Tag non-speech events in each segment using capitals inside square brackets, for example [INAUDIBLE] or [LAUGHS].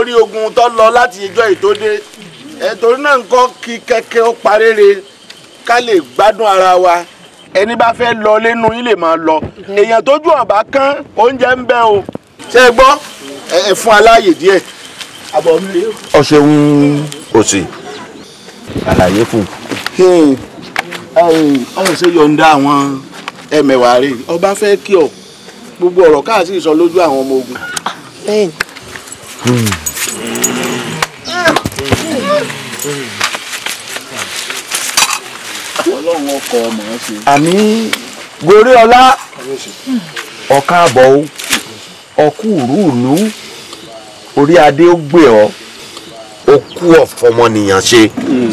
lórí ogun tó lọ láti ìjọ ìtòdé ẹ̀tòrí náà nǹkan kí kẹ́kẹ́ ó parére ká lè gbádùn ara wa ẹni bá fẹ́ lọ lẹ́nu yín lè máa lọ èèyàn tójú ọ̀bá kán oúnjẹ ń bẹ o ṣe é gbọ́ ẹ fún aláàyè díẹ̀ àbọ̀ mi rè é. ọ̀ṣẹ̀hun òsì àlàyé kù. ọ̀hún hmm. ṣe yọ̀ǹda àwọn ẹ̀mẹ̀wá rè ọba fẹ́ kí ọ gbogbo ọ̀rọ̀ káàsì sọ lójú àwọn ọmọ ogun. bẹ́ẹ̀ni ọlọ́run ọkọ̀ ọmọ ẹ ṣe. àmì gorí ọlá ọ̀ka àbọ̀ o ọkú rúùlú orí adé ó gbé ọ ó kú ọ̀fọmọnìyàn ṣe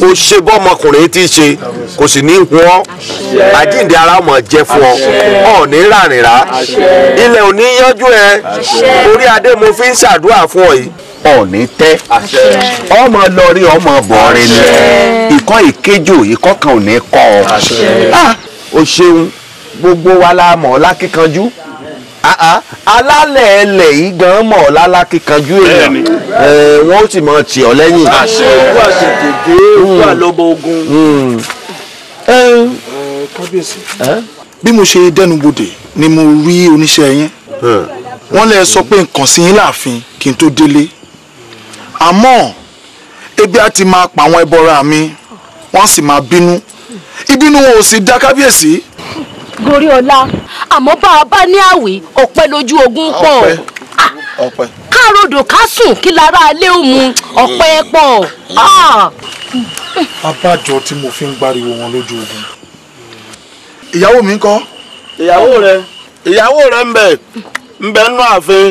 ó ṣe bọ́mọkùnrin tí ṣe kò sì ní hun ọ́ àjíǹde ara mọ̀ jẹ́ fún ọ ọ̀ ní ràrìnrà ilẹ̀ ò yánjú ẹ orí adé mo fi ń ṣàdúrà fún ọ yìí ọ̀ní tẹ́ ọmọ lọrí ọmọ bọ̀ọ̀rẹ́ ni ikọ́ ìkéjò ikọ́ kan ò ní kọ́ ọ o ṣeun gbogbo wa la mọ̀ ọ́ lákíkanjú alálẹ̀ ẹlẹ̀ yìí gan mọ̀ ọ́ lálákíkanjú èèyàn wọ́n sì mọ̀ tì ọ́ lẹ́yìn. owó àṣetèdè owó àlọ́bọ̀ ogun. Hmm. kábíyèsí bí mo ṣe dẹnubodè ni mo rí oníṣẹ́ yín hmm. wọ́n lè sọ pé nǹkan sí yín láàfin kí n tó délé àmọ́ ebi á ti máa pa àwọn ẹbọra mi wọ́n sì máa bínú ìbínú wọn ò sì dá kábíyèsí. gorí ọlá àmọ́ bá a bá ní àwí ọ̀pẹ lójú ogun pọ̀ ọ̀pẹ káròdò ká sùn kí lára alẹ́ òmu ọ̀pẹ pọ̀. abájọ tí mo fi ń gbariwo wọn lójú ogun. ìyàwó mi ń kọ́. ìyàwó rẹ ìyàwó rẹ ń bẹ ń bẹ nú ààfin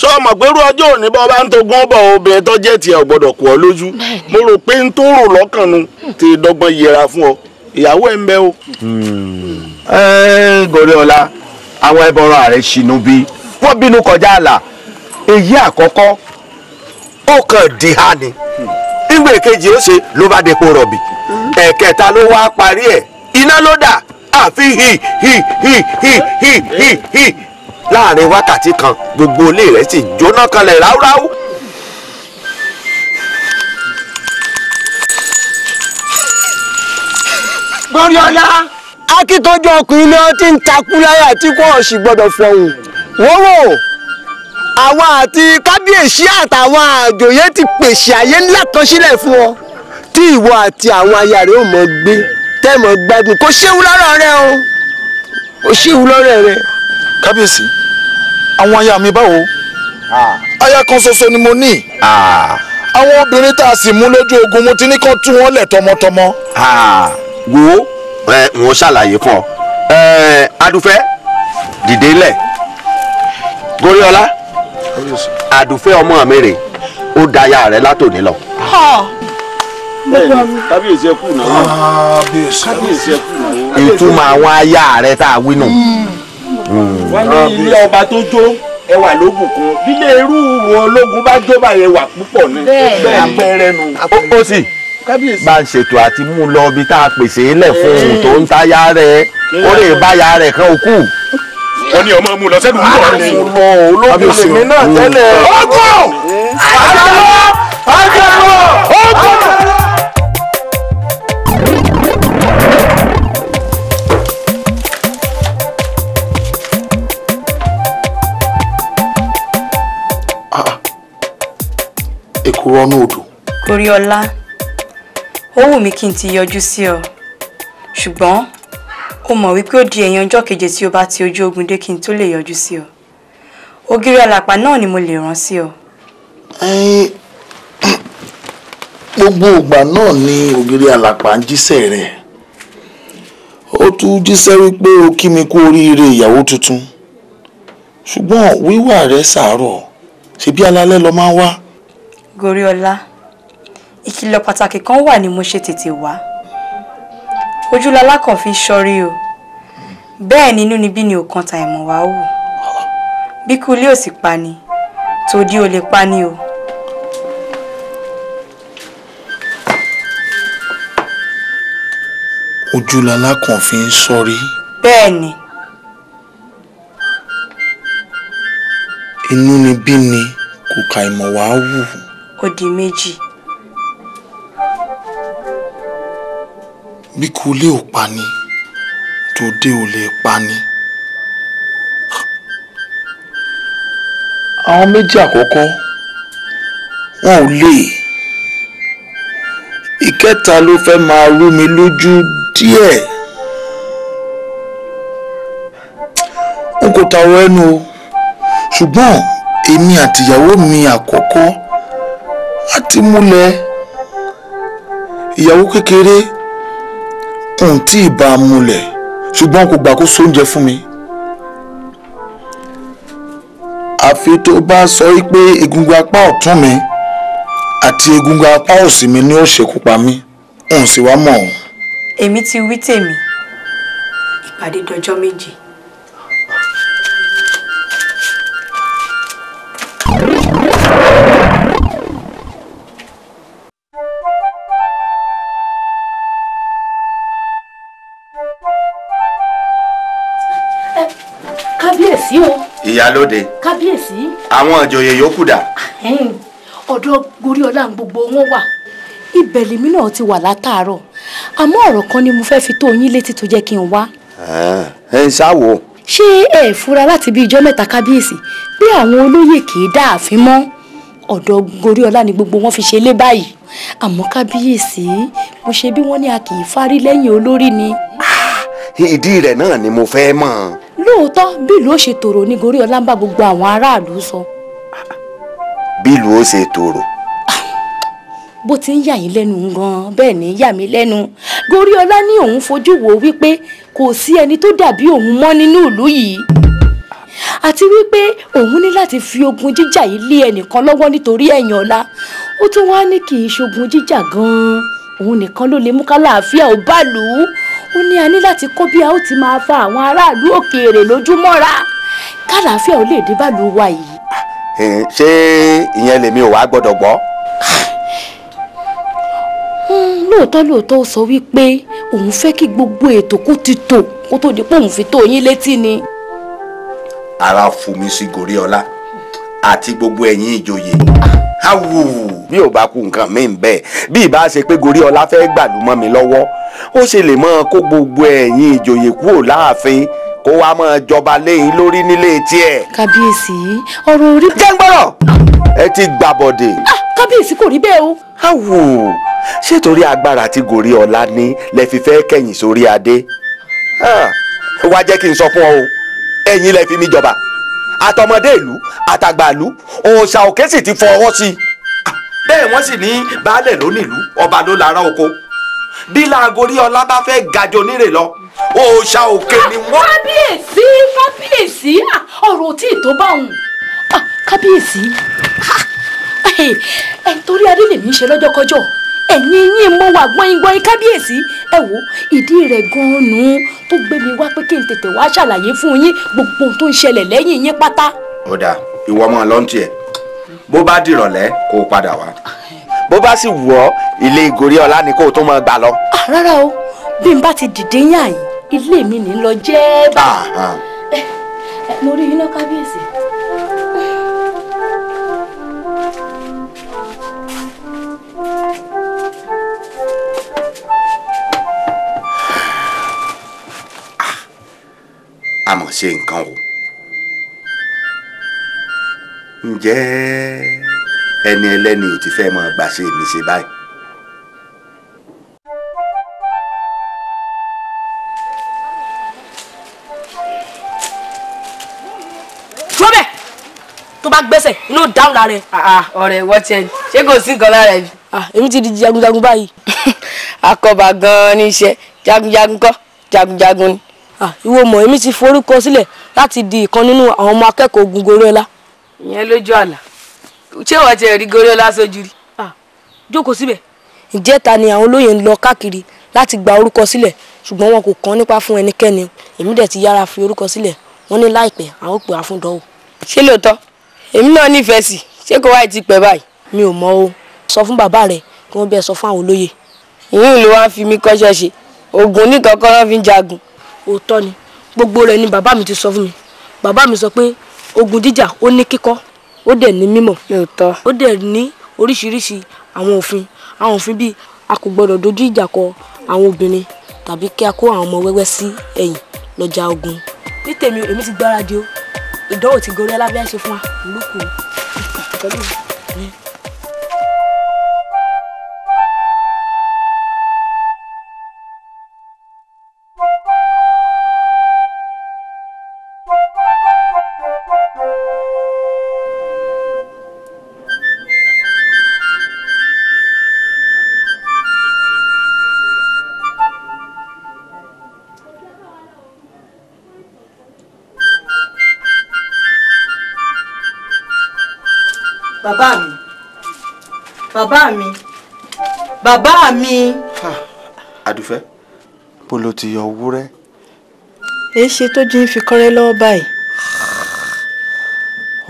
sọ ọmọ pẹ̀lú ọjọ́ òní bọ́ bá ń togún bọ̀ obìnrin tó jẹ́ tiẹ̀ gbọ́dọ̀ kù ọ́ lójú mo rò pé n tó rò lọ́kàn nu ti dọ́gbọ́n yẹra fún ọ ìyàwó ẹ̀ ń bẹ o. Hmm. Eh, gòrí ọ̀la àwọn ẹbọrọ rẹ ṣìnú bí wọ́n bínú kọjá àlà èyí àkọ́kọ́ ó kàn dì á ni nígbà èkejì ó ṣe ló bá depo rọ̀bì ẹ̀kẹta ló wá parí ẹ̀ iná ló dà àfi hì hì hì hì hì hì hì láàrin wákàtí kan gbogbo ilé rẹ̀ sì jóná kanlẹ̀ ráúráú. gbọ́nrìọ́lá akíntọ́jú ọkùnrin náà ti ń takú láyà tí kò sì gbọ́dọ̀ fọ̀hùn wọ́wọ́ àwa àti kábíyèsí àtàwọn àjòyè ti pèsè àyè ńlá kan sílẹ̀ fún ọ tí ìwọ àti àwọn aya rẹ ò mọ̀ gbé tẹ́ mọ̀ gbádùn kò séwu lọ́rọ̀ rẹ o kò séwu lọ́rọ̀ rẹ kábíyèsí àwọn aya mi báwo aya kan ṣoṣo ni mo ní àwọn obìnrin tá a sì mú lójú ogun mo ti ní kàn tú wọn lẹ̀ tọmọtọmọ. wo ẹ wọn ṣàlàyé fún ọ adufẹ dìde lẹ goriola adufẹ ọmọ mi rè ó daya rẹ látòní lọ. kábíyèsí ẹ kú náà kábíyèsí ẹ kú náà. ìtumọ̀ àwọn aya rẹ tá a wí nù. Hmm wọ́n ní ah, ilé ọba tó jó ẹwà ló bùkún bílé irú wọn ológun bá jó báyẹn wà púpọ̀ ní bẹ́ẹ̀ àpẹẹrẹ nu. ó sì bá ń ṣètò àti mú lọ ibi tá a pèsè lẹ̀ fún un tó ń táyà rẹ̀ ó lè báyà rẹ̀ kan òkú wọ́n ní ọmọ mu lọ sẹ́nu ń bọ̀ ní. ọmọ ológun lèmi náà tẹ́lẹ̀. ọgbọ́n àjọyọ̀ àjọyọ̀. kó rọ́nú odò. Kòríọlá ó wù mí kí n ti yọjú sí ọ ṣùgbọ́n ó mọ̀ wípé ó di ẹ̀yìn ọjọ́ keje tí o bá ti ojú ogun dé kí n tó lè yọjú sí ọ ògiri àlàpà náà ni mo lè rán sí ọ. [CLEARS THROAT] gbogbo ìgbà náà ni ògiri àlàpà ń jíṣẹ́ rẹ̀ ó tún jíṣẹ́ wípé o kí mi kú oríire ìyàwó tuntun ṣùgbọ́n wíwà rẹ̀ ṣàárọ̀ ṣebí alálẹ́ ló máa ń wá. Goriola ìkìlọ̀ pàtàkì kan wà ní mo ṣe tètè wá ojúlọlá kan fi ṣọrí o bẹ́ẹ̀ ni inúnibí ni òkan tàìmọ̀ wá wò bí kú ilé ò sì pa ni tòdí o. lè pa ni o. ojúlọlá kan fi ń ṣọrí. bẹ́ẹ̀ ni. inúnibí ni kò kàìmọ̀ wá wò ó di méjì. bí kò lè ò pa ni tó dé ò lè pa ni. àwọn méjì àkọ́kọ́ wọn ò lè ìkẹta ló fẹ́ máa rú mi lójú díẹ̀ n kò ta ẹnu o ṣùgbọ́n èmi àtìyàwó mi àkọ́kọ́ láti múlẹ̀ ìyàwó kékeré n tí ì bá a múlẹ̀ ṣùgbọ́n kò gbà kó sóúnjẹ fún mi. àfi tó bá sọ pé egungun apá ọ̀tún mi àti egungun apá òsì mi ni ó ṣekú pa mí òun sì wá mọ̀ ọ́n. èmi ti wí tèmi ìpàdé dọjọ́ méje. ìyálóde. kábíyèsí. àwọn ìjòyè yòókù dà. ọ̀dọ̀ Goríọlá gbogbo wọn wà ibẹ̀ lèmi náà ti wà látàárọ̀ àmọ́ ọ̀rọ̀ kan ni mo fẹ́ fi tó yín létí tó jẹ́ kí n wá. ẹ ń ṣáwo. ṣé ẹ fura láti bí ijọ́ mẹ́ta kábíyèsí pé àwọn olóyè kì í dáàfin mọ́ ọ̀dọ̀ Goríọlá ni gbogbo wọn fi ṣe lé báyìí àmọ́ kábíyèsí mo ṣe bí wọ́n ní a kì í fárí lẹ́yìn olórí ni. Ah! ìdí rẹ̀ náà ni mo fẹ́ mọ̀. lóòótọ́ bílù ó ṣe tòrò ní gorí ọlá ń bá gbogbo àwọn aráàlú sọ. bílù ó ṣe tòrò. bó ti ń yà yín lẹ́nu gan-an bẹ́ẹ̀ ni yà mí lẹ́nu gorí ọlá ní òun fojú wò wípé kò sí ẹni tó dàbí òun mọ́ nínú ìlú yìí àti wípé òun ní láti fi ogun jíjà yìí lé ẹnìkan lọ́wọ́ nítorí ẹ̀yìn ọlá ó tún wá ní kì í ṣogun jíjà gan-an òun nìkan ló lè mú kálàáfíà ò bá lù ú ó ní a ní láti kọ́ bí a ó ti máa fa àwọn aráàlú òkèèrè lójúmọ́ra kálàáfíà ò lè dé bá lu wa yìí. ṣé ìyẹn lèmi ò wá gbọ́dọ̀ gbọ́. Hmm, lóòótọ́ lóòótọ́ ó sọ wípé òun fẹ́ kí gbogbo ètò kó ti tò kó tó di pé òun fi tó yín létí ni. ara fún mi sí gòríọlá àti gbogbo ẹ̀yin ìjòyè ká wò ó bí ò bá kú nǹkan mi bẹ́ẹ̀ bí ìbá ṣe pé gorí ọlá fẹ́ gbàlú mọ́ mi lọ́wọ́ ó ṣe lè mọ́ kó gbogbo ẹ̀yin ìjòyè kúrò láàfin kó wá mọ́ jọba léyìn lórí nílé tiẹ̀. kábíyèsí ọ̀rọ̀ orí. jẹ́ngbọ́rọ̀ ẹ ti gbàbọ̀dè. Ah, kábíyèsí kò rí bẹ́ẹ̀ o. a wò ó ṣé torí agbára tí gorí ọlá ní lẹ fi fẹ́ kẹ̀yìn sórí adé ah, wá jẹ́ kí n sọ fún ọ o ẹ̀yin lẹ fi mí jọba àtọmọdé ìlú àtàgbàlú òòṣà òkè sì ti fọwọ́ sí i bẹ́ẹ̀ wọ́n sì ní baálẹ̀ ló ọba ló lára oko bí laago ọlá bá fẹ́ gajo nírè lọ òòṣà òkè ni wọ́n. kábíyèsí kábíyèsí ọ̀rọ̀ tí ì bá òun kábíyèsí ẹ̀ torí adé lèmi ń ṣe lọ́jọ́kọ́jọ́ ẹ̀yin yín mo wà gbọ́ngbọ́n kábíyèsí ẹ wo ìdí rẹ̀ gan-an nù ún tó gbé mi wá pé kí n tètè wá ṣàlàyé fún yín gbogbo ohun tó ń ṣẹlẹ̀ lẹ́yìn yín pátá. ó dáa ìwọ ọmọ lọ́ntì ẹ̀ bó bá dìrọ̀lẹ́ kó o padà wá. bó bá sì wù ilé ìgòrí ọlá ni kó o tó máa gbà lọ. Ah, rárá o bí n bá ti dìde yàn yìí ilé mi ní lọ jẹ́ bá. Eh, eh, mo rí iná kábíyèsí. a mọ̀ ṣe nǹkan o ǹjẹ́ ẹni ẹlẹ́ni ò ti fẹ́ mọ gbàṣe mi ṣe báyìí. tó bá gbẹ́sẹ̀ inú dáhùn lára ẹ̀. Ah, ah, ọ̀rẹ́ wọ́n tiẹ̀ ṣé kò sí nǹkan lára ẹ̀ bí. Ah, èmi ti di jagunjagun báyìí. [LAUGHS] akọba gan-an ní iṣẹ́ jagunjagun kọ́ jagunjagun ni. Ah, ìwọ mọ̀ èmi ti forúkọ sílẹ̀ láti di ìkan nínú àwọn ọmọ akẹ́kọ̀ọ́ ogun goriola. ìyẹn lójú àlà ṣé wàá tiẹ̀ rí goriola sójú rí. Ah, jókòó síbẹ̀ ìjẹta ni àwọn olóyè ń lọ káàkiri láti gba orúkọ sílẹ̀ ṣùgbọ́n wọn kò kàn nípa fún ẹnikẹ́ni èmi dẹ̀ ti yára fi orúkọ sílẹ̀ wọ́n ní láìpẹ́ àwọn ò pè á fún dánwò. ṣé lóòótọ́ èmi náà nífẹ̀ẹ́ sí ṣé kò wáyé ti pẹ́ báyìí. mi ò mọ òótọ́ ni gbogbo rẹ̀ ni bàbá mi ti sọ fún mi bàbá mi sọ pé ogun jíjà ó ní kíkọ́ ó dẹ̀ ní mímọ̀ ó dẹ̀ ní oríṣiríṣi àwọn òfin àwọn òfin bíi a kò gbọdọ̀ dojú ìjà kọ àwọn obìnrin tàbí kí a kó àwọn ọmọ wẹ́wẹ́ sí ẹ̀yìn lọ́jà ogun ní tèmi èmi ti gbáradì o ìdánwò ti gorí alábẹ́ ṣe fún wa ìlú bàbá mi bàbá mi. àdùfẹ́ bó ló ti yọ wúrẹ́. èé ṣe tó jí ń fi kọ́rẹ́ lọ́wọ́ báyìí.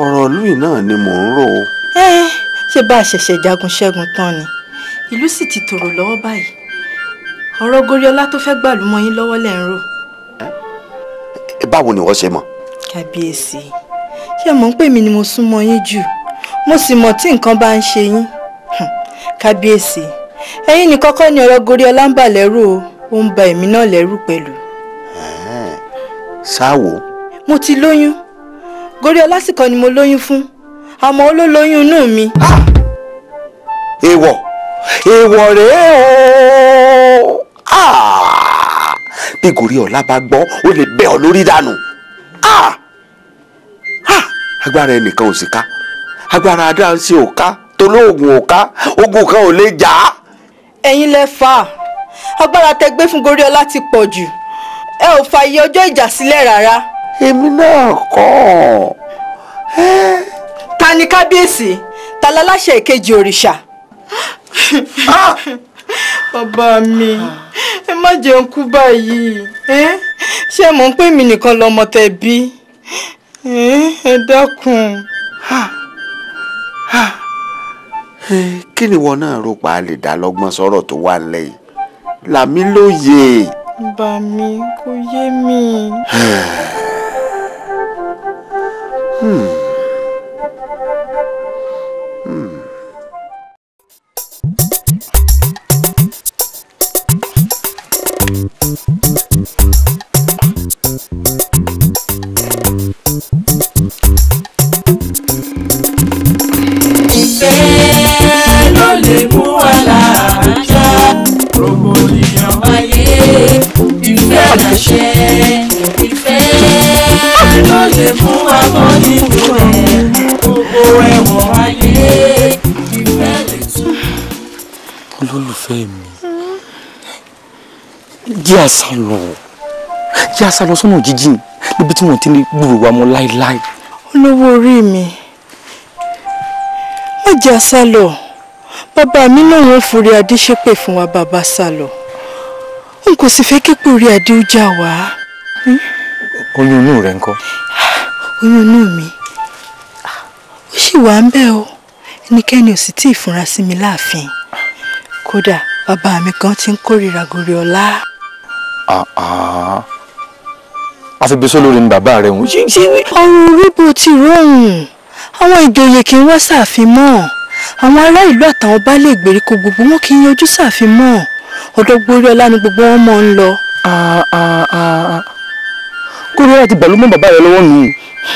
ọ̀rọ̀ lùyì náà ni mò ń rò ó. ṣé bá a ṣẹ̀ṣẹ̀ jagun ṣẹ́gun tán ni ìlú sì ti tòrò lọ́wọ́ báyìí ọ̀rọ̀ goriola tó fẹ́ gbàlú mọ́ yín lọ́wọ́ lẹ́ ń rò. báwo ni wọ́n ṣe mọ̀. kábíyèsí ṣé mò ń pè mí ni mo sún mọ́ yín jù mo sì mọ̀ tí nǹkan bá ń ṣe yín kábíyèsí ẹ̀yin nìkan kọ́ ni ọ̀rọ̀ gorí ọlá ń bà lẹ́rù o ó ń ba èmi náà lẹ́rù pẹ̀lú. sáwo. mo ti lóyún gorí ọlá ni mo lóyún fún àmọ́ ó ló lóyún inú mi. èèwọ̀ èèwọ̀ rèé o bí gorí ọlá bá gbọ́ ó lè bẹ́ ọ lórí dànù agbára ẹnìkan ò sí ká agbára adáhùn sí ò ká. tolóògùn ò ká ogun kan ò lè jà á. ẹ̀yin lẹ fà á agbára tẹ gbé fún Goríọlá ti pọ̀ jù ẹ ò fa iye ọjọ́ ìjà sílẹ̀ rárá. èmi náà kọ́ ọ́. ta ni kábíyèsí ta láláṣẹ ìkejì òrìṣà. Ah! bàbá mi ẹ má jẹun kú báyìí ṣé mò ń pè mí nìkan lọmọ tẹ bí ẹ dákun. Ha! Ah! Ah! Ha! kí ni ìwọ náà rò pa lè dá lọ́gbọ́n sọ̀rọ̀ tó wà nílẹ̀ làmí lóye. bà mí kò yé mi. hmm. rògbòdìyàn wáyé ìfẹ́ làṣẹ ìfẹ́ ló lè mú wa bọ́ nínú rẹ̀ gbogbo ẹ̀wọ̀n ayé ìfẹ́ lè tún. olólùfẹ́ mi jẹ́ àṣà lọ jẹ́ àṣà lọ sọ́nà jíjìn níbi tí wọ́n ti ní gbòòrò wa mọ́ láéláé. olówó orí mi má jẹ́ àṣà lọ bàbá mi lòun ò forí adé ṣépè fún wa bàbá sá lọ n kò sì fẹ́ képe orí adé ó já wa. Hmm? oyún inú rẹ ńkọ́. oyún ah, inú mi ah, ó sì wà ń bẹ́ o ẹnikẹ́ni ò sì tí ì fúnra sí mi láàfin kódà bàbá mi kan ti ń kórìíra gorí ọlá. àfibisó ah, lórí ni bàbá rẹ ń. ọ̀rọ̀ orí bó ti rọrùn àwọn ìjòyè kì í wá ṣàfimọ́ àwọn ará ìlú àtàwọn baálé ìgbèríko gbogbo wọn kì í yanjú sáàfin mọ́ ọ̀dọ̀ Gbóríọlá ni gbogbo wọn mọ̀ ń lọ. Gbóríọlá ti bàlú mọ́ bàbá rẹ lọ́wọ́ nù.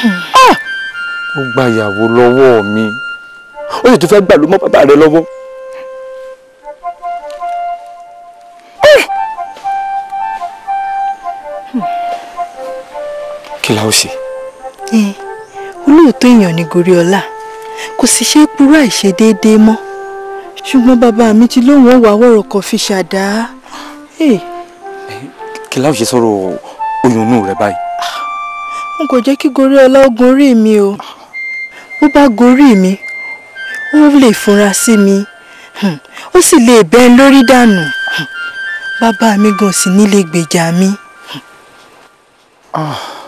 Hmm. Ah! ó gba ìyàwó lọ́wọ́ mi ó sì tún fẹ́ gbàlú mọ́ bàbá rẹ lọ́wọ́. Eh! kí la ó ṣe. Eh, olóòótọ́ èèyàn ni Goriola kò sì ṣe é purú àìṣedéédéé mọ́ ṣùgbọ́n bàbá mi ti lóun ó wà wọ̀rọ̀ kan fi ṣàdá. Eh. kí láò ṣe sọ̀rọ̀ oyún inú rẹ báyìí. n kò jẹ́ kí gorí ọlọ́gun orí mi o bó bá gorí mi ó lè fúnra sí mi hmm. ó sì lè bẹ́ẹ̀ lórí dànù hmm. bàbá mi gan sì nílé gbèjà mi. Hmm. Ah.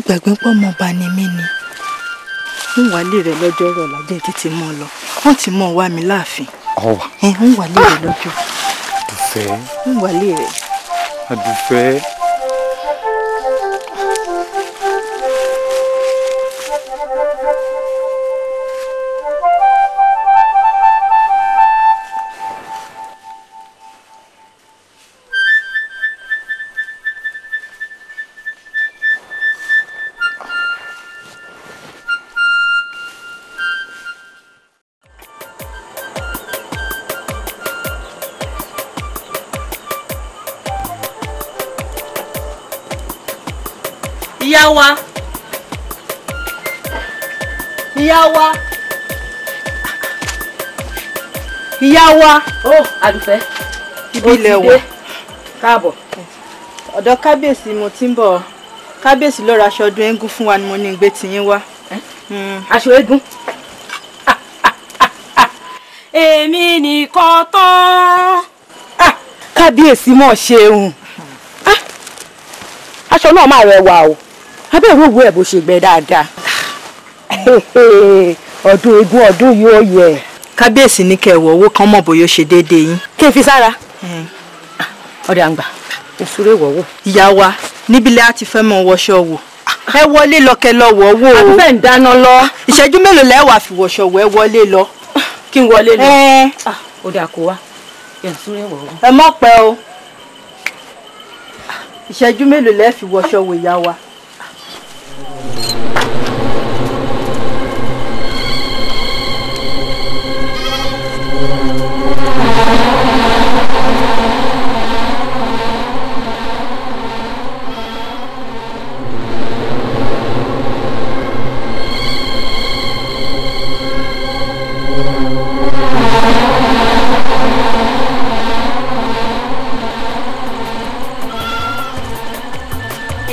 ti gbàgbé pọ́ mọ́ ba ni mí ni. ń wálé rẹ lọ́jọ́ rọ̀ lájẹ́ títí mọ́ lọ wọ́n ti mọ́ wá mi láàfin. ọwà ẹ ń wálé rẹ lọ́jọ́. àdùfẹ́. ń wálé rẹ. àdùfẹ́. ìyá oh, wa Oh wa ìyá wa. ó àdùfẹ́ ibi ilẹ̀ wà káàbọ̀. mo ti ń bọ̀ kábíyèsí ló ra aṣọ ọdún eégún fún wa ni mo ní gbé tiyín wá. Hmm. aṣọ eégún. [LAUGHS] èmi nìkan tán. Ah, kábíyèsí mọ̀ ṣeun ah, aṣọ náà máa o. abẹ́ ìwé òwú ẹ̀ bó ṣe gbẹ dáadáa. [SIGHS] ọdún eégún ọdún yóò yọ ẹ. kábíyèsí ní kẹwọ owó kan mọ̀ bóyá ó ṣe déédéé yín. kí n fi sára. Ah, ọ̀dà àgbà òṣèré wọ̀wọ̀. ìyá wa níbílẹ̀ á ti fẹ́ mọ wọṣọ wò ẹ wọlé lọ lọ wọ owó o àbí ń dáná lọ. Ah, ìṣẹ́jú mélòó lẹ́wà fi wọṣọ wọ ẹ wọlé lọ. Ah, kí n wọlé lọ. ẹ ò dà kó ẹ mọ̀ pẹ́ o ìṣẹ́jú mélòó lẹ́ fi wọṣọ wò ìyá wa.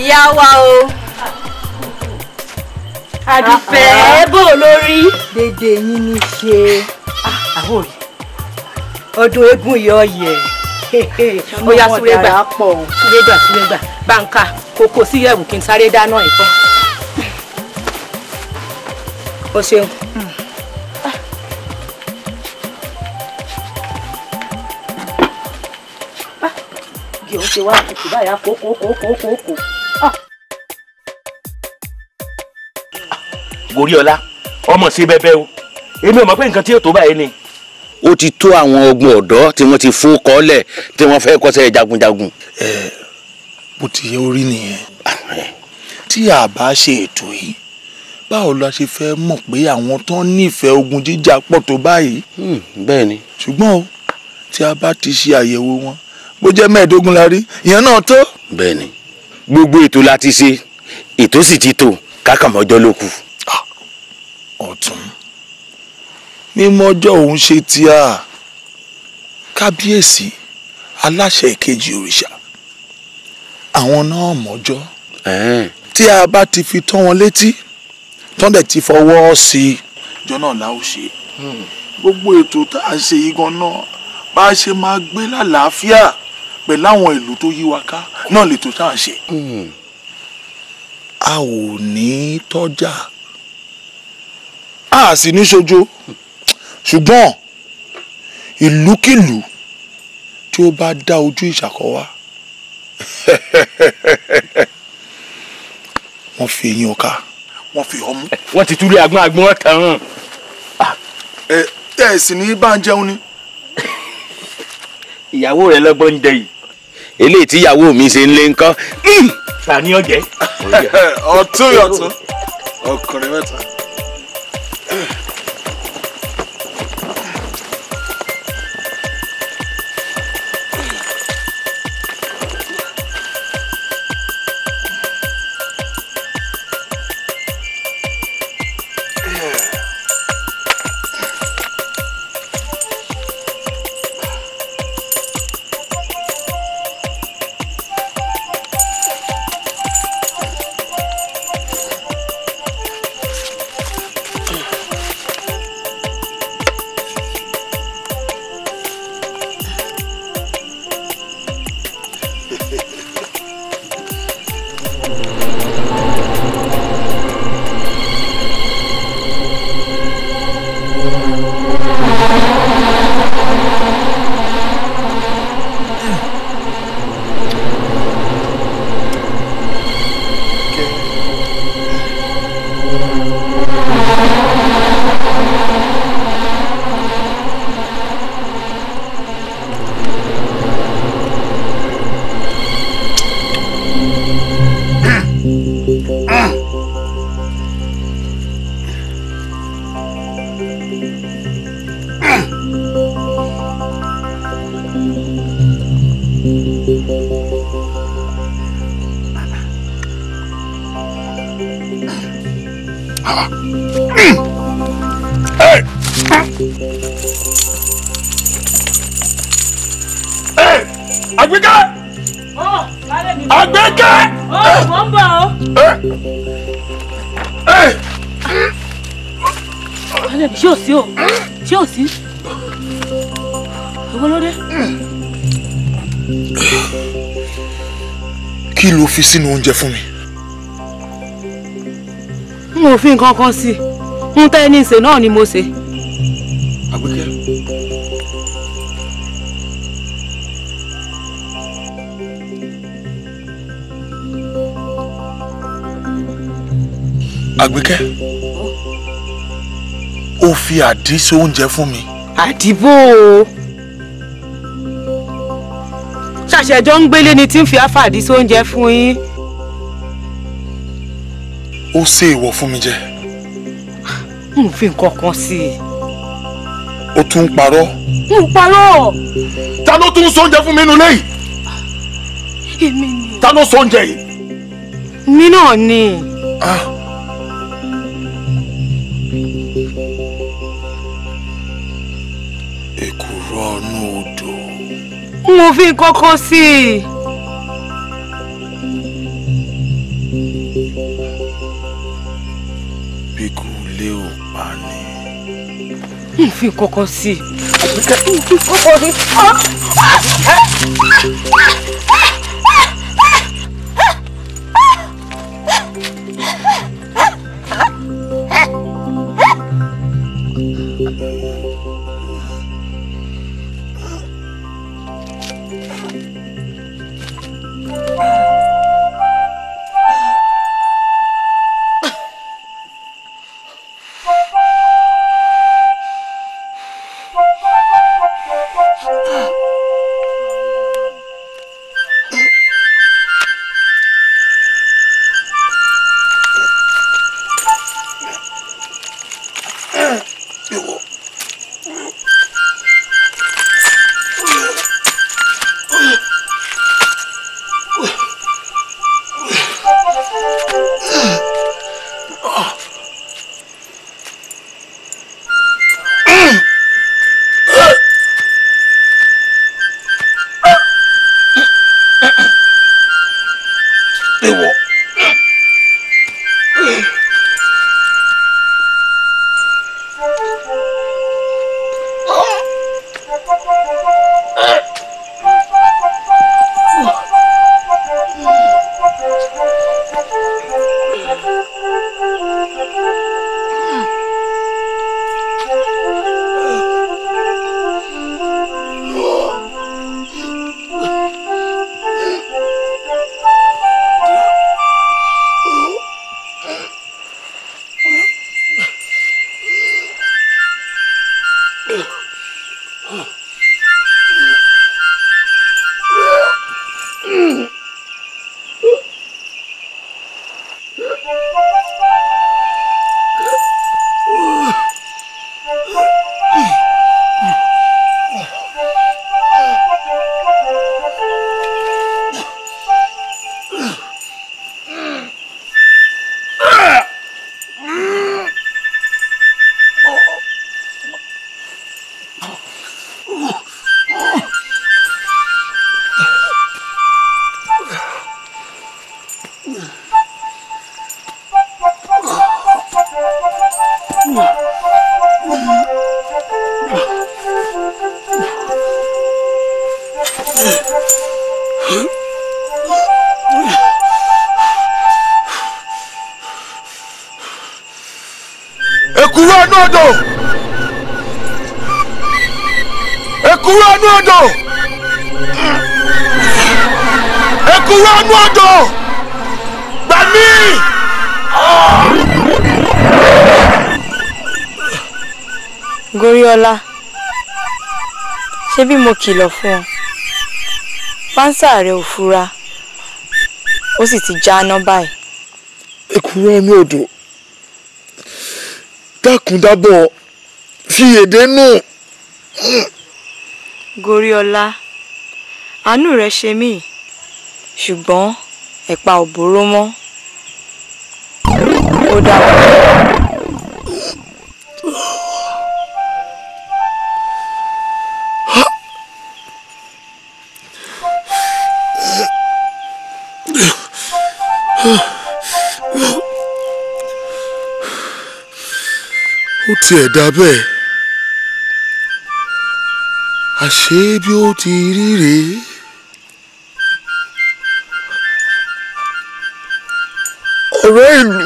Yao dạ, wow. àdùfẹ́ ah, ah. bò lórí. dédé yín ní ṣe àwọn ah, òye ọdún eégún yọ yẹ ó yá súrẹ́gbà súrẹ́gbà súrẹ́gbà báńkà kókó sí yẹ̀wù kí n sáré dáná ìfọ́n. o ṣeun. kí o ṣe wá kùkù báyà kókó kókó kókó. Goriola ọmọ sí bẹbẹ o èmi ò mọ̀ pé nǹkan tí yóò tó báyìí ni. ó ti tó àwọn ọgbọ̀n ọ̀dọ́ tí wọ́n ti fún kọ́lẹ̀ tí wọ́n fẹ́ kọ́ṣẹ́ jagunjagun. ẹ bó ti yẹ orí nìyẹn tí a bá ṣe ètò yìí báwo la ṣe fẹ́ mọ̀ pé àwọn tó ń nífẹ̀ẹ́ ogun jíjà pọ̀ tó báyìí. Hmm, bẹ́ẹ̀ ni. ṣùgbọ́n o tí a bá ti ṣe àyẹ̀wò wọn bó jẹ́ mẹ́ẹ̀ẹ́dógún la rí ìyẹn náà tó. bẹ́ẹ̀ ni gbogbo ètò la ti ṣe ètò sì ti tò kákàmọ́jọ́ ló kù ọ̀tún mímọ́jọ́ òun ṣe ti a kábíyèsí aláṣẹ ìkejì òrìṣà àwọn náà mọ́jọ́ tí a bá ti fi tán wọn létí tán dẹ̀ ti fọwọ́ sí i jọ náà la ó ṣe hmm. gbogbo ètò tá a ṣe yìí gan náà bá a ṣe máa gbé lálàáfíà pẹ̀lú àwọn ìlú tó yí wa ká náà lè tó tá a ṣe. Hmm. a ò ní tọ́jà. Ja a sì ní ṣojo ṣùgbọ́n ìlúkìlú tí ó bá dá ojú ìṣàkọ́ wa [LAUGHS] wọ́n fi eyín ọ̀ka wọ́n fi ọmú. wọ́n ti túlé agbọ́n agbọ́n kan. Ah, ẹ ẹ sì ní bá ń jẹun ni. ìyàwó rẹ lọ́gbọ́n ń jẹ yìí. eléyìí tí ìyàwó mi ṣe ń lé nǹkan. ta ni ọjẹ. ọtún yọtún ọkùnrin mẹ́ta. fi sínú oúnjẹ fún mi. n ò fi nǹkan kan sí i ń tẹ́ ní ìṣe náà ni mo ṣe. àgbẹ̀kẹ́. àgbẹ̀kẹ́ ó fi àdí sí oúnjẹ fún mi. àdìbò àṣẹjọ́ ń gbélé ni tí ń fi àfàdí sóúnjẹ fún yín. ó ṣe èèwọ̀ fún mi jẹ. n ò fi nǹkan kan sí i. ó tún ń parọ́. n ò parọ́. ta ló tún sóúnjẹ fún mi nínú ilé yìí. èmi ni. ta ló sóúnjẹ yìí. mi náà ni. ah fi nǹkan kan sí i. bíkú lé ò pa ni. n fi nǹkan kan sí i. n fi nǹkan sí i. mo kìlọ̀ fún ọ pánsá rẹ ò fura ó sì ti jáná báyìí. èkúrọ́ ní odò dákúndábọ̀ fi èdè nù. goriola àánú rẹ ṣe mí ṣùgbọ́n ẹ̀pà ò bóró mọ́ ó dára. tiẹ̀ dá bẹ́ẹ̀ àṣé bí ó ti rí rèé. ọ̀rẹ́ ìlú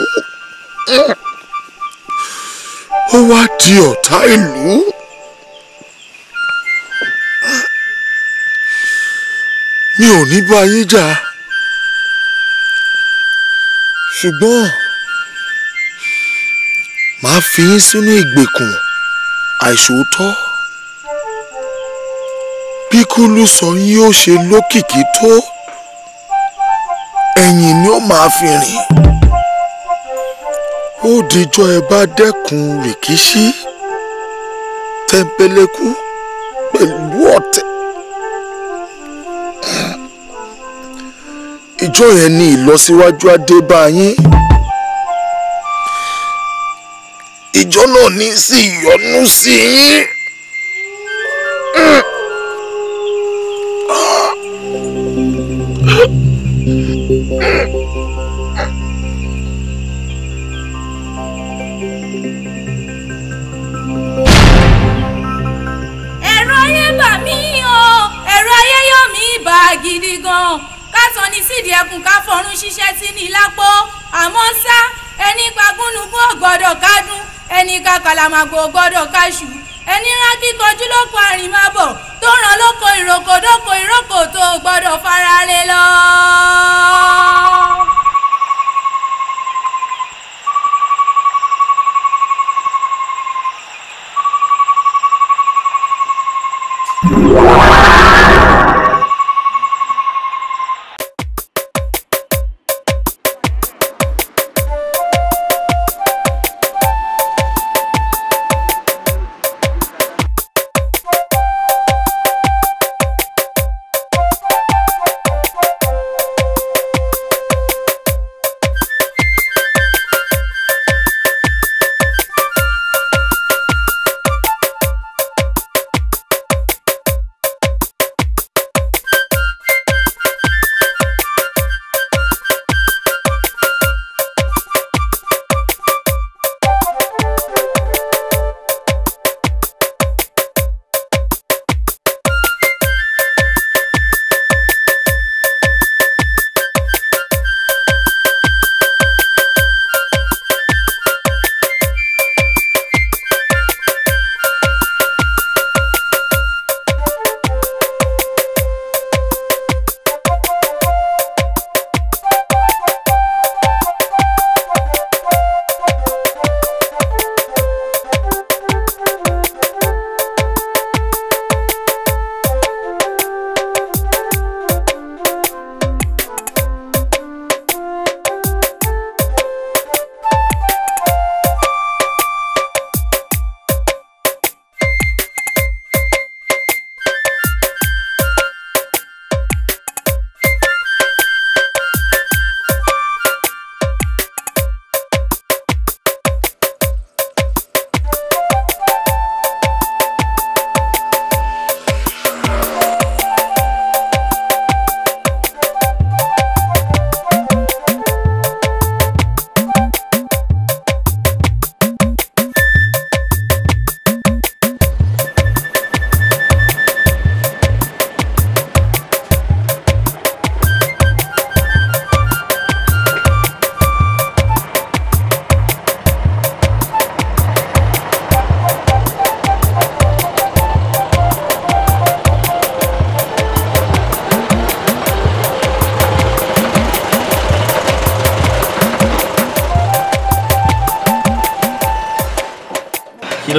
ó wá di ọ̀tá ìlú. mi ò ní bá yín jà ṣùgbọ́n màá fi yín sínú ìgbèkùn àìṣòótọ́ bí kúlù sọ yín ó ṣe lókìkí tó ẹ̀yìn ni ó máa fi rìn ó dijọ́ ẹ bá dẹ́kun rìkíṣí tẹ́ńpẹ́lẹ́kú pẹ̀lú ọ̀tẹ̀. ìjọ yẹn ni ìlọsíwájú adé bá yín. ìjọ náà ní sí ìyọnu sí yín. àgbò gbọ́dọ̀ káṣù ẹni rán kíkanjú lóko àrìnmábọ̀ tó ràn lóko ìròkòdóko ìrókò tó gbọ́dọ̀ fara lé lọ.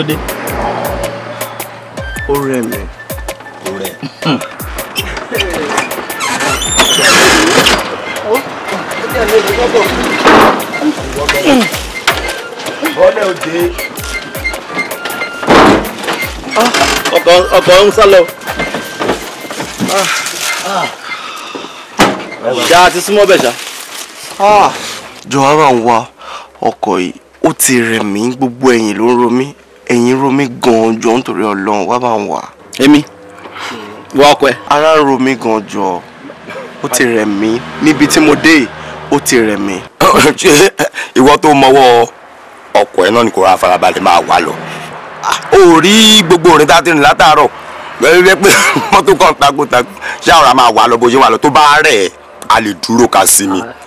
ló dé. ó rẹ̀ mi. ó rẹ̀. bọ́lẹ̀ òde. ọkọ̀ ọkọ̀ ń sá lọ. ṣá a ti súnmọ́ bẹ̀ ṣá. Ah. jọ̀wọ́ bá ń wa ọkọ̀ yìí ó ti rẹ̀ mí gbogbo ẹ̀yìn ló ń ro ẹ̀yìn ro mi gan-an jọ nítorí ọlọ́run wá bá ń wà. èmi wọ ọkọ ẹ. ara ro mi gan jọ ó ti rẹ̀ mí níbi tí mo dé ó ti rẹ̀ mí. [LAUGHS] ìwọ tó mọwọ́ ọkọ ẹ náà ni kò rà farabalẹ̀ máa wà lọ. ó ah, rí gbogbo orin tá a ti rìn látàárọ̀ pé [LAUGHS] mọ́tò kan takuntakun ṣé máa wà lọ bó ṣe wà lọ tó bá rẹ̀ a lè dúró ká sí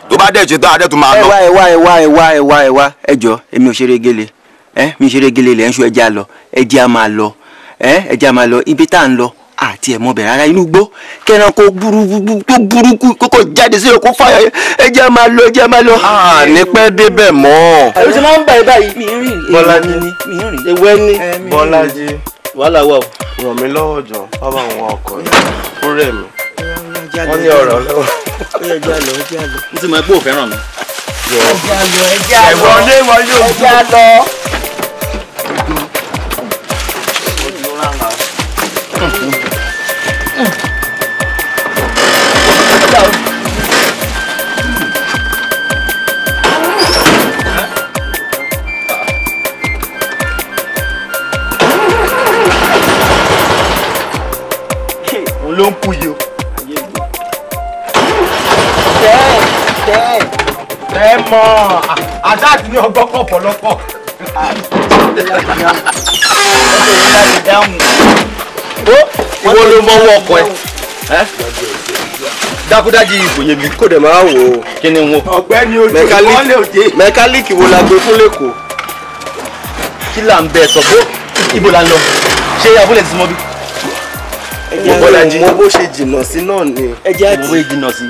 tó bá dẹ̀ ṣe tó adẹ́tù máa ẹ wá ẹ wá ẹ wá ẹ wá ẹ wá ẹ jọ èmi ò ṣeré gele ẹ mi ṣeré gele ilẹ̀ ń ṣu ẹja lọ ẹja máa lọ ẹ ẹja máa lọ ibi tá à ń lọ àti ẹ̀ mọ̀bẹ̀ rárá inú gbó kẹ́ran kó burúkú kó burúkú kókò jáde sí òkú fáyà ẹja máa lọ ẹja máa lọ. a ní pẹ́ débẹ̀ mọ́. ẹ̀rù ti máa ń bà yí báyìí. Bọ́lájí ewé ní Bọ́lájí wàhálà wà o. ràn mí lọ́wọ́ jọ bábà wọn ọkọ yìí ó rẹ̀ mí wọ́n ní ọ̀rọ̀ lọ́wọ́. ẹja lọ ẹja lọ. n ti mọ ẹgbẹ́ òfẹ́ràn mi. ẹja lọ ẹja lọ ẹja lọ. ló ń kú yìí o. bẹ́ẹ̀ bẹ́ẹ̀. bẹ́ẹ̀ mọ̀ àdáàtì ní ọgbọ́n pọ̀ pọ̀lọpọ̀. ìwọ ló mọ́wọ́ ọkọ ẹ dákúdájì ìbò yé mi. kò dẹ̀ máa wò ó. kí ni wọn. ọ̀gbẹ́ni ojú ìwọlé òde. mẹkáníìkì wo la gbé fún lẹ́kọ̀ọ́. kí là ń bẹ sọ bó ibo la ń lọ ṣé abúlé ti mọ bí mo bọ́lájí mo bó ṣe jìnnà sí náà ni. ẹjẹ àti mo bó ṣe jìnnà sí.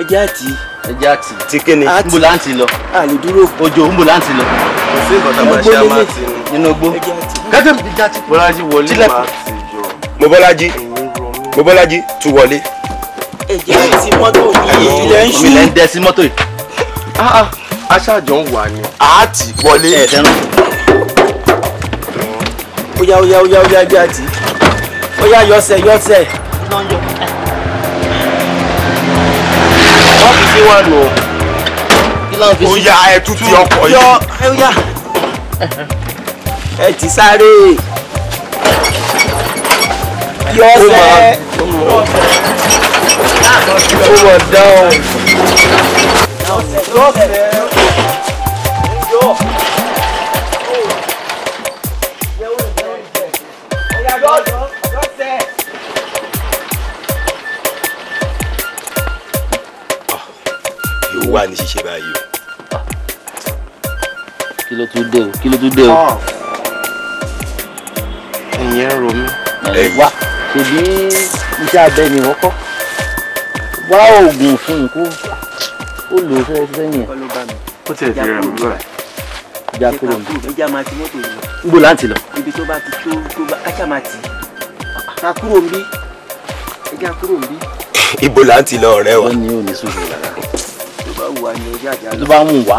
ẹjẹ àti. ẹjẹ àti. ti kíni nbó là ń ti lọ. a lè dúró. òjò nbó là ń ti lọ. kò sí nǹkan tá a máa ṣe a máa nínú gbó. kẹ́tẹ́ mi já ti. bọ́lájí wọlé máa ti yọ. mo bọ́lájí tu wọlé. ẹjẹ àti mọ́tò yìí ilẹ̀ ń ṣú. ilẹ̀ ń dẹ sí mọ́tò yìí. Ah, ah. aṣáájọ ń wà ní. a ti wọlé. ẹ fẹ́ràn. ó yá ó yá ó yá ó yá ó yá yọ̀ọ́sẹ̀ yọ̀ọ́sẹ̀. wọ́n fi sí wọn nù. ó yá ẹ tún ti ọkọ̀ yìí. ẹ ti sáré. yọ̀ọ́sẹ̀. ó mọ̀ dán o. yọ̀ọ́sẹ̀. ń wà ní ṣíṣe báyìí o. kí ló tún dé o kí ló tún dé o. Ah. ẹ̀yìn ń ro mí. ẹ̀yìn wá ṣèbí iṣẹ́ abẹ ni wọ́n kọ́ wá oògùn fún un kó ó lò ó fẹ́ sẹ́yìn. ó tiẹ̀ ti rẹ̀ mí lọ́la ìjà kúrò ní. ìjà máa ti mọ́tò yìí lọ. níbo láǹtì lọ. ibi tó bá ti tó tó bá kájà máa tì. ká kúrò ń bí. ẹja kúrò ń bí. ibo láǹtì lọ ọ̀rẹ́ wa. wọ́n ní òní sùúrù lára wà ní ọjà àjà lọ. ló bá mú wá.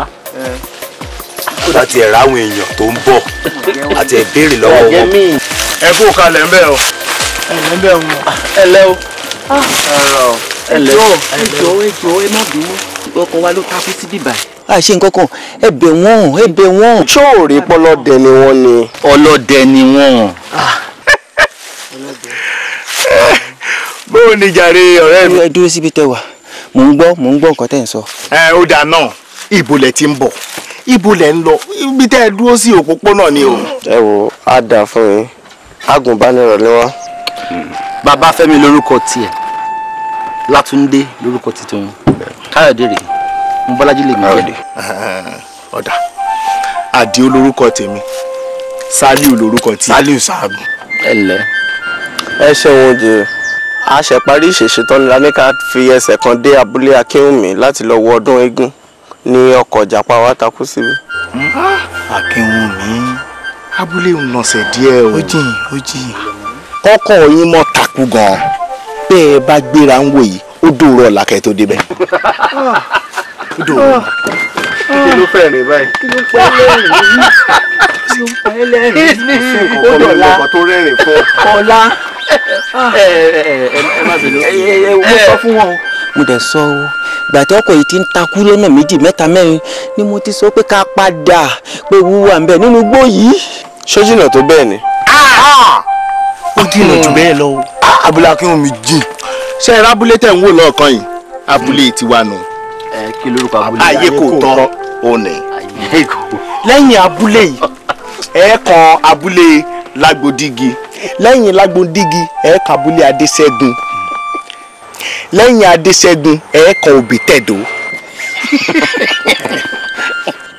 láti ẹ̀rọ àwọn èèyàn tó ń bọ̀ àti ìbéèrè lọ́wọ́ wọn. ẹ kú kalẹ̀ ńbẹ́ o. ẹ̀lẹ́ ńbẹ́ o. ẹ̀lẹ́ o. ẹ̀rọ o. ẹjọ́ ẹjọ́ ẹ má bínú ọkọ̀ wa ló takú sí bíbá yìí àìṣe nǹkan kan wọn ẹ̀bẹ̀ wọn. ṣóòrè pọlọdẹ ni wọn ni. ọlọ́dẹ ni wọn. bó o ní jàre ọ̀rẹ́ mi. ẹ dúró síbi tẹ wà. mò n' gbọ mò n' gbọ nǹkan tẹ̀ ń sọ. ẹ o dáa náà ibo lẹ ti ń bọ̀ ibo lẹ lọ ibi tẹ́ ẹ dúró sí òpópónà ni o. ẹ wo a dà fún yín agùnbánirọ̀ ni wá. babafẹ́mi lorúkọ tiẹ̀ látúndé lorúkọ titun káyọ̀dé rèé mo bọ́lájí lè gbìyànjú. [LAUGHS] ọ̀dà àdìo lorúkọ tèmi saliu lorúkọ tí. saliu sáàbù. ẹ lẹ ẹ ṣe wọn jẹ. a ṣe parí ìṣèṣetán lámẹ́ka fi ẹsẹ̀ kan dé abúlé akínwùmí láti lọ wo ọdún eégún ní ọkọ̀ jàpá wa takú síbi. akínwùmí abúlé ń nọ̀sẹ̀ díẹ̀ o. ó jìn ó jìn. kọ́kọ́ yín mọ̀ takú gan-an bẹ́ẹ̀ bá gbéra ń wò yìí ó dòrò ọ̀la kẹ́ tó débẹ̀. Ah, ó dòrò ọ̀la. Ah kí ló fẹ́ rìn báyìí. kí ló pa ẹlẹ́rìn kí ló pa ẹlẹ́rìn fún ọ̀la ọ̀la tó rẹ́rìn fún ọ̀la. ẹ ẹ má bínú ẹ wọ́n mo dẹ̀ sọ o ìgbà tí ọkọ̀ yìí ti ń takú lọ́nà méjì mẹ́ta mẹ́rin ni mo ti sọ pé ká padà pé wúwa ń bẹ nínú igbó yìí. ṣó jìnnà tó bẹ́ẹ̀ ni. ó jìnnà jù bẹ́ẹ̀ lọ. abúlé akínwó mi jìn. ṣé ẹ rábúlé tẹ̀ ń wò lọ́ọ̀kan yìí abúlé tiwa nù kí lorúkọ abúlé yìí ayé kò tán òní lẹ́yìn abúlé yìí ẹ kan abúlé lágbódígi lẹ́yìn lágbódígi ẹ kan abúlé adéṣẹ́gun lẹ́yìn adéṣẹ́gun ẹ kan òbítẹ̀dó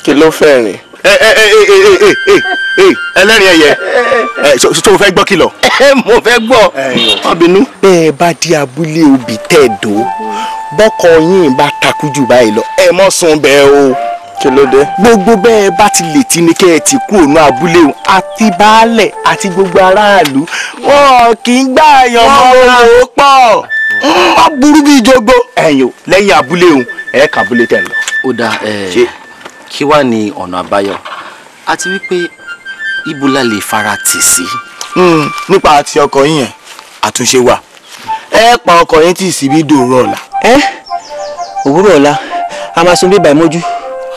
kí ló fẹ́ rìn ẹlẹ́rìn ẹ̀yẹ eh, eh, eh. tó fẹ́ gbọ́ kìlọ̀. mo fẹ́ gbọ́ ọ̀bìnú. bẹ́ẹ̀ bá di abúlé obì tẹ̀ dó bọ́kọ yín bá takú jù báyìí lọ ẹ mọ́ sùn bẹ́ẹ̀ o. kí ló dé. gbogbo bẹ́ẹ̀ bá ti lè ti ní kẹ́ ẹ ti kú òun abúlé o àti baálẹ̀ àti gbogbo aráàlú wọn kì í gbà yan mọ́ owó pọ̀ wọ́n burú bí ìjogbo. ẹ̀yin o lẹ́yìn abúlé o ẹ̀ẹ́kà abúlé tẹ̀ lọ. ó dáa ẹ̀ẹ́ kí wàá ní ọ̀nà àbáyọ àti wípé ibo la lè fara tì sí. Hmm, nípa àti ọkọ yín yẹn àtúnṣe wà ẹ pa ọkọ yín tì sí bí dòrò ọ̀la. ẹ òwúrọ̀ ọ̀la a máa sun bíbà ìmọ́jú.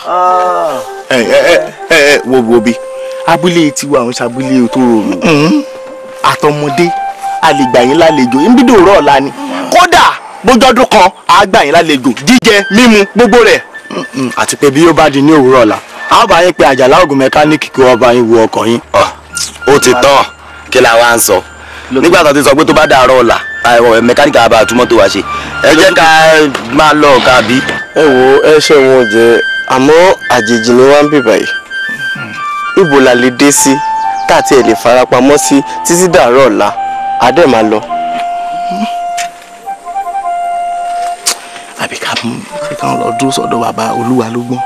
Ah. ẹ ẹ ẹ wo wo bi abúlé tiwa àwọn sábúlé tó rọrùn hmm. àtọmọdé àlègbà yín lálejò ń bí ọ̀la ni kódà bójọ́dún kan àgbà yín lálejò jíjẹ mímu gbogbo rẹ̀ àti pé bí ó bá di ní òwúrọ̀ ọ̀la a ó bá yín pé àjàlá ògùn mẹkáníìkì kí wọ́n bá yín wo ọkọ̀ yín. ó ti tán kí la wá ń sọ nígbà tó ti sọ pé tó bá dàárọ̀ ọ̀la mẹkáníìkì àbá àtúmọ̀ tó wá ṣe ẹ jẹ́ ká máa lọ ọ̀gá bí. ẹ wo ẹ ṣe wọn jẹ àmọ́ àjèjì ni wọn ń bì báyìí ibo la lè dé sí tá àti ẹ lè farapamọ́ sí títí dàárọ̀ ọ̀la àdẹ máa lọ. dúró sọ́dọ̀ bàbá olúwa ló gbọ́n.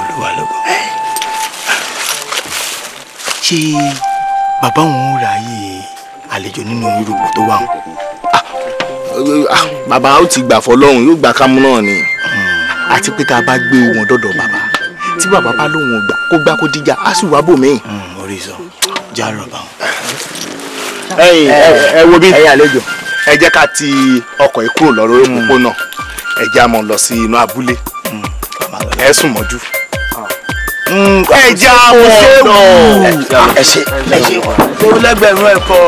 olúwa ló gbọ́n. ṣé bàbá òun ń ra àlejò nínú irúgbó tó wà wọn. Ah, ah, bàbá ó ti gbà fọlọ́run yóò gbà kámú náà ni. Hmm. àti pé tá a bá gbé wọn dọ̀dọ̀ bàbá tí bàbá bá lóun gbà kó gbá kó díjà á sì wá bòmíì. Hmm, orí járọ bá wọn. ẹ̀yin ẹ wo bí ẹ jẹ́ ká ti ọkọ̀ yìí kúrò lọ́rọ̀ hmm. òpópónà ẹ já mọ́ lọ sí inú abúlé ẹ sùn mọ́jú ẹ jẹ́ àwọn ṣéwù ẹ ṣe ẹ ṣe ṣéwù lẹ́gbẹ̀rún ẹ̀kọ́.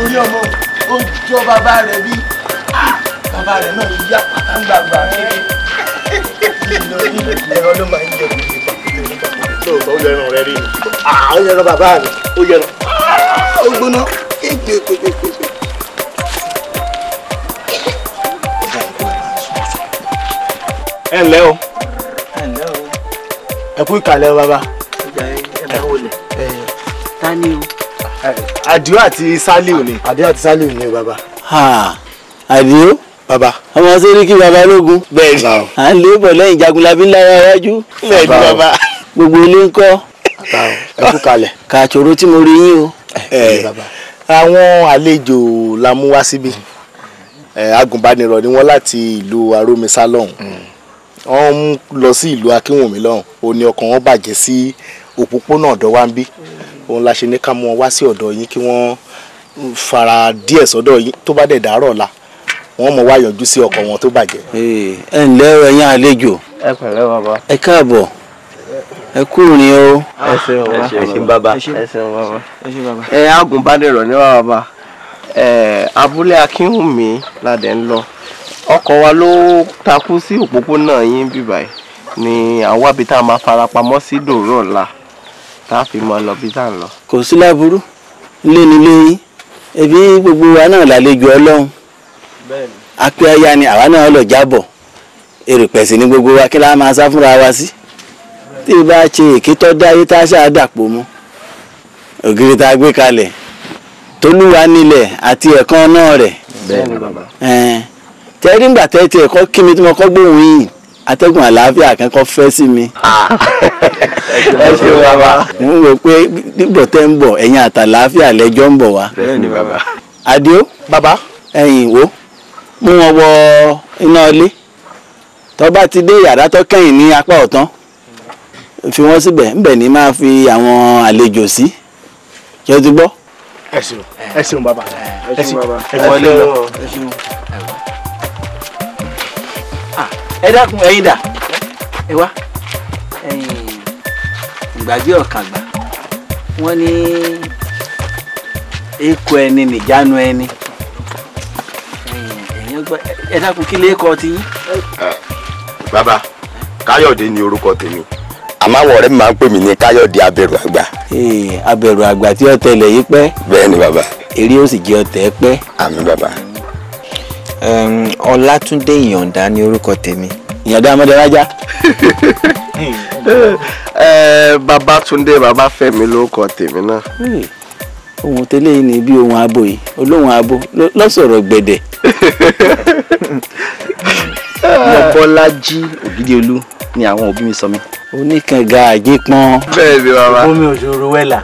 orí ọmọ ó jọ bàbá rẹ̀ bí bàbá rẹ̀ náà ti yá pátágbàgbà ẹ̀rọ ló máa ń jẹ kó ṣe pàtó lóòótọ́ ó yẹran rẹ rí ni ah, ó yẹran bàbá mi ó yẹran ó gbóná ẹ ǹlẹ́ o ẹ kú ìkàlẹ̀ bàbá àdìo àti sálíù ni àdìo àti sálíù ni bàbá. àdìo bàbá. ọmọ sẹ́ríkì bàbá ológun. bẹ́ẹ̀ ni à ń lé bọ̀ lẹ́yìn jagunlabi ńlára iwájú. bẹ́ẹ̀ ni bàbá. gbogbo ilé ń kọ́. ẹ kú kalẹ̀. kàtòrò tí mo rí yín o. ẹ ẹ bàbá àwọn àlejò la mú wá síbí agùnbánirọ̀ ni wọ́n láti ìlú arómisá lọ́hùn wọ́n mú lọ sí ìlú akínwùmí lọ́hùn ó ní ọkàn wọn bàjẹ́ sí òpópónà ọ̀dọ̀ wa ń bí òun la ṣe ní ká mú wọn wá sí ọ̀dọ̀ yín kí wọ́n fara díẹ̀ sọ́dọ̀ yín tó bá dẹ̀ dàárọ̀ la wọ́n mọ̀ wá yọjú sí ọkọ̀ wọn tó bàjẹ́. ẹ ǹlẹ́ ẹ̀yin àlejò ẹ káàbọ̀ ẹ kúrò ní o. ẹ ṣeun bàbá ẹ ṣeun bàbá ẹ ṣeun bàbá ẹ ṣeun bàbá. ẹ agùnbánirọ̀ ní bàbá ẹ abúlé akínwùmí la dẹ̀ ń lọ ọkọ̀ wa ló takú sí òpópónà yín bí báyìí ni àwọn àbí tá a máa farapamọ́ sí dòrò ọ̀la tá a fi mọ lọ bí tá a lọ. kò sí láburú ilé nílé yín ẹbí gbogbo wa náà lálejò ọlọ́run apẹ́ ni àwa náà lọ jábọ̀ èrò pẹ̀sì ni gbogbo wa kí la máa sá fúnra wa sí. Si tí ì bá ṣe èké tó dáyé tá a ṣáà dàpọ̀ mọ́ ògiri tá a gbé kalẹ̀ tolúwa nílẹ̀ àti ẹ̀kan náà rẹ̀ tẹ́rí ńgbà tẹ́ tiẹ̀ kọ́ kí mi tí mo kọ́ gbóhùn yìí atẹ́gùn àlàáfíà kankan fẹ́ sí mi. Ah. [LAUGHS] ẹ ṣe bàbá. mo rò pé dípò tẹ́ ń bọ̀ ẹ̀yin àtàlàáfíà lẹ́jọ́ ń bọ̀ wá. bẹ́ẹ̀ni bàbá. adio. bàbá. ẹ̀yin wo mú wọn wọ iná ilé tó bá ti dé yàrá tó kẹ́yìn ní apá ọ̀tán fi wọ́n síbẹ̀ ńbẹ̀ ni máa fi àwọn àlejò sí kí o ti gbọ́. ẹ ṣeun ẹ ṣeun bàbá ẹ ṣeun bàbá ẹ wọlé lọ ẹ ṣeun. ẹ dákun ẹ̀yin dà ẹ wá ìgbàgbé ọ̀kàgbà wọ́n ní eku ẹni nìjánu ẹni ẹ dákun kí lè kọ́ ti yín. bàbá káyọ̀dé ni orúkọ tèmi àmọ́ àwọn ọ̀rẹ́ mi máa ń pè mí ní káyọ̀dé abẹ̀rù àgbà. Eh, abẹ̀rù àgbà tí ọ̀tẹ̀ ilẹ̀ yìí pẹ́. bẹ́ẹ̀ ni bàbá. eré ó sì jẹ́ ọ̀tẹ̀ pẹ́. àmín bàbá. ọlátúndé ìyọ̀ǹda ni orúkọ tèmi. ìyọ̀ǹda ọmọdé rájá. babatunde [LAUGHS] eh, babafẹ́mi lórúkọ tèmi náà. Eh, ohun tẹ́lẹ̀ yìí ni bí ohun abo yìí olóhùn abo lọ́sọ̀rọ̀ gbẹ̀dẹ̀. ọmọ ògidì olú ni àwọn òbí mi sọ mi. oníkanga àjípọn omi òṣòro wẹ́là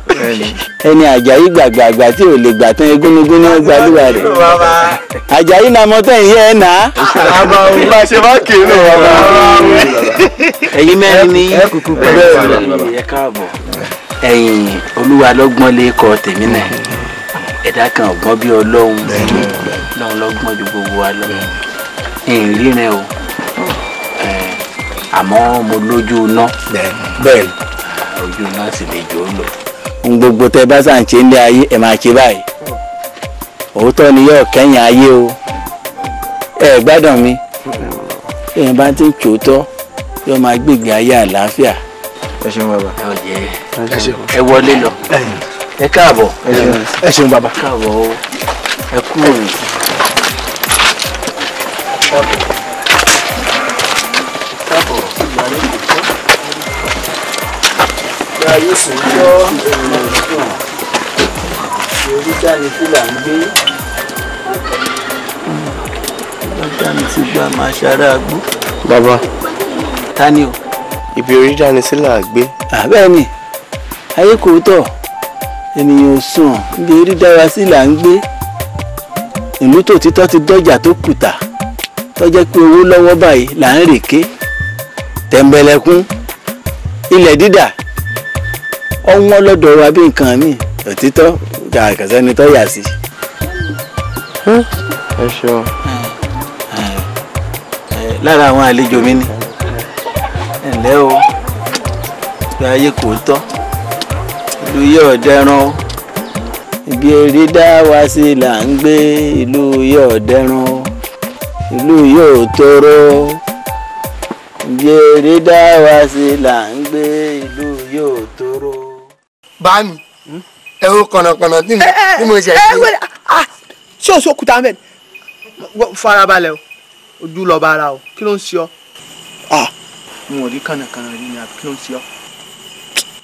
ẹni àjàyí gbàgbàgbà tí ò lè gbà tán egúnugún ní gbàlúwà rẹ̀ àjàyí náà mọ tẹ̀ yẹ ẹ̀ nà. àbá òun bá ṣe bá kéré bàbá ẹ̀yin mẹ́rin ní kúkú pẹ̀lú ẹ káàbọ̀ ẹ̀yin olúwa lọ́gbọ́n lè kọ tèmi náà ẹ̀dá kan ọgbọ́n bíi ọlọ́run lọ́run lọ́gbọ́n ju gbogbo wa lọ ìrìnrìn o àmọ́ mo lójú iná. bẹ́ẹ̀ ojú iná sì lè jò ó lò. ohun gbogbo tẹ bá sàn ṣe ń lé ayé ẹ máa ṣe báyìí òótọ́ ni yóò kẹ́yìn ayé o ẹ gbádùn mi èèyàn bá ti ń tòótọ́ yóò máa gbègbè ayé àlàáfíà. ẹ ṣeun bàbá ẹ wọlé lọ ẹ káàbọ̀ ẹ ṣeun bàbá ẹ káàbọ̀ ẹ kúrò. Thank you. lágbára yóò sì ń yọ ènìyàn dùn yorùbá ni fìlà ń gbé. bàbá mi ti gba màá ṣàrà àgbò. bàbá ta ni o. ibi orí dání sílà gbé. àbẹ́ẹ̀ ni ayé kò tọ̀ ènìyàn ò sùn ibi orí dára sí là ń gbé ìlú tó títọ́ ti dọ́jà tó kùtà tọ́jẹ́ pé owó lọ́wọ́ báyìí là ń rèké tẹ̀m̀bẹ̀lẹ̀kún ilẹ̀ dídà ọ̀wọ́n lọ́dọ̀ wa bí nǹkan mi òtítọ́ kàkàsẹ́ni tó yà sí. ẹ ṣeun. lára àwọn àlejò mi ni ẹ̀lẹ́ o ìgbà ayé kò tọ́ ìlú yẹ ọ̀dẹ́ran o ibi eré dá wa sí là ń gbé ìlú yẹ ọ̀dẹ́ran o ìlú yẹ òtóró o eré dá wa sí là ń gbé ìlú bá mi ẹ wo kọ̀nàkọ̀nà tí mo eh, eh, eh, ṣe ṣe. Ah, ṣé o sọ kúta mẹ́rin farabalẹ̀ o ojú lọ ara o kí ló ń ṣe ọ. Ah. mo ò rí kànàkànà rí ni àbí kí ló ń ṣe ọ.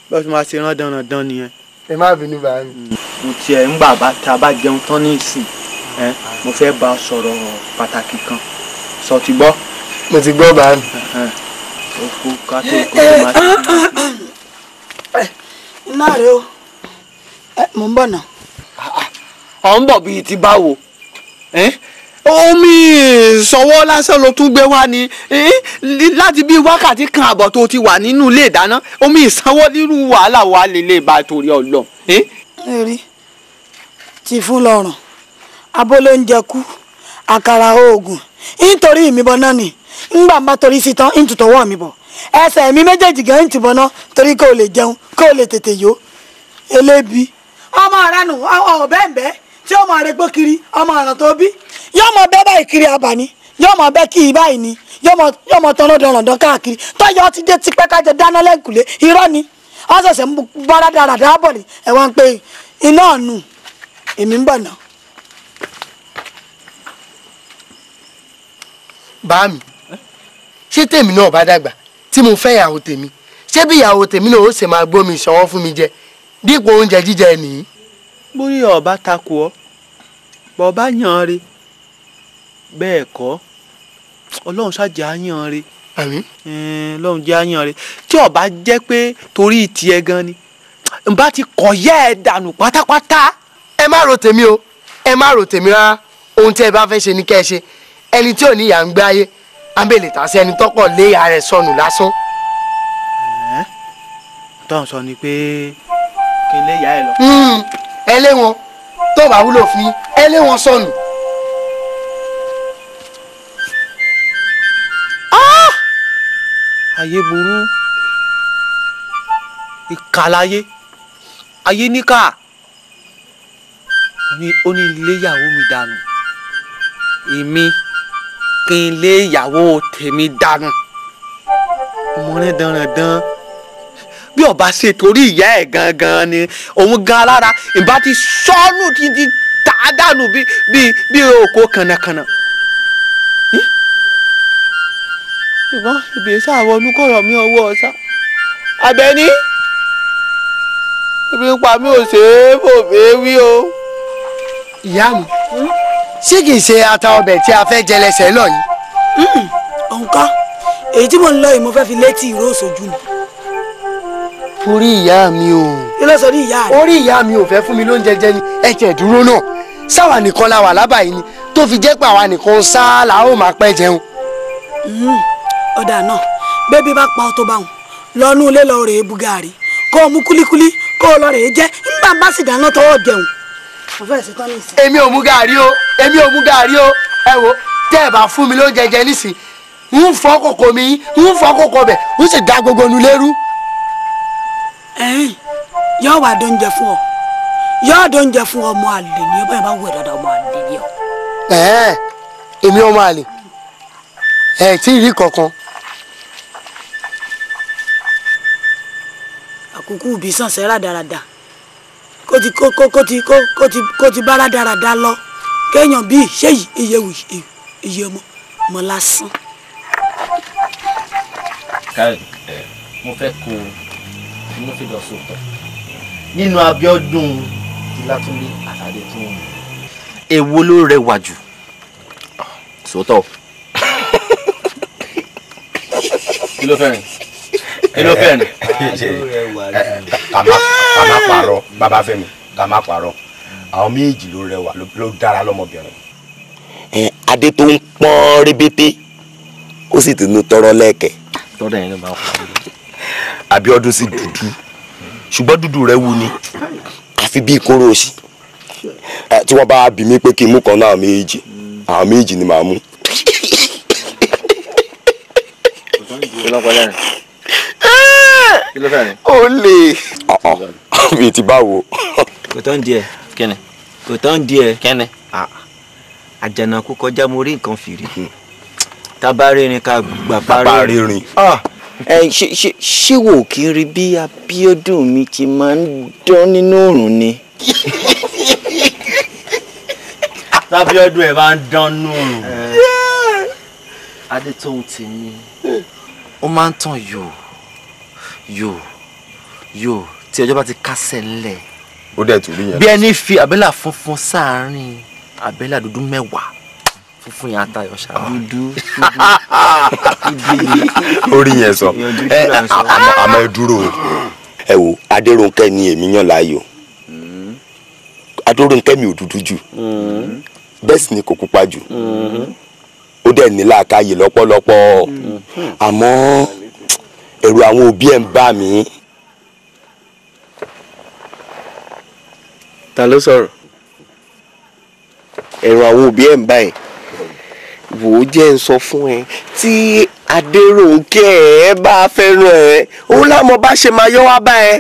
bẹ́ẹ̀ tí mo bá ṣe rán dandan nìyẹn. ẹ má bínú bá mi. mo tiẹ̀ ń bàbá tá a bá jẹun tán ní ìsìn mo fẹ́ bá ọ sọ̀rọ̀ pàtàkì kan sọ ti gbọ́. mo ti gbọ́ bá mi. oko ká tó kó ah, máa ṣe é. Náàrẹ́ o, mò ń bọ̀ nà. Ọ̀ ń bọ̀ bíi ti báwo? Omi ìsọwọ́ lásán ló tún gbé wá ni láti wákàtí kan àbọ̀ tó ti wà nínú ilé ìdáná omi ìsanwó nínú wàhálà wa lè lè bá torí ọlọ. Èrì ti fún lọ́rùn, abóló ń jẹ kú, àkàrà oògùn, nítorí mi bọ́ náà nì, ńgbà ń bá torí sí tán, ń mi bọ̀. ese mi méjèèjì gan ń tìbọn náà torí kò lè jẹun kò lè tètè yó elébi. ọmọ nù ọbẹ̀ ń bẹ́ tí ọmọ rẹ kiri ọmọ ọ̀ràn tó bí. yóò mọ bẹ́ẹ̀ kiri abàní mọ kí i báyìí ni yóò mọ tọ́nà dọ̀rọ̀dọ̀ káàkiri tọ́jú ọtí dé tipẹ́ kájọ dáná lẹ́kùlé ni wọ́n ń bára dára ni pé iná èmi ń náà. báàmì ṣé tèmi náà tí mo fẹ́ ìyàwó tèmi ṣé bí ìyàwó tèmi náà ó ṣe máa gbómi ìṣọwọ́ fún mi jẹ dípò oúnjẹ jíjẹ nìyí. bóyá ọba takò ọ bọba yan re bẹ́ẹ̀ kọ́ ọlọ́run ṣáàjì á yan re ọlọ́run jẹ́ á yan re tí ọba jẹ pé torí tiẹ̀ gan ni n bá ti kọ̀yẹ́ ẹ̀ dànù pátápátá. ẹ má ro tèmi o ẹ má ro tèmi rárá ohun tí ẹ bá fẹ́ ṣe ni kẹ́ ẹ ṣe ẹni tí ò ní ìyà ń gbé ayé Abele, tà sẹ́ni tọ́pọ̀ lé ara ẹ̀ sọnù lásán. tọ́hún sọ ni pé kí n lé ìyá ẹ lọ. Hmm, ẹ lé wọn tó bá wúlò fún yín ẹ lé wọn sọnù. Ah! ayé burú ìkàláyé ayé níkà ó ní mi dànù èmi. E kí n lé ìyàwó tèmi dànù ọmọrin dandan bí ọba ṣe torí ìyá ẹ̀ gangan ni òun gan alára ìbá ti sọnù ti di tàádánù bí bí bí òkò kànàkànà. ṣùgbọ́n hm? ìbèsà àwọn onúkọ̀rọ̀ mi ọwọ́ ọ̀sá abẹ́ni ibi pa mí ò ṣeé fò fèé wí o. ìyá mi. Hmm? ṣé kìí ṣe ata ọbẹ̀ tí a fẹ́ jẹ lọ yìí. Hmm, ọ̀nkọ́ èyí tí ń lọ yìí mi o. kí ló sọ ní ìyá rẹ. mi ò fẹ́ fún ni ẹ̀jẹ̀ dúró náà nìkan wà lábàá yìí ni tó fi jẹ́ pé àwa nìkan la ó máa pẹ́ jẹun. Hmm, ọ̀dà náà bébí bá pa ọtọ́ bá wọn bugari kó o mú kó o lọ́ọ́ rèé jẹ́ ńgbà èmi ò mú gàrí o èmi ò mú gàrí o ẹ wo tẹ́ ẹ bá fún mi lóúnjẹ jẹ nísìn ń fọ́ kòkò mi ń fọ́ kòkò bẹ̀ ń sì da gbogbo nu lérú. ẹyin yóò wá dóúnjẹ fún ọ yóò dóúnjẹ fún ọmọ àlè ni ọba yẹn bá wẹ̀ dáadáa ọmọ àlè ni ọ. ẹ èmi ọmọ àlè ẹ tí ì rí kankan. àkókò òbí sàn sẹ́ra dáradára kó ti kó kó ti kó ti kó ti bá rádaràda lọ kéèyàn bíi ṣé ìyẹwò iye mọ mọ lásán. mo fẹ́ kó inú fìdọ̀ sóòtọ̀ nínú Abíọ́dún Ìlátúndé àtàdé tó ń mú èwo ló rẹwà jù sòótọ́. kí ló fẹ́ràn kí ló fẹ́ràn ká má parọ́ bàbá Fẹ́mi ká má parọ́ àwọn méjì ló rẹwà ló dára lọ́mọbìnrin. adé tó ń pọ́n rébété ó sì ti nu tọrọ lẹ́ẹ̀kẹ́. tọ́da yẹn ló máa ń pa mí. Abíọ́dún sì dúdú ṣùgbọ́n dúdú rẹ̀ wù ni àfi bíi kóró òsì tí wọ́n bá bí mi pé kí n mú kan náà méjì àwọn méjì ni màá mú. ọ̀sán ìdílé lọ́kọ̀ọ́ lẹ́rìn kí ló fẹ́ ni. ó lè bíi ti báwo. kò tán díẹ̀ kẹ́nẹ̀ kò tán díẹ̀ kẹ́nẹ̀. àjànàkú kọjá mo rí nǹkan fìrí tabarírin ká gbàgbà rírin ṣé wò kí n rí bí Abíọ́dún mi ti máa ń dán nínú òrùn ni. Tábíọ́dún ẹ̀ bá ń dán nù. Adétóhun tèmi ó máa ń tàn yòó yóò yóò tí ọjọ́ bá ti kásẹ̀ ńlẹ̀ ó dẹ̀ tún rí yẹn bí ẹni fi àbẹ́là funfun sáàárín àbẹ́là dúdú mẹ́wàá funfun yẹn atayọ ṣá. Ah. dúdú [LAUGHS] dúdú orí yẹn sọ ẹ àmọ́ ẹ dúró ẹ wo adéròǹkẹ́ ni èmi yàn láàyò mm-hmm. adéròǹkẹ́ mi ò dúdú jù mm-hmm. bẹ́ẹ̀ sì ni kò pupa jù mm-hmm. ó dẹ̀ ní làákàyè lọ́pọ̀lọpọ̀ àmọ́ ẹ̀rù àwọn òbí ẹ̀ ń bà mí. ta ló sọ̀rọ̀ ẹ̀rù àwọn òbí ẹ̀ ń bà yín wò ó jẹ́ ń sọ fún ẹ tí adéròǹkẹ́ ẹ bá fẹ́ràn ẹ òun láwọn bá ṣe máa yọ wá bá ẹ.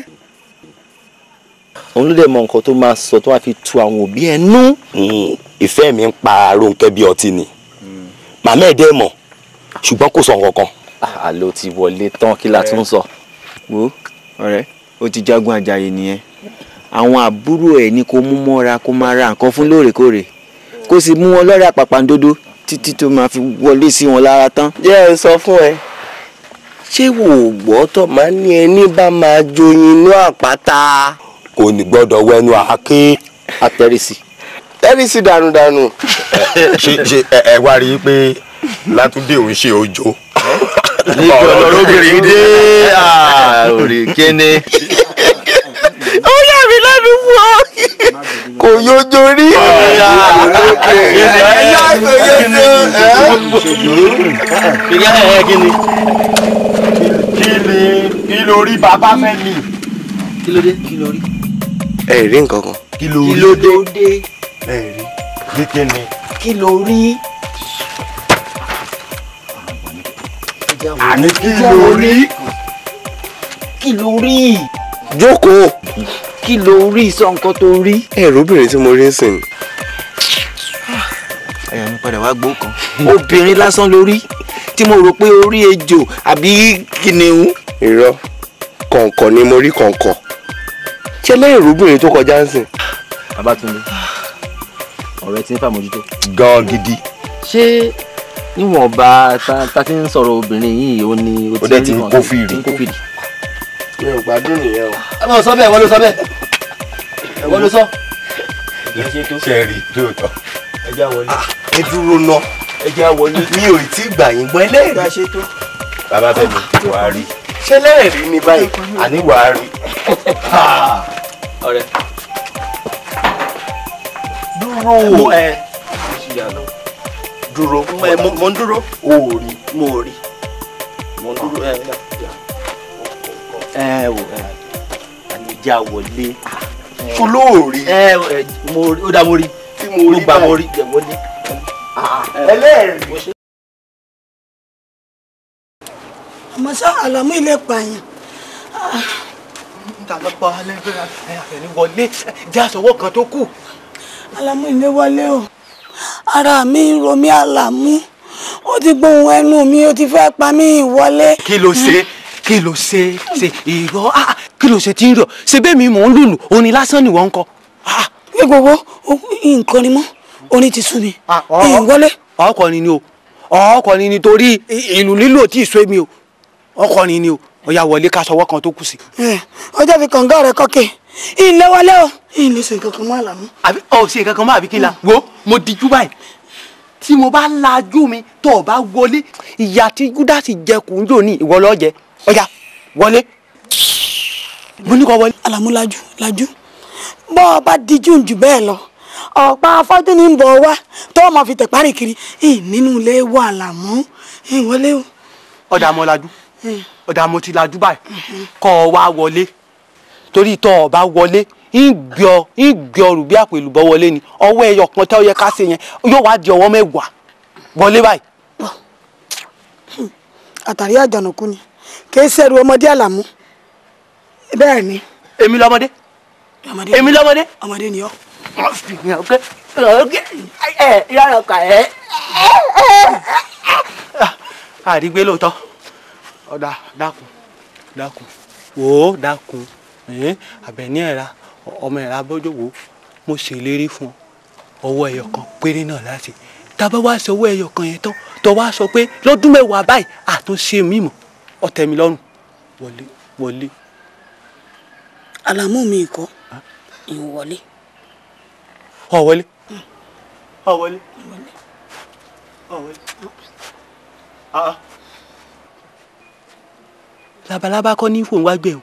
òun ló dẹ̀ mọ nǹkan tó máa sọ tó máa fi tu àwọn òbí ẹ nú. Hmm, ìfẹ́ mi ń pa Rónkẹ́ bí ọtí ni hmm. màmá ẹ̀ dẹ́ mọ̀ ṣùgbọ́n kò sọ nǹkan kan Ah, àlọ́ ti wọlé tán kí la tún sọ. wo ọ̀rẹ́ o ti jagun àjàyè nìyẹn àwọn àbúrò ẹ̀ ni kò mú mọ́ra kó máa ra nǹkan fún lóòrèkóòrè kó sì mú wọn lọ́rẹ́ àpàpàǹdodo títí tó máa fi wọlé sí wọn lára tán. jẹ́ ẹ sọ fún ẹ ṣé wò ó gbọ́ tó máa ní ẹni bá máa joyin inú àpáta. kò ní gbọ́dọ̀ wẹnu àáké. àtẹ́rìsì. tẹ́rìsì dànùdànù. ṣe ṣe ẹ wá rí i pé látúndé òun ṣe òjò. [LAUGHS] níjọ lọ́rọ́bìnrin dé ah, ah, orí kíni. ó yà mí lẹ́nu wọ kò yọjọ rí. ẹ̀yà kò yọjọ. kí ni kí ló rí bàbá fẹ́ mi. kí ló dé kí ló rí. ẹ rí nǹkan kan. kí ló dé ẹ rí. kí ló rí. ajá wò ní kí ló rí kí ló rí. jókòó. kí ló rí sọ nǹkan tó rí. ẹ̀rọ obìnrin tí mo rí ń sìn. àyà ah, mi padà wá gbó kan obìnrin lásán ló rí tí mo rò pé orí ejò àbí kìnìún. irọ́ kọ̀ǹkọ̀ ni mo rí kọ̀ǹkọ̀ ṣé lẹ́yìn rúbìnrin tó kọjá ń sìn. Babátúndé ọ̀rẹ́ tí ń fàmójútó. gan gidi. ṣé níwọ̀nba ta ti ń sọ̀rọ̀ obìnrin yìí ó ní o ti ń kófìrì mi ò gbádùn nìyẹn o. ẹ bá sọ bẹ́ẹ̀ wọ́n ló sọ bẹ́ẹ̀ wọ́n ló sọ. ṣe rí lóòótọ́. ẹ já wọlé. Ah, ẹ dúró ná ẹ já wọlé. mi ò tí gbà yín gbọ́ ẹlẹ́rìí. bàbá bẹ́ẹ̀ ni wàá rí. ṣé ẹlẹ́rìí ni báyìí àní wàá rí. ọ̀rẹ́. Ah. dúró. ẹ ṣì yà lọ dúró mo ń dúró o ò rí mo ò rí mo ń dúró ẹ ẹ wò ẹ àníjà wọlé olóòrí ẹ ẹ mo rí ó dá mo rí tí mo rí bá mo rí wọlé ẹlẹ́rìí. àmọ́ sá àlámú ilé pààyàn ta lọ pa alẹ́ gbéra àfẹ́ wọlé jẹ́ àsọwọ́ kan tó kù. àlámú ilé wọlé o ara mi ń ro mí àlà mí ó ti gbóhùn ẹnu mi ó ti fẹ́ pa mí ìwọlé. kí ló ṣe hmm. kí ló ṣe ṣe ìrọ ah, ah, kí ló ṣe ti ń rọ ṣe bẹ́ẹ̀ mi mò ń lùlù orin lásán ni wọ́n ń kọ. ẹ ah. gbogbo nǹkan ni mọ́ orin ti sú mi ìwọlé. ọkọrin ni o ọkọrin ni torí ìlú lílò tí ì sọ o ọkọrin ni o ọ̀ya wọlé ká sọwọ́ kan tó kù sí. ọjọ́ eh, fi kànga rẹ̀ kọ́kẹ́ ìlé wọlé o ìlé ṣe nǹkan kan mọ́ àlàmú. àbí ọ ṣe nǹkan kan mọ́ àbí kí n la wo mo dijú báyìí tí mo bá lajú mi tó o bá wọlé ìyá tí Júdásì jẹ kù ń jò ní ìwọ ló jẹ ọjà wọlé mo ní kó wọlé. àlàmú lajú lajú bọ́ ọ bá dijú jù bẹ́ẹ̀ lọ ọ̀pá afọ́jú ní bọ̀ wá tó o máa fi tẹ̀párì kiri nínú ilé wà làmú ìwọlé o. ọ̀dà mo lajú ọ̀dà mo ti lajú báyìí kọ́ ọ wá wọlé. torí tọ́ ọba wọlé ìgbọ́ ìgbọ́ bí àpèlú wọlé ni ọwọ́ ẹyọ kan tẹ́ ọ yẹ ká ṣe yẹn yóò wá di ọwọ́ mẹ́wàá wọlé báyìí. àtàrí àjànàkú ni kì í ọmọdé àlàmú bẹ́ẹ̀ ni. èmi lọmọdé èmi lọmọdé. ọmọdé ni Àbẹ̀ní ẹ̀ra ọmọ ẹ̀ra bọ́jọ̀wò mo ṣèlérí fún ọ ọwọ́ ẹyọ kan péré náà láti tábà wá sí ọwọ́ ẹyọ kan yẹn tán tó wá sọ pé lọ́dún mẹ́wàá báyìí àtúnṣe mímọ́ ọ̀tẹ̀ mi lọ́rùn wọlé wọlé. àlàmú mi kọ́ ìwọlé. ọ̀wọ́lé hmm. ọ̀wọ́lé ọ̀wọ́lé ah, ah. labalábá kọ́ ní fòun wá gbé o.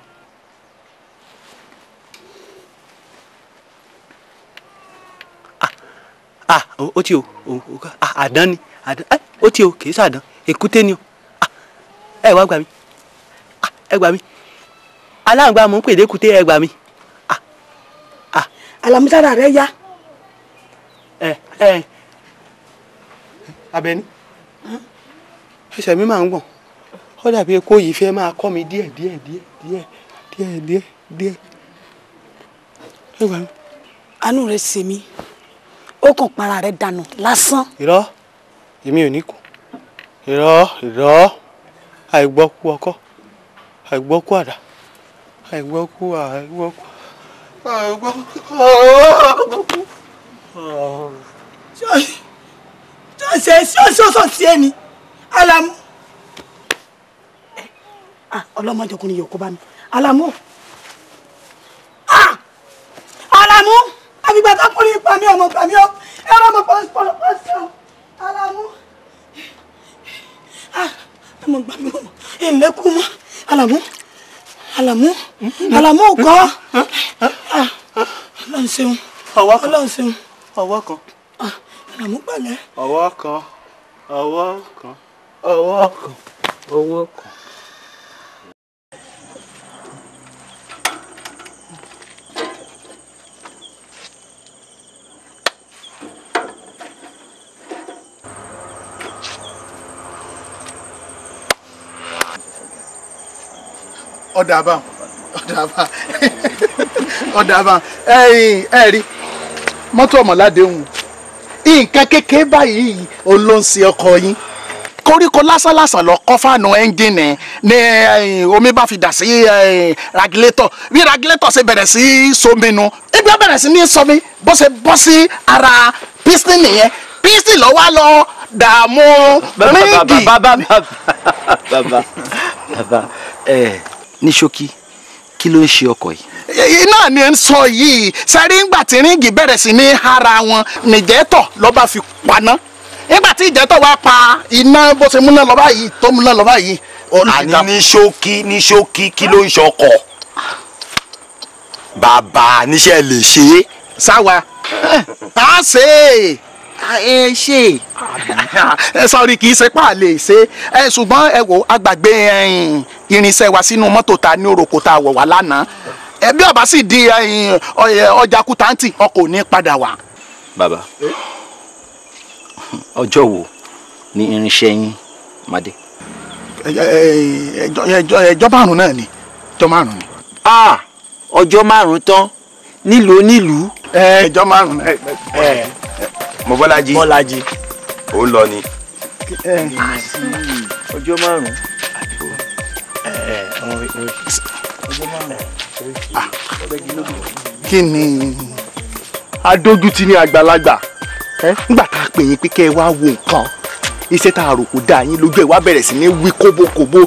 ah o ti o ah àdán ni àdán ẹ ó ti o kì í ni o ah ẹ wá gbà mí ah ẹ gbà mí aláǹgbá ń pè ẹ gbà mí ah ah. ya. ẹ ẹ mi máa ń gbọ̀n ó dàbí epo yìí fẹ́ máa mi ẹ gbà mí. ó kàn para rẹ̀ dànù lásán. irọ́ èmi ò ní kú irọ́ irọ́ àìgbọ́kú ọkọ àìgbọ́kú àdá àìgbọ́kú àìgbọ́kú àìgbọ́kú. ṣe ṣọ́ṣọ́ sí ẹni alamu ah, ọlọ́mọdékùnrin yòókù bá mi alamu ah, alamu àbígbà tá kúrò ipa mi ọmọ gbà ọ ẹrọ ọmọ pọlọpọlọ pọsí ọ ara ọmọ ah, gbà mí ọmọ ẹlẹkùn mọ Àlàmú Àlàmú Àlàmú òkọ Ọlọ́run ṣeun ah, Ọlọ́run ṣeun ọwọ́ kan Àlàmú ah, pẹ̀lẹ́ ọwọ́ kan ọwọ́ kan ọwọ́ kan ọwọ́ kan. ọ̀dà àbá ọ̀dà àbá ọ̀dà àbá ẹ̀yìn ẹ̀rí mọ́tò ọ̀mọ̀ládé òun nǹkan kékeré báyìí òun ló ń ṣe ọkọ yín koríko lásánlásán lọ kọ́ fáànù ẹ́ńjìnì ní omi bá fi dà sí ragilétọ̀ bí ragilétọ̀ ṣe bẹ̀rẹ̀ sí sominu ibi ó bẹ̀rẹ̀ sí ní sọmi bó ṣe bọ́ sí ara piston nìyẹn piston lọ́wọ́ lọ dààmú ríngì. bàbá bàbá bàbá bàbá ẹ ní ṣókí kí ló ń ṣe ọkọ̀ yìí. iná ni ń sọ yìí sẹ́rí ńgbà tí ríǹgì bẹ̀rẹ̀ sí ní hara wọn nìjẹ́tọ̀ lọ́ba fi paná nígbà tí ìjẹ́tọ̀ wá pa iná bó ṣe múná lọ́ba yìí tó múná lọ́ba yìí. àní ní ṣókí ní ṣókí kí ló ń ṣe ọkọ̀ bàbá níṣẹ́ lè ṣe é. sáwa a ṣe ẹ ṣe ẹ sọrí kì í ṣe pa ṣe ẹ ṣùgbọ́n ẹ wò agbàgbé ẹ̀yìn irinṣẹ́ wa sínú mọ́tò ta ní òròkò tá wọ̀ wá lánàá ẹbí ọba sì di ọjà kútáǹtì ọkọ̀ ò ní padà wá. bàbá ọjọ́ wo ni irinṣẹ́ yín máa dé. ẹjọ́ márùn-ún náà ni ẹjọ́ ni. ọjọ́ márùn-ún tán nílùú nílùú. ẹjọ́ márùn-ún náà. mo kí ni adójútì ní àgbàlagbà nígbà tá a pè yín pé kẹ́ ẹ wá wo nǹkan iṣẹ́ tá a rò kó dá yín lójú ẹ̀ wá bẹ̀rẹ̀ sí ní wí kóbókóbó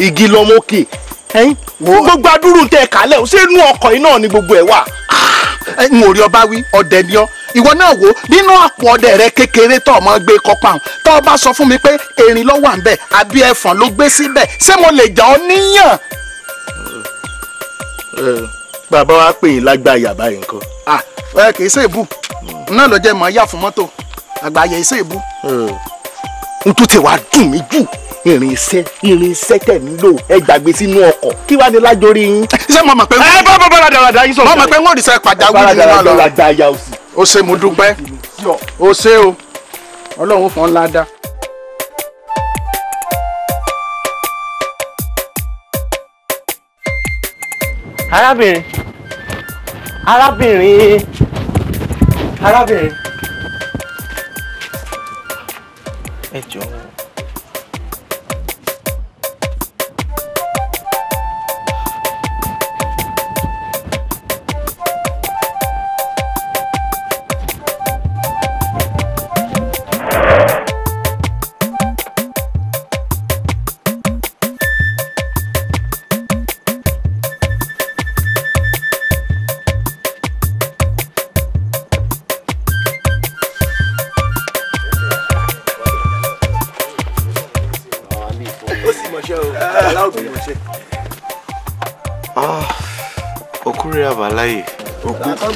igi lọ́mọ́kè gbogbo adúrú tẹ kálẹ̀ ó ṣe ina ni gbogbo ẹ̀ wà. Ah, n ò rí ìwọ náà wò nínú àpò ọdẹ rẹ kékeré tó ọmọ gbé kọpa ọ̀hún tó o bá sọ fún mi pé erin ló wà ńbẹ̀ àbí ẹfọ̀n ló gbé síbẹ̀ ṣé mo lè jà ọ́ níyàn. bàbá wa pè yín lágbá yàbá yìí nǹkan. ẹ kì í ṣe èbú náà ló jẹ́ mọ̀ ọ́ yà fún mọ́tò àgbáyé ìṣe èbú. n tún tẹ wàá dùn mí jù irinṣẹ́ irinṣẹ́ tẹ̀ ń lò ẹ gbàgbé sínú ọkọ̀ kí wàá ní lájọ rí yín. ṣé mo mọ̀ pé. ẹ bá bá bá dáradára yín sọ̀rọ̀. mo mọ̀ pé wọ́n rí sẹ́ pàjáwìrì nínú àlọ́. o ṣe mo dúpẹ́ o ṣe o ọlọ́run fún ọ ńlá dá. arábìnrin arábìnrin arábìnrin ẹ jọ̀wọ́.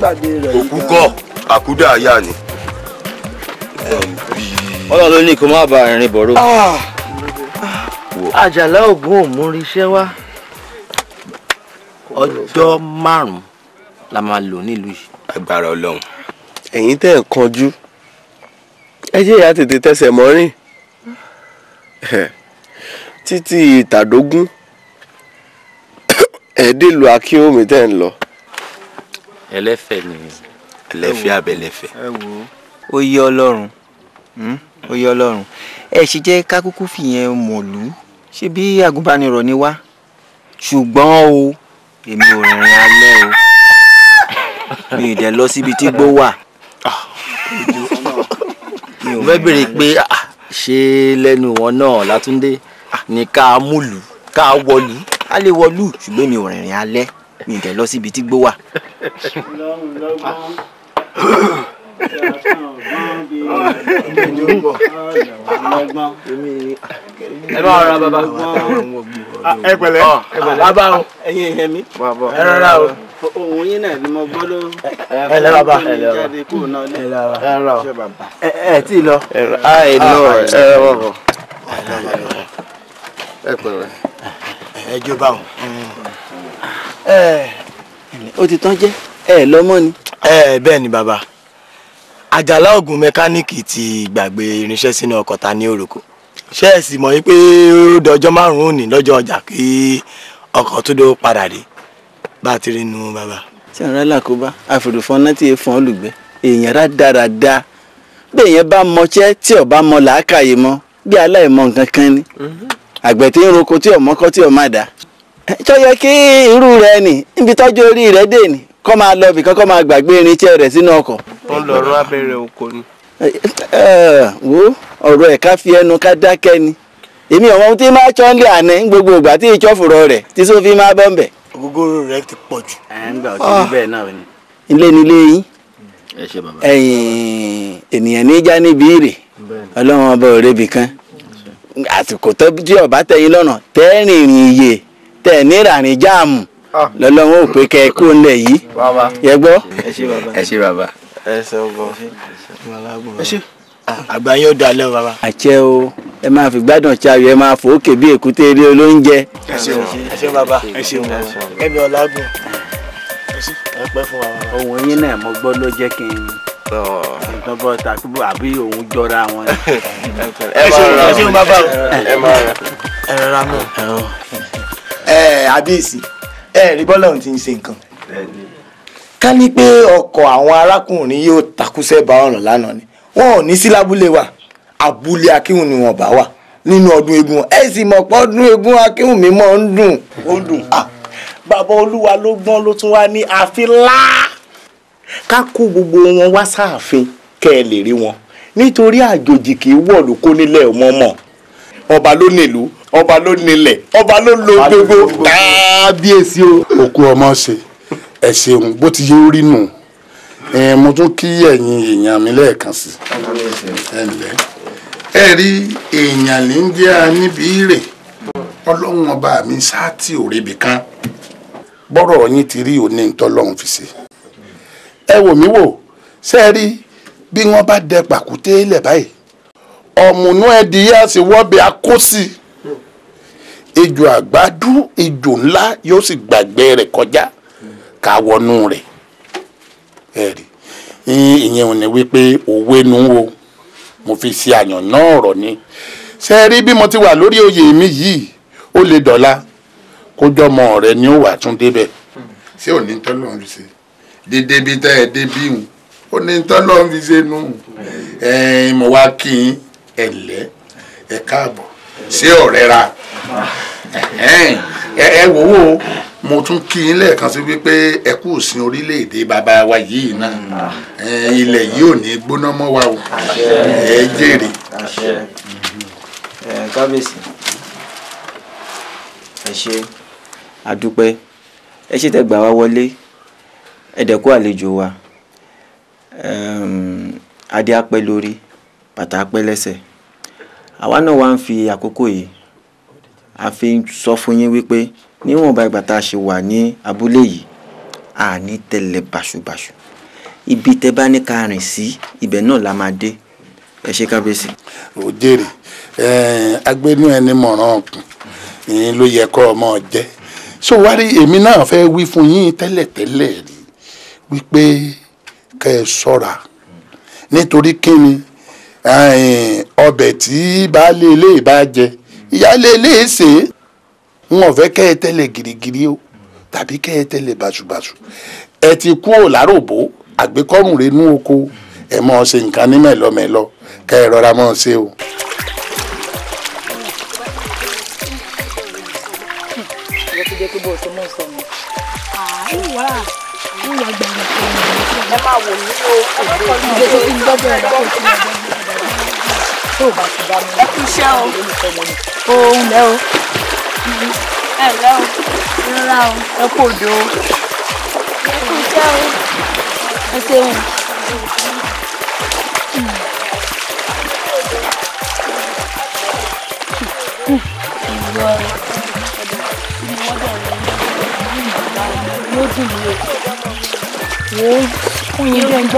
gbàgbé rẹ̀. òkú kọ́ àkúdà ayá ni. ọlọ́run ló ní kó má bàa rìn bọ̀rọ̀. Ah. àjàlá ògún òmùrí iṣẹ́ wá ọjọ́ márùn-ún la máa lò nílùú yìí. agbára ọlọ́run. ẹ̀yin tẹ́ ẹ̀ kanjú ẹ jẹ́ ìyá tètè tẹsẹ̀ mọ́ títí ìtàdógún ẹ̀ẹ́dẹ́lu akíhómi tẹ́ ń lọ ẹlẹ́fẹ̀ ni. ẹlẹ́fẹ̀ abẹ́lẹ́fẹ̀. ẹ wo. ó yé ọlọ́run hmm? ó yé ọlọ́run ẹ ṣe jẹ́ kákúkú fìyẹn mọ̀lú ṣé bí agúnbánirọ̀ ni wá ṣùgbọ́n o èmi ò rìnrìn alẹ́ o mi ì dẹ̀ lọ síbi tí gbó wà. mo fẹ́ béèrè pé ah, ṣé lẹ́nu wọn náà látúndé ni ká múlù ká wọlú a lè wọlú ṣùgbọ́n mi ò rìnrìn alẹ́ mi ì dẹ̀ lọ síbi tí gbó wà lọ́run lọ́gbọ́n ẹ bá ọ̀rọ̀ bàbá ah, ẹ pẹ̀lẹ́ bàbá o ẹ̀yin ẹ̀yẹ mi ẹ rọra o òun yín náà ni mo gbọ́ ló ẹ lọ bàbá ẹ lọ bàbá ẹ lọ bàbá ẹ tí lọ ẹ lọ ah, ah, ẹ lọ ẹ pẹ̀lẹ́ ẹ jọba o. Mm. Eh ó ti tán jẹ́ ẹ lọ́mọ ni. ẹ bẹ́ẹ̀ ni bàbá àjàlá ògùn mẹkáníìkì ti gbàgbé irinṣẹ́ sínú ọkọ̀ ta ní òròkò ṣé ẹ sì mọ̀ yín pé ó dọjọ́ márùn-ún ní lọ́jọ́ ọjà kí ọkọ̀ tó dó padà dé bá a ti rí nu bàbá. tí àwọn aráàlú kò bá náà ti fọ́n olùgbẹ́ èèyàn rà dáradára bẹ́ẹ̀ yẹn bá mọṣẹ́ tí ò bá mọ làákàyè mọ́ bí aláìmọ̀ nǹkan ni mhm. àgbẹ̀ tí ń roko tí ò mọ́kọ́ tí ò má dá tó yẹ kí irú rẹ nì níbi tọ́jú orí rẹ dè nì kó máa lọ bìkan kó máa gbàgbé irinṣẹ́ rẹ̀ sínú ọkọ̀. ó lọ rán abẹ́rẹ́ oko ni. wo ọ̀rọ̀ ẹ̀ ká fi ẹnu ká dákẹ́ ni èmi ọmọ tí máa tọ́ lé àná gbogbo ìgbà tí ìtọ́fùrọ̀ rẹ̀ tí sófin máa bọ́ ń bẹ̀. ògógóró rẹ ti pọ̀ jù. ẹ̀ ń ni. ilé ni ilé yín ẹ̀yin ènìyàn níjà níbi ìrè ọlọ́run ọba òrebì kan àsìkò tó jẹ́ ọ̀bá tẹ̀yìn lọ́nà tẹ́rìn iye tẹ̀ ní ìrànì jáàmù ah. lọ́lọ́run ò pé kẹ́ ẹ kó ńlẹ̀ yìí yẹ gbọ́. ẹ ṣe bàbá. ẹ ṣe bọ ẹ ṣe ah, àgbà yín ó da lẹ́wọ̀ bàbá. àṣẹ o ẹ máa fi gbádùn ọ̀chá ayọ̀ ẹ máa fò ókè bí èkúté eré olóúnjẹ. ẹ ṣeun ẹ ṣeun bàbá ẹ ṣeun kẹbi ọlágùn ẹ pẹ́ fún wa. ohun yín náà mo gbọ́ ló jẹ́ kí n nǹkan bọ́ tàbí àbí òun jọra wọn. ẹ ṣeun bàbá ẹ máa rẹ. ẹ rà mọ́ ẹ àbíyèsí ẹ rí bọ́lọ́run ti ń ṣe nǹkan ká ní pé ọkọ̀ àwọn arákùnrin yóò takúṣẹ́ bá ọ̀ràn lánàá ni wọn ò ní sí lábúlé wa abúlé akíhùn ni wọn bá wà nínú ọdún eégún ẹ sì mọ̀ pé ọdún eégún akíhùn mi mọ́ ń dùn. ó ń dùn bàbá olúwa ló gbọ́n ló tún wá ní ààfin lá ká kó gbogbo wọn wá sáàfin kẹ́ ẹ lè rí wọn nítorí àjòjì kì í wọ̀lú kó nílẹ̀ ọmọ ọba ló nílùú ọba ló nílẹ̀ ọba ló lo gbogbo kábíyèsí o. òkú ọmọ ṣe ẹ ṣeun bó ti yé orí nù mo tún kí ẹ̀yin èèyàn mi lẹ́ẹ̀kan sí ẹ ǹlẹ́ ẹ rí èèyàn ní ń jẹ́ níbi rè ọlọ́run ọba mi sáàtì òrèbì kan bọ́rọ̀ yín ti rí òní ntọ́lọ́run fi ṣe ẹ wò mí wò ṣe rí bí wọ́n bá dẹ pàkúté lẹ̀ báyìí ọ̀mùnú ẹ̀dìyẹ àṣewọ́bẹ̀ akó sí i ejò àgbàdú ejò ńlá yóò sì gbàgbé rẹ̀ kọjá ká wọnú rẹ̀ ẹ̀rí ìyẹn ò ní wípé òwe nu o mo fi ṣe àyàn náà ọ̀rọ̀ ni ṣe rí bí mo ti wà lórí oyè mi yìí ó lè dọ̀la kójọ́mọ rẹ ni ó wà tún débẹ̀. ṣé ò ní tọ́lọ́ ń fi ṣe dédé bí tá ẹ dé bí hùn ó ní tọ́lọ́ ń fi ṣe nù ẹ̀ mọ̀ wá kí ẹ lẹ́ ẹ káàbọ̀ ṣé ọ̀rẹ́ ra ẹ wò ó mo tún kí yín lẹ́ẹ̀kan sí wípé ẹ kú òsín orílẹ̀-èdè bàbá wa yìí náà ilẹ̀ yìí ò ní gbóná mọ́ wa o ẹ jèrè. kábíyèsí ẹ ṣe àdúpẹ́ ẹ ṣe tẹ́ gbà wá wọlé ẹ dẹ̀ kú àlejò wa adé á pẹ́ lórí bàtà á lẹ́sẹ̀ àwa náà wá ń fi àkókò yìí a fi ń sọ fún yín wípé níwọ̀nba ìgbà tá a ṣe wà ní abúlé yìí a ní tẹ̀lé bàṣubàṣu ibi tẹ bá ní ká rìn sí ibẹ̀ náà la máa dé ẹ ṣe kábíyèsí. ó jèrè agbénú ẹni mọ̀ràn ọ̀kùn ìyẹn ló yẹ kọ́ ọmọ jẹ́ so wá rí èmi náà fẹ́ wí fún yín tẹ́lẹ̀tẹ́lẹ̀ rí wípé kẹ́ ẹ ṣọ́ra nítorí kíni ọbẹ̀ tí baálé ilé bá jẹ ìyáálé ilé ṣe é wọn fẹ́ kẹ́ ẹ tẹ́lẹ̀ girigiri o tàbí kẹ́ ẹ tẹ́lẹ̀ bàṣubàṣu ẹ ti kú ò láròbó àgbékọ́rùn rẹ̀ nú oko ẹ mọ̀ ṣe nǹkan ní mẹ́lọmẹ́lọ kẹ́ ẹ rọra mọ̀ ṣe o. ẹ máa wò ní o tó o bá ti bá mi. ẹ kú iṣẹ́ o òun lẹ o ẹ lẹ o ìrora o ẹ kú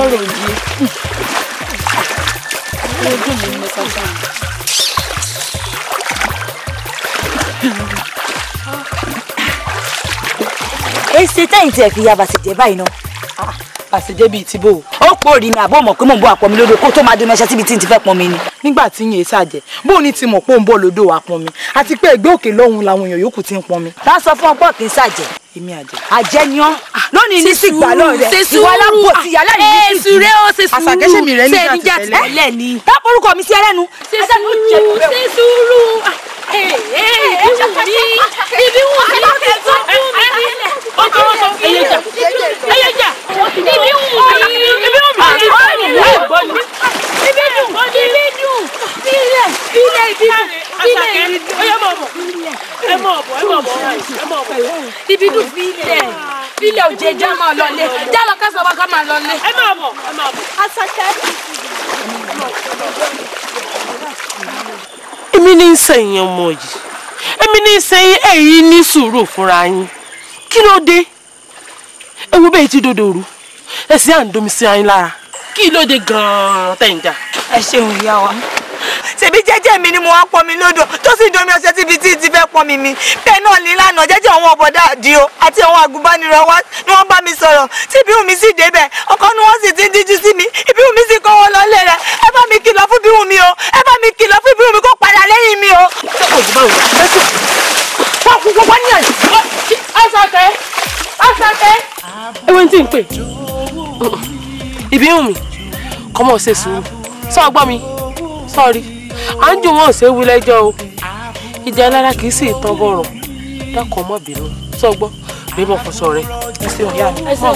odò tó dùn mí mo sọ fún un. èsì tẹ́yìn tí ẹ fi àṣejẹ́ bíi ti ó pò rí mi àbó mọ̀ pé mò ń bọ́ àpọ̀ mi lódò kó tó máa dúró ẹṣẹ́ síbi tí n ti fẹ́ pọn mi ni. nígbà tí yín èsà jẹ bó ní ti mọ̀ pé ó ń bọ̀ lódò wà mi àti pé ẹgbẹ́ òkè lọ́hùn làwọn èèyàn yòókù ti ń pọn mi. bá a sọ fún ọgbọ́n kì í ṣàjẹ́. èmi àjẹ. àjẹ ni ọ́ lónìí ní sì gbà ìwà alábò ti yàrá ibi wù mí ibi wù mí ojú mi ni ọjọ́ wọn sọ fún ẹyẹjà ẹyẹjà ibi wù mí ibi wù mí ibi wù mí ibi dùn ibi dùn ilẹ̀ ilẹ̀ ibi dùn ilẹ̀ ibi dùn ẹ mọ̀ bọ̀ ẹ mọ̀ bọ̀ ẹ mọ̀ bọ̀ ẹ mọ̀ bọ̀ ibi dùn ilẹ̀ ilẹ̀ òjè já máa lọ lé já lọ kásán bá ká máa lọ lé. ẹ máa bọ̀ ẹ máa bọ̀. asakẹ́ èmi ní sẹ́yìn ọmọ yìí èmi ní sẹ́yìn ẹ̀yin ní sùúrù fúnra yín kí ló dé ewu bẹ́ẹ̀ ti dodo rú ẹ̀sìn à ń domi sí ayín lára kí ló dé gan-an tẹ̀ ń ẹ ṣeun ìyá wa ṣèbí jẹ́jẹ́ mi ni mo wá pọn mi lódò tó sì domi ọṣẹ tíbi tí ti fẹ́ pọn mi mi bẹ́ẹ̀ náà ní lánàá jẹ́jẹ́ àwọn ọ̀bọ̀dá àdìo àti àwọn àgùnbánirọ̀ wa ni wọ́n bá mi sọ̀rọ̀ tí bíhùn mi sì débẹ̀ ọkọ ni wọ́n sì ti díjú sí mi ìbíhùn mi sì kọ́ wọn lọ́lẹ̀ rẹ̀ ẹ bá mi kìlọ̀ fún bíhùn mi o ẹ bá mi kìlọ̀ fún bíhùn mi kó padà lẹ́yìn mi o. ewe tí n pè ìbíhùn mi kọ́mọ̀ ṣe sùúrù sọ ọgbọ́n mi sọ́ọ̀rì anju wọn ò ṣe wí lẹ́jọ́ o ìjà alára kì í sì tán bọ̀rọ̀ dákọ̀ mọ́ bínú sọ gbọ́ rí mọ́ fọṣọ rẹ o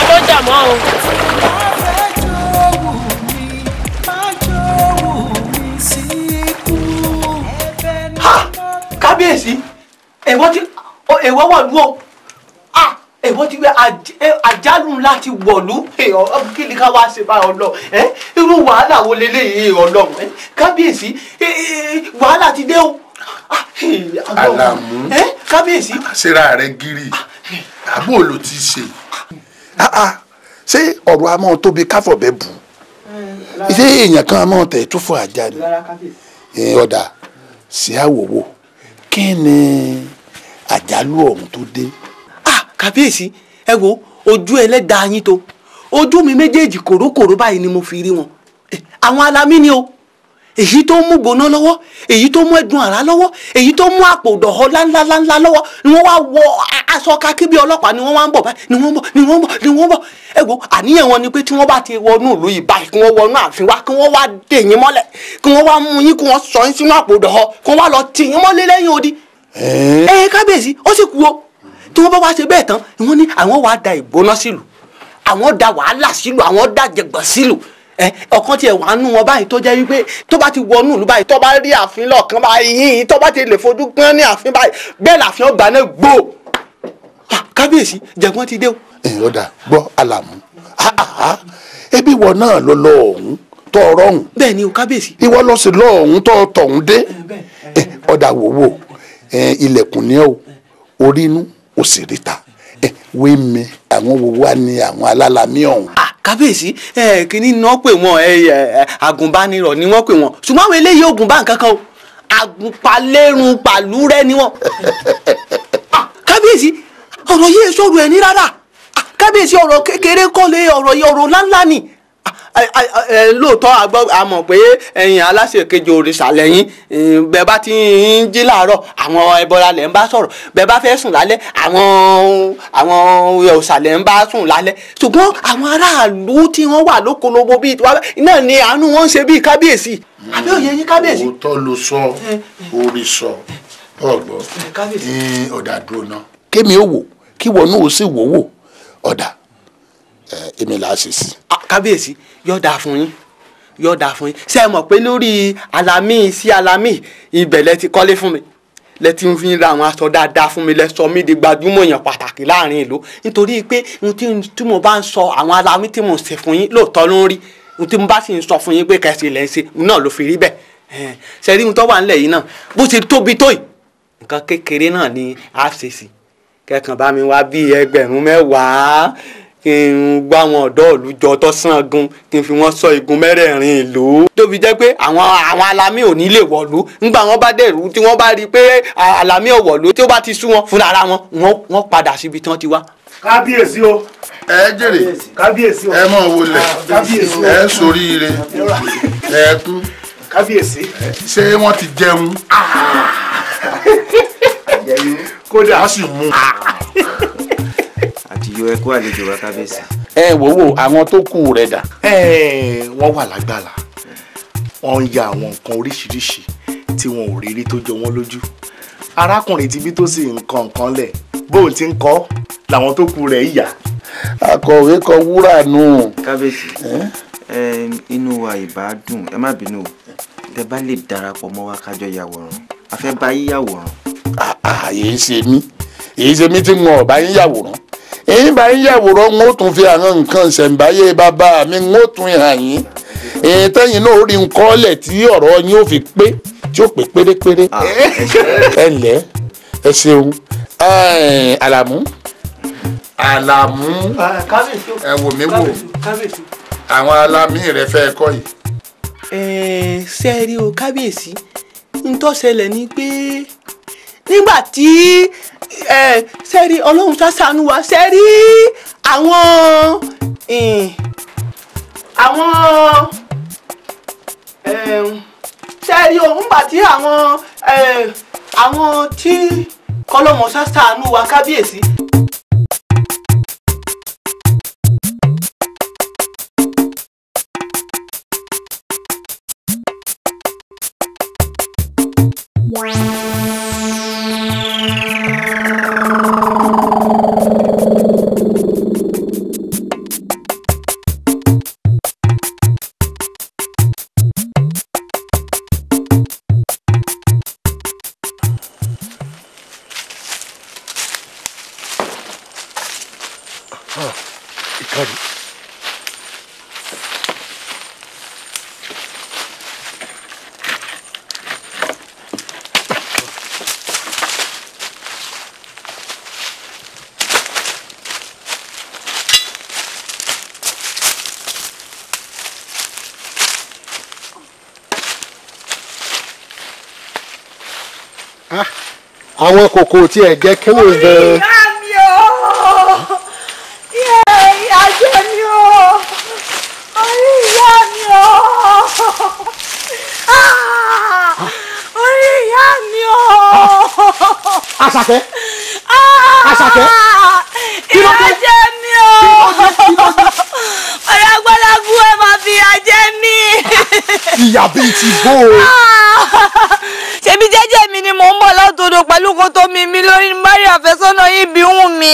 ẹ ló jà mọ́ o. kábíyèsí èwo wà ẹ̀wọ́n ti gbé àjálù ńlá ti wọ̀lú kí ni ká wá ṣe bá ọlọ irú wàhálà wo leléyìí ọlọ́run kábíyèsí wàhálà ti dé o. Ah, Àlàmú kábíyèsí. àṣírà ah, rẹ gírì ah, àbúrò ló ti ṣe ṣé ọ̀rọ̀ a máa tóbi káfọ̀bẹ́ bù eh, ṣé èèyàn kan a máa tẹ̀ tó fọ àjà ni hmm, ọ̀dà sí àwòwò kí ni àjálù ọ̀hún tó dé. kàbíyèsí ẹ wo ojú ẹlẹ́dàá yín tó ojú mi méjèèjì kòrókòró báyìí ni mo fi rí wọn eh, àwọn alamí o èyí tó mú gbóná lọ́wọ́ èyí tó mú ẹ̀dùn àrá lọ́wọ́ èyí tó mú àpò ìdọ̀họ́ ńláńláńlá lọ́wọ́ ni wọ́n wá wọ aṣọ kakí bí ọlọ́pàá ni wọ́n wá ń bọ̀ báyìí ni wọ́n bọ̀ ni wọ́n bọ̀ ni wọ́n bọ̀ ẹ wo àníyàn wọn ni pé tí wọ́n bá ti wọnú ìlú yìí báyìí kí wọ́n wọnú wa kí wọ́n wá yín mọ́lẹ̀ kí wọ́n wá mú yín kí wọ́n sọ yín sínú àpò kí wọ́n wá lọ tì yín mọ́lẹ̀ lẹ́yìn tí wọ́n bá wá ṣe bẹ́ẹ̀ tán wọ́n ní àwọn wàá da ìgbóná sílù àwọn da wàhálà sílù àwọn da jẹgbọ̀n sílù ẹ ọkàn tiẹ̀ wàá nú wọn báyìí tó jẹ́ wípé tó bá ti wọnú ìlú báyìí tó bá rí àfin lọ́ọ̀kan báyìí tó bá ti lè fojú gán ní àfin báyìí bẹ́ẹ̀ làfin ọgbà náà gbó kábíyèsí jẹ̀gbọ́n ti dé o. ẹ̀yin ọ̀dà gbọ́ alamu. ẹbí wọ náà lọ lọ ọ̀hún tọ́ ọ̀rọ̀ ọ̀hún. bẹ́ẹ̀ o kábíyèsí. ìwọ lọ sí lọ ọ̀hún tọ́ ọ̀tọ̀hún dé ọ̀dà wò wò ilẹ̀kùn ni ó orí inú ó sì ríta ẹ wé mi àwọn wo wá ní àwọn alálàmí ọ̀hún. Ah, kábíyèsí ẹ kìíní ni wọ́n pè wọ́n agùnbánirọ̀ ni wọ́n pè wọ́n ṣùgbọ́n àwọn eléyìí ogun bá nǹkan kan o agùnpalérun pàlúrẹ́ ni wọ́n. Ah, kábíyèsí ọ̀rọ̀ yìí sọ̀rọ̀ ẹ̀ ní rárá ah, kábíyèsí ọ̀rọ̀ kékeré kọ́lé ọ̀rọ̀ yìí ọ̀rọ̀ ńláńlá ni. Ah, ah, ah, eh, lóòótọ́ a mọ̀ pé ẹ̀yin aláṣẹ kejì òrìṣà lẹ́yìn eh, bẹ́ẹ̀ bá ti ń jí làárọ̀ àwọn ẹbọra lẹ̀ ń bá sọ̀rọ̀ bẹ́ẹ̀ bá fẹ́ sùn lálẹ́ àwọn àwọn òòṣà lẹ̀ ń bá sùn lálẹ́ ṣùgbọ́n àwọn aráàlú tí wọ́n wà lókolobó bíi tiwa náà ni àánú wọn ń ṣe bíi kábíyèsí àbí òye yín kábíyèsí. òótọ́ ló sọ òrìṣọ eh, ọgbọ ní ọ̀dà dúró náà kémi ó wò kí wọnú ó sì wò wò ọ̀dà èmi là á ṣe sí. kábíyèsí yóò dáa fún yín yóò dáa fún yín ṣé ẹ mọ̀ pé lórí alami sí alami ìbẹ̀lẹ̀ ti kọ́lé fún mi lẹ ti ń fi ra àwọn aṣọ dáadáa fún mi lẹ sọ mí di gbajúmọ̀ èèyàn pàtàkì láàrin ìlú nítorí pé ohun tí mo bá ń sọ àwọn alami tí mo ń ṣe fún yín lóòótọ́ ló ń rí ohun tí mo bá sì ń sọ fún yín pé kẹsì lẹ́ ń ṣe náà ló fi rí bẹ́ẹ̀ ṣe ohun tó wà nílẹ̀ yìí náà bó ṣe tóbi tó yìí nǹkan kékeré náà ni a ṣe sí kẹkàn bá mi wá bíi ẹgbẹ̀rún mẹ́wàá kí n gbá àwọn ọ̀dọ́ ìlú jọ tó sàn gun kí n fi wọ́n sọ igun mẹ́rẹ̀ẹ̀rin ìlú. tó jẹ́ pé àwọn àwọn alámì ò ní lè wọ̀lú ńgbà wọ́n bá dẹ̀rú tí wọ́n bá rí i pé alámì ò wọ̀lú tí ó bá ti sú wọn fúnra ara wọn wọ́n padà síbi tí wọ́n ti wá. kábíyèsí o. ẹ jèrè kábíyèsí o ẹ mọ̀ wọlé ẹ ṣoríire ẹ kú. kábíyèsí. ṣé wọ́n ti jẹun. [LAUGHS] kódà. wọ́n sì mú un. [LAUGHS] ìyó ẹkú àlejò wa kábíyèsí. ẹ wò wò àwọn tó kù rẹ dà. wọ́n wà lágbàlá wọ́n ń ya àwọn nǹkan oríṣiríṣi tí wọn ò rírí tó jọ wọ́n lójú arákùnrin tibí tó sì ń kan nǹkan lẹ̀ bóun ti ń kọ́ làwọn tó kù rẹ̀ yà. akọ̀wé kọ wúrà nù. kábíyèsí inú wa ìbá dùn ẹ má bínú o tẹ bá lè darapọ̀ mọ́ wa kájọ yàwòrán a fẹ́ bá yíyàwòrán. àà ah, ah, èyí ṣe mí èyí ṣe mí tí mo ọ̀ bá yín yàwòrán ẹ̀yin bá ń yàwòrán ń ó tún fi àwọn nǹkan ṣẹ̀ǹbáyé bàbá mi ń ó tún hàn yín ẹ̀yin tẹ́yìn náà ó rí nǹkan ọ̀lẹ̀ tí ọ̀rọ̀ yín ó fi pé tí ó pé pérépéré ah. [LAUGHS] ẹ ǹlẹ́ ẹ ṣeun àlàmú àlàmú ah, ẹ wò mí wò àwọn alámì rẹ fẹ́ kọ́ yìí. ẹ ṣe é rí o kábíyèsí ń tó ṣẹlẹ̀ ni pé nígbà tí sẹ́rí ọlọ́run ṣàṣàánú wa sẹ́rí àwọn àwọn sẹ́rí o nígbà tí àwọn àwọn tí kọ́lọ́mọ ṣàṣàánú wa kábíyèsí Wow. àwọn kòkò tí ẹ jẹ kéwòn gan. ìyá mi o ìyá jẹ mi o orí ìyá mi o orí ìyá mi o. Ah, ah, Àṣàkẹ́ ah, Àṣàkẹ́ kí ló dé ìyá jẹ mi o ọ̀rẹ́ agbálagbó ẹ máa fi ìyá jẹ mi. ìyá bíi ti bó o odò pẹ̀lú kó tó mi mi lórí ní báyìí àfẹ́sọ́nà yìí bí wù mí.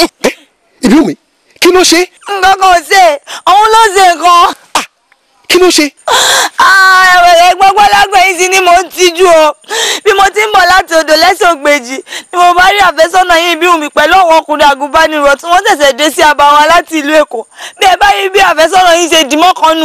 ìbí eh, wù mí kí ló ṣe. nǹkan kan ṣe òun ló ṣe nǹkan. Ah, kí ló ṣe. Ah, ẹ̀wẹ̀rẹ̀ gbọ́gbọ́ lágbẹ̀yìn sí ni mò ń tijú o bí mo ti ń bọ̀ láti odò lẹ́sẹ̀ ògbèjì ni mo bá rí àfẹ́sọ́nà yìí bí wù mí pẹ̀lú àwọn ọkùnrin àgùnbánirọ̀ tí wọ́n tẹ̀sẹ̀ dé sí abawa láti ìlú Èkó bí ẹ bá rí bí àfẹ́sọ́nà yìí ṣe dìmọ́kànnú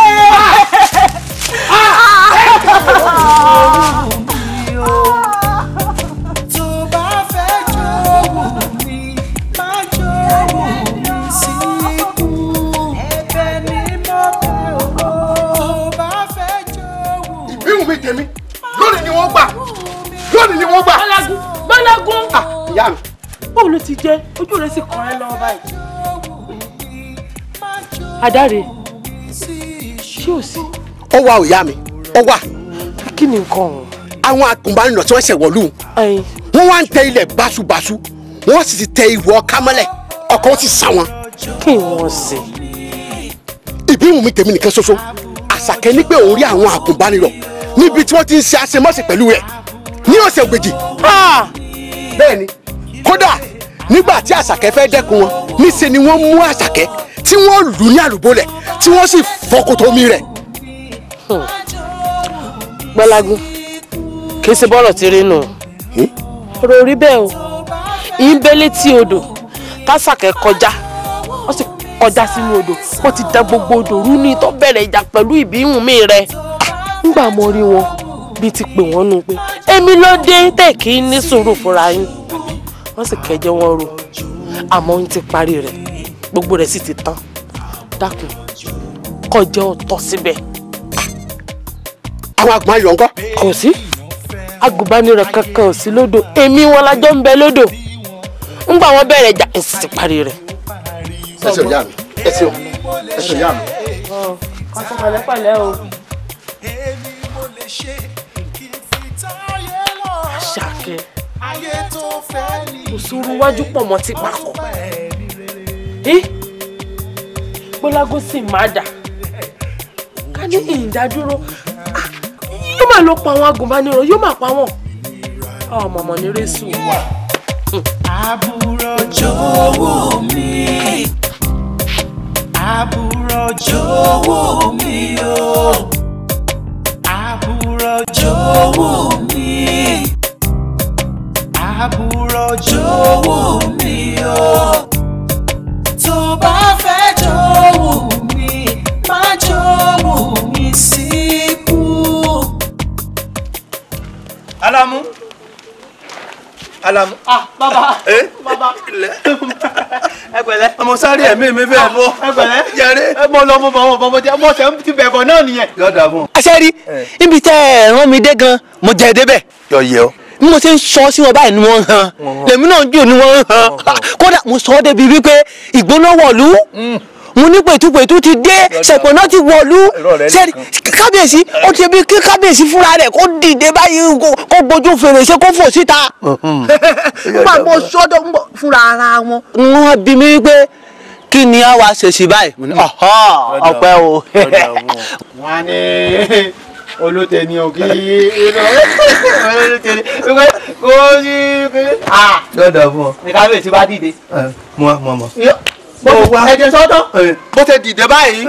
adáre ṣé o sí. ó wá òyà mi ó wá. kí ni nǹkan ọ̀hún. àwọn agùnbánirọ̀ tí wọ́n ṣẹ̀ wọ̀lú wọn wá ń tẹ ilẹ̀ báṣubàṣu wọ́n sì ti tẹ ìwọ kámọ́lẹ̀ ọkọ̀ ó sì sá wọn. kí wọ́n ṣe. ìbíwùn mi tèmi nìkan ṣoṣo àṣàkẹ́ ní pé òun rí àwọn agùnbánirọ̀ níbi tí wọ́n ti ń ṣe àṣemọ́sí pẹ̀lú rẹ̀ ní ọ̀sẹ̀ ògbèjì. bẹ́ẹ̀ ni kódà nígbà tí àṣàkẹ́ fẹ́ dẹ́kun wọn níṣe ni wọ́n mú àṣàkẹ́ tí wọ́n lù ní àlùbọ́lẹ̀ tí wọ́n sì fọkòtò mi rẹ̀. Hmm. gbọ́lágún kì í ṣe bọ́rọ̀ ti rí nù ọ̀rọ̀ orí bẹ́ẹ̀ o ìbẹ́lẹ̀ tí odò tásàkẹ́ kọjá wọ́n sì kọjá sínú odò ó ti da gbogbo odò rú ní tó bẹ̀rẹ̀ ìjà pẹ̀lú ìbíhùn mi rẹ̀ nígbà mo rí wọn bíi ti pè wọ́n nù pé èmi ló dé tẹ̀ kí ní sùúrù fúnra yín wọ́n sì kẹjọ wọn rò àmọ́ ń ti parí rẹ̀ gbogbo rẹ̀ sì ti tán dákun kọjá ọ̀tọ̀ síbẹ̀. àwọn àgbọn ayọ̀ ńkọ́. kò sí agùnbánirọ̀ kankan ò sí lódò èmi wọn lájọ ń bẹ lódò ń gbà wọn bẹ̀rẹ̀ jà èsì ti parí rẹ̀. ẹsẹ̀ ìyá mi ẹsẹ̀ ẹsẹ̀ ìyá mi. kọ́sọ́ pẹ̀lẹ́pẹ̀lẹ́ o. àṣàkẹ́ kò sóru wájú pọ̀ mọ́ tí pàkọ́. gbọ́lágó sì máa dà ká ní ìdádúró ah! yóò máa lọ pa àwọn agùnbánirọ̀ yóò máa pa wọ́n ọmọọmọ ní rẹ́sù wà. àbúrò jọ̀wọ́ mi àbúrò jọ̀wọ́ mi o àbúrò jọ̀wọ́ mi àbúrò jọ̀wọ́ mi o. alamu alamu. ah baba Eh, baba ẹgbẹlẹ. [LAUGHS] ọmọ sáré ẹmí mi fẹ́ bọ́. Ah, ẹgbẹlẹ jẹrẹ. ẹ mọ lọ mo bọ mo bọ mo jẹ mo tẹ ti bẹ̀bọ̀ náà nìyẹn. yọ̀dà mọ. aṣẹ́rí eh. níbi tẹ́ ẹ rán mi dé gan mo jẹ débẹ̀. yọ yẹ ọ. bí mo ṣe ń sọ sí wọn báyìí ni wọ́n ń han lèmi náà ń jò ni wọ́n ń han kódà mo sọ ọ́ débi wípé ìgbóná wọ̀lú. Hmm mo ní pẹ̀tùpẹ̀tù ti dé ṣẹ̀pọ̀nà ti wọ̀lú sẹ́ni kábíyèsí ó ti bí kí kábíyèsí fúnra rẹ̀ kó dìde báyìí kó gbójú fèrèsé kó fò síta. nígbà [LAUGHS] mo sọ́dọ̀ fúnra ara wọn. wọ́n bí mi pé kí ni a wá ṣe sí báyìí ọpẹ́ o. [LAUGHS] wọ́n á ní olótẹni ọkì iná olótẹni pípẹ́ kó ní. dọ́dọ̀ fún ọ. ní kábíyèsí bá dìde. mọ mọ mọ ẹ̀jẹ̀ sọ́tọ̀ bó ṣe dìde báyìí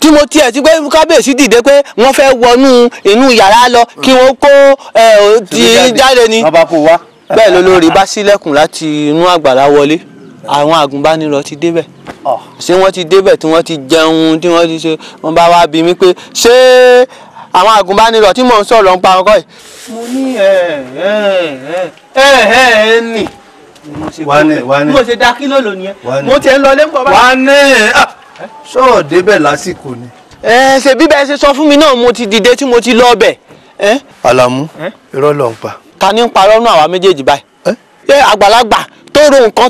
tí mo tiẹ̀ ti gbé kábíyèsí dìde pé wọ́n fẹ́ wọnú inú yàrá lọ kí wọ́n kó ti jáde ni bẹ́ẹ̀ lolórí bá ṣílẹ̀kùn láti inú àgbàlá wọlé àwọn àgùnbánirọ̀ ti débẹ̀ ṣé wọ́n ti débẹ̀ tí wọ́n ti jẹun tí wọ́n ti ṣe wọ́n bá wá bi mí pé ṣé àwọn àgùnbánirọ̀ tí mò ń sọ̀rọ̀ ń pa ọkọ yìí. mo ní ẹ ẹ ẹ ẹ ẹ nì mo ṣe da kílò lónìí ẹ mo ti ń lọ lé ń bọ̀ báyìí. wà á ní sọ́ọ̀dé ah, bẹ̀ lásìkò ni. ẹ ṣe bí bẹ́ẹ̀ ṣe sọ fún mi náà mo ti dìde tí mo ti lọ ọbẹ̀. Àlàmú irọ́ ló ń pa. ta ni ń parọ́ nú àwa méjèèjì báyìí. ṣé àgbàlagbà tó ro nǹkan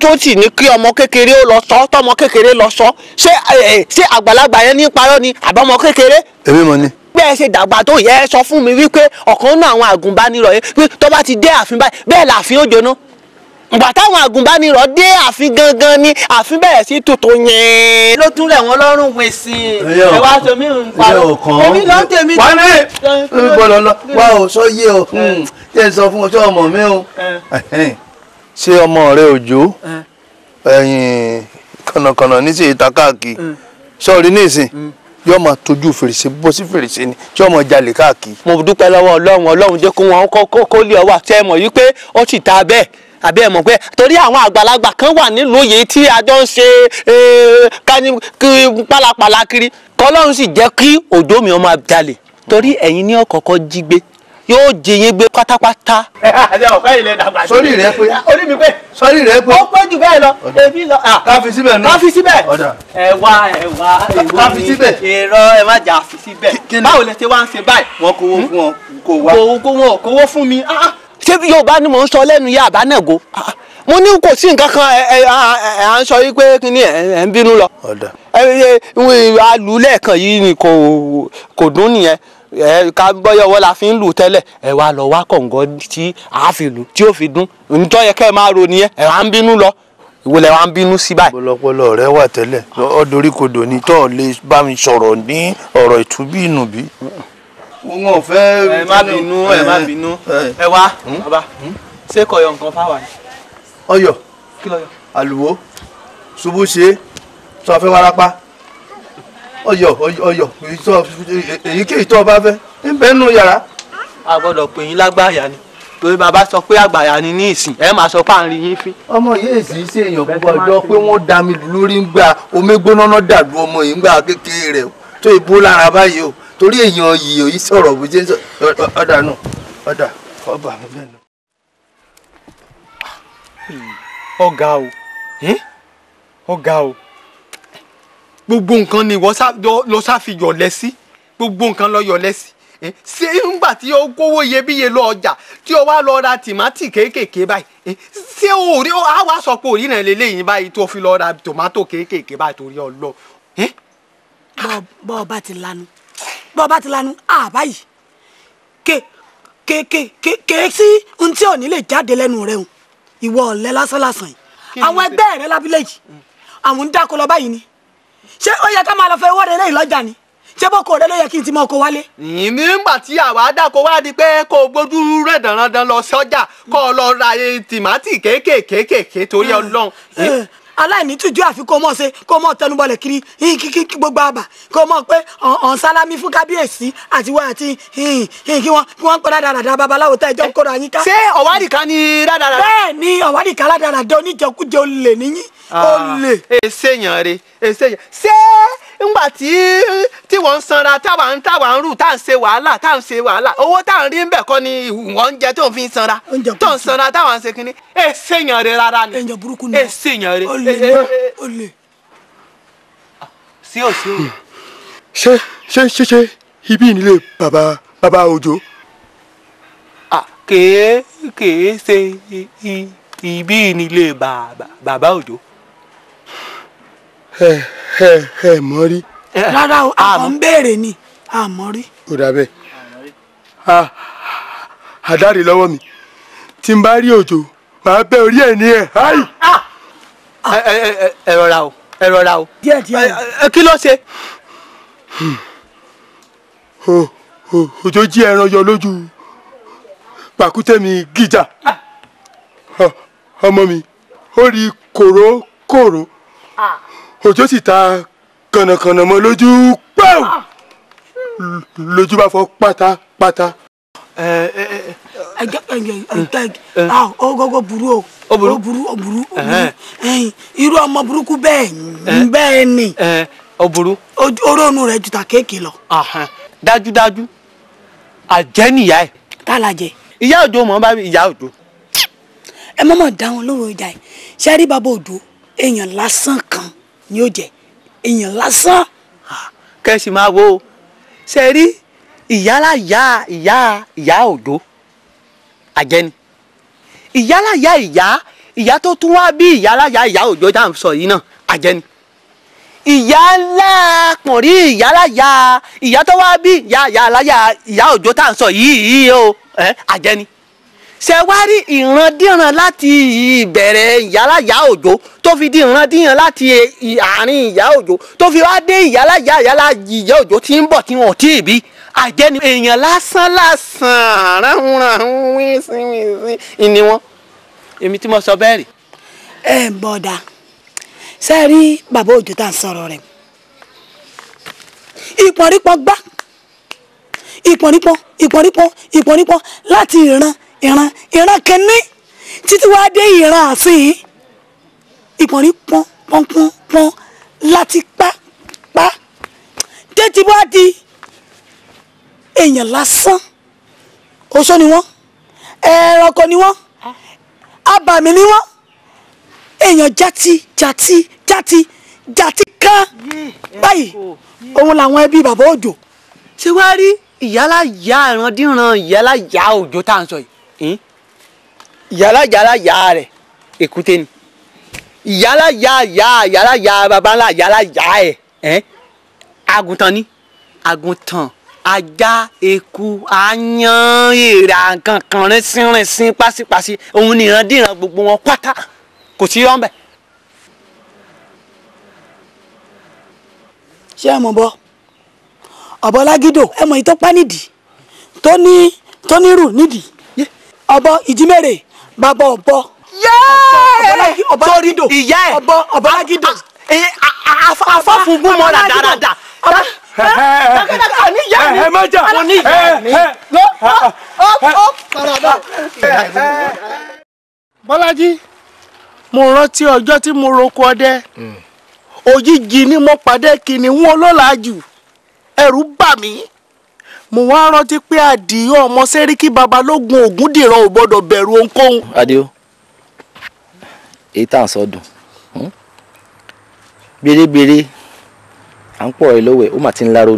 tó sì ní kí ọmọ kékeré ó lọ sọ tọmọ kékeré lọ sọ ṣé àgbàlagbà yẹn ní parọ́ ni àbọ̀mọ kékeré. èmi mọ̀ ni bẹ́ẹ̀ ṣe dàgbà tó yẹ ẹ sọ fún mi wípé ọ̀kan náà àwọn àgùnbánirọ̀ yẹn pé tó bá ti dé ààfin báyìí bẹ́ẹ̀ lààfin ó jóná ìgbà táwọn àgùnbánirọ̀ dé ààfin gangan ni ààfin bẹ̀rẹ̀ sí tòtò yẹn. ló tún lẹ̀ wọ́n lọ́rùn wèsì ẹ wá sọ mí ń parọ́ èmi ló ń tèmi tó ń bọ̀ lọ wá o sọ yé o hmm. jẹ́ n sọ fún ọ sọ ọmọ mi o ṣé ọmọ rẹ òjò ẹ̀yìn kànnàkànnà ní sí ìta káàkiri sọ́ọ̀rí nísìn yóò máa tójú fèrèsé bọ́ sí fèrèsé ni tí yóò máa jalè káàkiri. mo dúpẹ́ lọ́wọ́ ọlọ́run ọlọ́run jẹ́ kó wọn kó lé ọwọ́ àti ẹ̀mọ̀ yìí pé ó sì ta bẹ́ẹ̀ àbí ẹ mọ̀ pé torí àwọn àgbàlagbà kan wà nílùú yìí tí àjọ ń ṣe pálapàla kiri kọlọ́run sì jẹ́ kí òjò mi ọmọ ajalè torí ẹ̀yin ní ọ̀kọ̀ọ̀kọ̀ jí yóò jẹ gbé pátápátá. ẹ àti ọ̀fẹ́ ilẹ̀ dàgbà sí. rẹ pé orí mi pé. sórí rẹ pé. ó pé jù bẹ́ẹ̀ lọ èmi lọ. Ah. ká fi síbẹ̀ nù. ká fi síbẹ̀. ọ̀dà. ẹ wá ẹ wá èwo ni ká fi síbẹ̀. èrò ẹ má jà fi síbẹ̀. báwo lẹ ṣe wá ń ṣe báyìí. wọn kò wọ́n fún wọn kò wá. kò wọ́n kò wọ́n fún mi. Ah, ah ṣé yorùbá ni mò ń sọ lẹ́nu yá àbánàgó mo ní kò sí nǹkan kan ẹ à ń sọ yìí pé kíní ẹ ń bínú lọ ẹ ẹ alù lẹ́ẹ̀kan yìí ni kò kò dún nìyẹn ẹ ká bọ́yọ̀ wọ́n la fi ń lù tẹ́lẹ̀ ẹ wá lọ wá kọ̀ǹgọ́ tí a fi lù tí ó fi dún ǹjọ́ yẹ kẹ́ ẹ máa ro nìyẹn ẹ wá ń bínú lọ ìwọ lẹ wá ń bínú sí báyìí. ọpọlọpọlọ rẹ wà tẹ́lẹ̀ ọdọríkodò ni tó lè bá mi sọ̀rọ̀ ní ọ̀rọ̀ ìtúbí ìnùbí wọn ò fẹ́. ẹ má bínú ẹ má bínú ẹ wá hmm? bàbá ṣé kọyọ nǹkan fáwa ni. ọyọ àlùwò ṣubú ṣe sọ fẹ́ warapa ọyọ ọyọ èyíkéyìí tó o bá fẹ́ ń bẹ nínú yàrá. a gbọ́dọ̀ pè yín lágbàáyà ni torí bàbá sọ pé àgbàyà ni ní ìsìn ẹ máa sọ pé à ń rí yín fín. ọmọ yìí èsì ṣe èèyàn púpọ̀ jọ pé wọ́n dá mi lórí ń gba omi gbóná náà dàlú ọmọ yìí ń gba kékeré rẹ̀ tó ìbò lára báyìí o torí èèyàn yìí òyì sọ̀rọ̀ bó jẹ́ ọ̀dà nù ọ̀dà ọba bẹ́ẹ̀ nù. ọ̀gá o ọ̀gá o gbogbo nǹkan ni ìwọ lọ ṣàfihàn lẹ́sí gbogbo nǹkan lọ yọ lẹ́sí ṣé ńgbà tí ó kówó iyebíye lọ ọjà tí ó wá lọ ra tìmátì kéékèèké báyìí ṣé o rí a wá sọ pé òrìnà lélẹ́yìn báyìí tó fi lọ ra tòmátò kéékèèké báyìí torí ọlọ. bọ́ọ̀ bá ti lanu bọ́ọ̀bá ti lanu àbá yìí ké ké ké ké ké sí ohun tí ò ní lè jáde lẹ́nu rẹ̀ o ìwọ ọ̀lẹ́ lásán lásán yìí àwọn ẹgbẹ́ rẹ̀ lábílẹ̀ yìí àwọn ń dáko lọ báyìí ni ṣé ó yẹ ká máa lọ fẹ́ owó rẹ̀ lẹ́yìn ni ṣé bọ́kọ rẹ ló yẹ kí n ti mọ ọkọ wálé. nígbà tí àwa dáko wá di pé kó o gbójú rẹ̀ dandan lọ sọ́jà kó o lọ ra eh, tìmátì kéékèèké torí eh, Ọlọ́run. Eh, aláìnítìjú àfi kó mọ̀ ṣe kó mọ̀ tẹnubọlẹ̀ kiri kí gbogbo àbà kó mọ̀ pé ọ̀n sálámí fún kábíyèsí àti wá àti kí wọ́n kí wọ́n pẹ́ rádaràdà babaláwo tá ìjọ kóra yín ká. ṣé ọ̀wádìíká ni rádaràdà. bẹ́ẹ̀ ni ọ̀wádìíká rádaràdà oníjẹkújẹ olè níyìn ah. olè. èsèyàn rè èsèyàn ṣé ńgbà tí ti wọ́n ń sanra táwa ń táwa ń rù tá à ń ṣe wàhálà tá à ń ṣe wàhálà owó tá à ń rí ńbẹ̀ kọ́ ni ìwọ̀n ń jẹ tó ń fi sanra tó ń sanra táwa ń ṣe kínní ẹ ṣèyàn rẹ rárá ni ẹ ṣèyàn rẹ olè sí ò sí ò. ṣé ṣé ṣé ṣé ibi ìnílé bàbá bàbá òjò. kèé kèé ṣe ibi ìnílé bàbá òjò ẹ ẹ ẹ mọ̀ rí. rárá o àmọ́ ń béèrè ni àmọ́ rí. ó dà bẹ́ẹ̀ àdáre lọ́wọ́ mi tí n bá rí òjò màá bẹ orí ẹ̀ ní ẹ̀ háì. Ah! Eh, eh, eh, ẹ rọra o ẹ rọra o. díẹ̀ díẹ̀. kí ló ṣe. Hmm. òjò jí ẹran yọ lójú pàkúté mi gíjà ah! ọmọ mi ó rí kòrókòró ah! òjò si ta kanakana mo loju pẹ́ù loju bá fọ́ pata ọgọgọ o irú ọmọ burúkú bẹ́ẹ̀ bẹ́ẹ̀ ni orónú rẹ ju ta kéèké lọ. dájúdájú àjẹ́ nìyá ẹ̀. tá a ìyá òjò mọ̀ bá ìyá òjò. ẹ ni dáhùn lóru ìjà ẹ̀ ṣe rí bàbá òjò èèyàn lásán kan ni ó jẹ èèyàn lásán. kẹ́sì máa wo ṣe rí ìyálà ìyá ìyá ìyá òdo àjẹni ìyálà ìyá ìyá ìyá tó tún wá bí ìyálà ìyá ìyá òdo tá à ń sọ yìí náà àjẹni ìyá ńlá pọ̀nrí ìyálà ìyá ìyá tó wá bí ìyá ìyá aláya ìyá òdo tá à ń sọ yìí yìí o àjẹni. Eh, ṣe wá rí ìrandíran láti ìbẹ̀rẹ̀ ìyálàyà òjò tó fi di ìrandíran láti àárín ìyá òjò tó fi wá dé ìyálàyà ìyálàyà òjò tí ń bọ̀ tí wọn ò tí ì bí àjẹni èèyàn lásán lásán ráhùnráhùn wíṣíwíṣí ìní wọn èmi tí mo sọ bẹ́ẹ̀ rí. ẹ bọ̀dà ṣe rí bàbá òjò tá à ń sọ̀rọ̀ rẹ̀ ìpọ̀nrípọ̀ gbá ìpọ̀nrípọ̀ ìpọ̀nrípọ̀ ìpọ̀nrípọ̀ láti ìran ìran ìran kìíní títí wàá dé ìran àfihàn ìpọ̀nrí pọ́n pọ́n pọ́n pọ́n láti pa pa tètè wá di èèyàn lásán oṣó ni wọ́n ẹranko ni wọ́n abàmì ni wọ́n èèyàn jati jati jati jati kan báyìí òun làwọn ẹbí bàbá òjò ṣé wàá rí ìyálà ya ìrandíran ìyálà ya òjò tá à ń sọ yìí ìyálàyàlà hmm? yà rẹ̀ èkúté ni ìyálàyà yà ìyálàyà babalá ìyálàyà ẹ̀ àgùntàn ni àgùntàn ajá eku ayan èèrà kankan rìnsìnrìnsìn pásípàsí òun nìran dìran gbogbo wọn pátá kò sí rán bẹ́ẹ̀. ṣé ẹ mọ̀ bọ́ ọ̀bọ̀lágídò ẹ mọ̀ ìtọ́pá nídìí tó ní tó nírù nídìí ọbọ ìjímèrè bàbá ọbọ ọbọ lagido ọbọ ọbọ lagido afáfungún mọ́ la dáradá ẹ má jà ọ ní ìyá mi bọ́lájí mo rántí ọjọ́ tí mo roko ọdẹ òjijì ni mo pàdé kìnìún olólàájú ẹ̀rù bà mí. mo wá rántí pé àdìo ọmọ sẹ́ríkì babalógun ògúndìran ò gbọ́dọ̀ bẹ̀rù ohunkóhun. àdìo èyí tá à ń sọ dùn hmm? pọ̀ ẹ lọ́wọ́ ó ti ń láró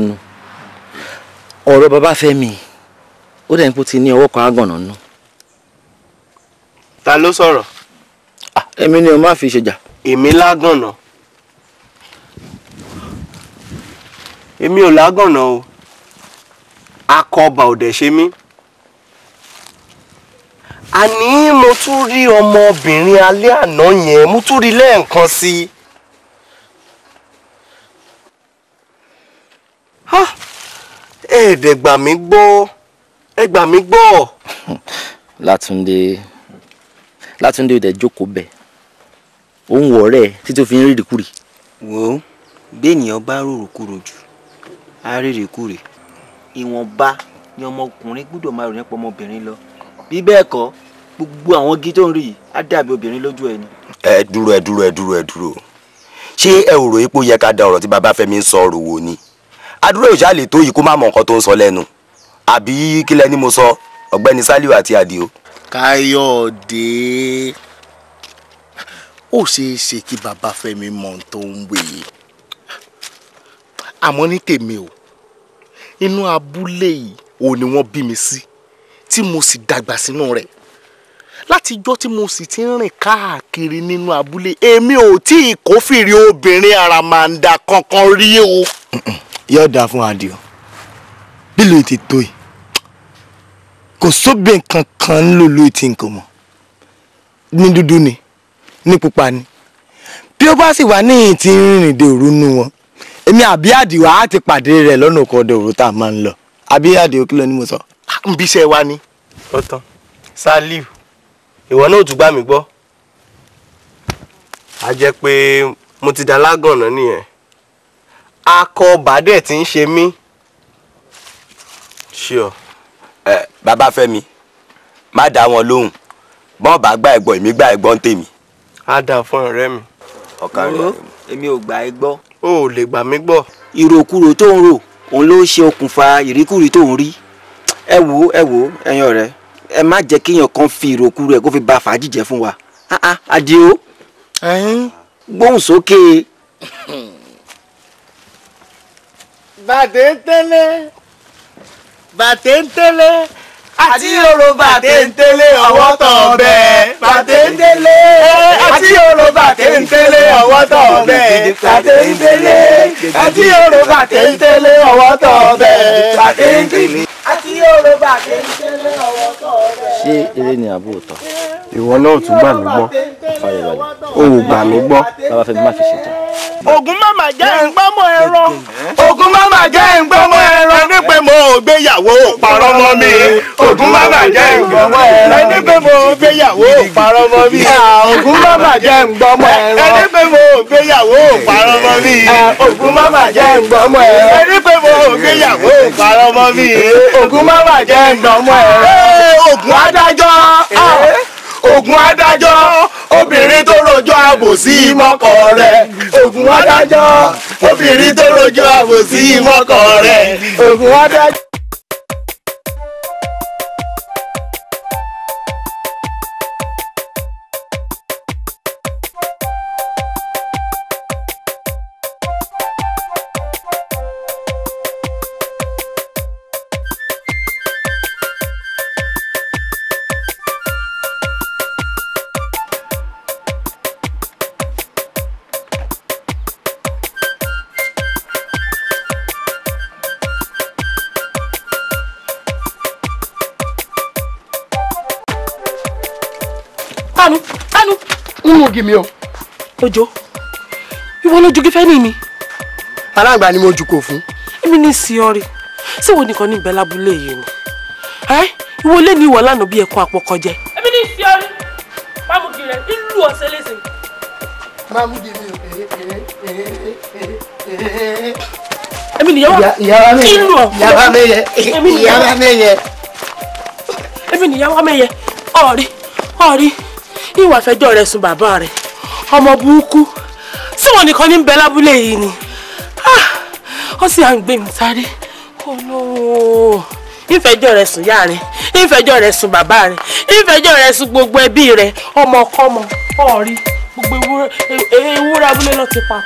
ọ̀rọ̀ bàbá ó dẹ̀ ń ti ní ọwọ́ kan àgànnà ta ló sọ̀rọ̀. Ah, ni o fi ṣèjà. èmi lágànnà èmi ò lágànnà o. akọ ọba ọdẹ ṣe mí àní mo tún rí ọmọbìnrin alẹ́ àná yẹn mo tún rí lẹ́ẹ̀kan sí i. ẹ̀ẹ́dẹ̀gbà mi gbọ́ ẹgbà mi gbọ́. látúndé látúndé òde jókòó bẹ òun wọ ọ̀rẹ́ tí tó fi ń rírìkúrì. wò ó bí ènìyàn bá rorò kúrò jù á rírìkúrì ìwọ̀nba ni ọmọkùnrin gbúdọ̀ máa rò nípa ọmọbìnrin lọ bí bẹ́ẹ̀ kọ́ gbogbo àwọn igi tó ń rí yìí á dàbí obìnrin lójú ẹni. ẹ dúró ẹ dúró ẹ dúró ẹ dúró ṣé ẹ ò rò yìí pé ó yẹ ká da ọ̀rọ̀ tí bàbá Fẹ́mi ń sọ ọ̀rọ̀ wò ni àdúrà ìṣá lè tó yìí kó má mọ nǹkan tó ń sọ lẹ́nu àbí kílẹ̀ ni mo sọ ọ̀gbẹ́ni Sálíù àti Àdìó. Káyọ̀dé ó ṣeé ṣe kí bàbá mọ ohun tó ń wèé àmọ́ ní tèmi o inú abúlé yìí òun ni wọ́n bí mi sí tí mo sì dàgbà sínú rẹ̀ látijọ́ tí mo sì ti ń rìn káàkiri nínú abúlé èmi ò tí ì kófìrí obìnrin àràmàǹdà kankan rí o. yóò dáa fún Adio bí ló ti tó yìí kò sóbìn kankan ló ló ti nǹkan mọ ní dúdú ni ní pupa ni bí ó bá sì wà ní ìtì rìnrìn dè òru nu wọn èmi àbí àdìwà á ti pàdé rẹ̀ lọ́nà ọkọ̀ ọ̀dọ̀ òru tá a máa ń lọ àbí àdìwà kí ló ní mo sọ. Ah, n wa ni. ó tán Saliu ìwọ náà ò tún gbà mí gbọ́ a jẹ́ pé mo ti da lágànnà nìyẹn akọ bàdẹ tí ń ṣe mí. sure ẹ bàbá Fẹ́mi má dá wọn lóhùn bọ́n bá gbà ẹ̀gbọ́n èmi gbà ẹ̀gbọ́n tèmi. á dà fún ọ̀rẹ́ mi. ọ̀kan rẹ̀ èmi ò gbà ẹ gbọ́ o ò lè gbà mí gbọ́. ìròkurò tó ń rò òun ló ṣe okùnfà ìríkùrí tó ń rí ẹ wò ó ẹ wò ó ẹ̀yin ẹ má jẹ́ kíyàn kan fi ìròkurò ẹ̀ kó fi ba fàájì jẹ́ fún wa àdìo ah, ah, gbóhùn sókè. bàtẹ́ ń tẹ́lẹ̀ bàtẹ́ ń tẹ́lẹ̀ àti yòrò bàtẹ́ńtẹ́lé ọwọ́ tọ̀ bẹ́ẹ̀. bàtẹ́ńtẹ́lé àti yòrò bàtẹ́ńtẹ́lé ọwọ́ tọ̀ bẹ́ẹ̀. bàtẹ́ńtẹ́lé àti yòrò bàtẹ́ńtẹ́lé ọwọ́ tọ̀ bẹ́ẹ̀. bàtẹ́ńtẹ́lé àti yòrò bàtẹ́ńtẹ́lé ọwọ́ tọ̀ bẹ́ẹ̀ ṣé eré ni àbò òtọ́. ìwọ náà tún gbà mí gbọ́ o ò gbà mí gbọ́. bàbá fẹ́mi má fi ṣètò. ògùn màmá jẹ́ ìgbọ́mọ ẹran ògùn màmá jẹ́ ìgbọ́mọ ẹran ní pé mo ò gbéyàwó parọ́ mọ́ mi ògùn màmá jẹ́ ìgbọ́mọ ẹran ní pé mo ò gbéyàwó parọ́ mọ́ mi ògùn màmá jẹ́ ìgbọ́mọ ẹran ní pé mo ò gbéyàwó parọ́ mọ́ mi ògùn màmá jẹ́ ìgbọ́mọ ẹran ní pé mo ò gbéyàwó parọ́ mọ́ mi ògùn màmá jẹ́ ìgbọ́mọ ẹran ògùn adájọ́ ògùn eh? ah. adájọ́ obìnrin tó rojọ́ àbòsí mọ́kọ rẹ̀ ògùn adájọ́ obìnrin tó rojọ́ àbòsí mọ́kọ rẹ̀ ògùn adájọ́. ọ̀gá àgbà ni mo jùkò fún. èmi ní siori ṣé wo nìkan ní ìgbẹ́ lábúlé yìí ni ìwọ lé ní ìwọ lánàá bí ẹ̀kọ́ àpọ̀kọjẹ. èmi ní siori mámúdi rẹ ìlú ọ̀sẹ̀ lẹ́sìn. mámúdi mi ò eh, eh, eh, èmi nìyàwó ìlú ọ̀ ìyàwó amẹ́yẹ ìyàwó amẹ́yẹ. èmi nìyàwó amẹ́yẹ ọ̀rí ọ̀rí ìwà fẹjọ́ rẹ̀ sùn bàbá rẹ̀ ọmọ burúkú síwọn nìkan ní bẹ lábúlé yìí ni ó sì à ń gbé mi sáré oh no ìfẹjọ́ rẹ̀ sùn yá rẹ̀ ìfẹjọ́ rẹ̀ sùn bàbá rẹ̀ ìfẹjọ́ rẹ̀ sùn gbogbo ẹbí rẹ̀ ọmọ ọkọmọ ọ̀rí gbogbo ewúrẹ́ e, e, abúlé náà ti pa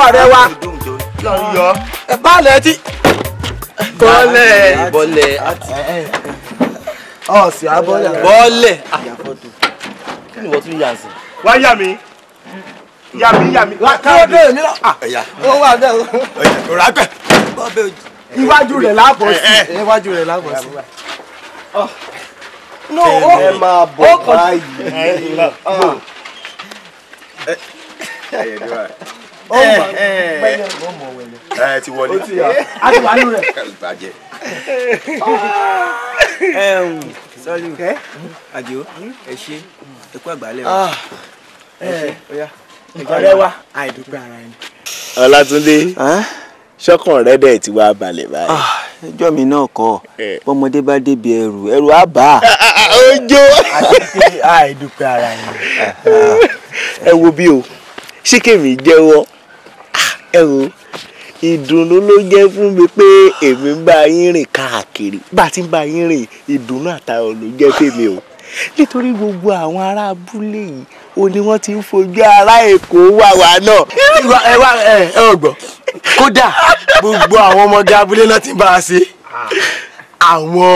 ọ̀rẹ́ wa lọ yọ. ẹ bọ́ọ̀lù ẹtí. bọ́ọ̀lẹ̀ bọ́ọ̀lẹ̀ àti. ọ̀sìn abọ́ọ̀lẹ̀. bọ́ọ̀lẹ̀ kí ni wọ́n tún yà sí. wá yà mí yà mí yà mí. káwọn bẹ́ẹ̀ nílò. ó wà bẹ́ẹ̀ o. ọ̀rọ̀ àgbẹ̀. iwájú rẹ̀ láàbọ̀ sí. iwájú rẹ̀ láàbọ̀ sí no o ẹ máa bọ̀ báyìí. Eh, eh. ẹ eh, ti wọlé a ti wà nù rẹ. bàjẹ́. sọ́ọ́lù àjò ẹ ṣe ẹ kú àgbálẹ̀ wa ah. ẹ ṣe ọ̀rẹ́ wa àìdúpẹ́ ara ẹni. Ọlátúndé ṣọ́kàn rẹ dẹ̀ ti wá balẹ̀ báyìí. Ah, ẹjọ́ mi náà kọ́ bọ́mọdé bá débi ẹrù ẹrù á bà á. [LAUGHS] ó jó. àti pé àìdúpẹ́ ara ẹni. ẹ [LAUGHS] wo bí o ṣé kèmí jẹ́wọ́ ah, ẹ wo ìdùnnú ló jẹ́ fún mi pé èmi ń bá yín rìn káàkiri bá a ti ń bá yín rìn ìdùnnú àtayọ̀ ló jẹ́ fèmi o nítorí gbogbo àwọn ará abúlé yìí o ni wọ́n ti ń fojú ará èkó wà wá náà. ẹ wá ẹ ẹ ọgbọ́n kódà gbogbo àwọn ọmọge abúlé náà ti bá a ṣe àwọn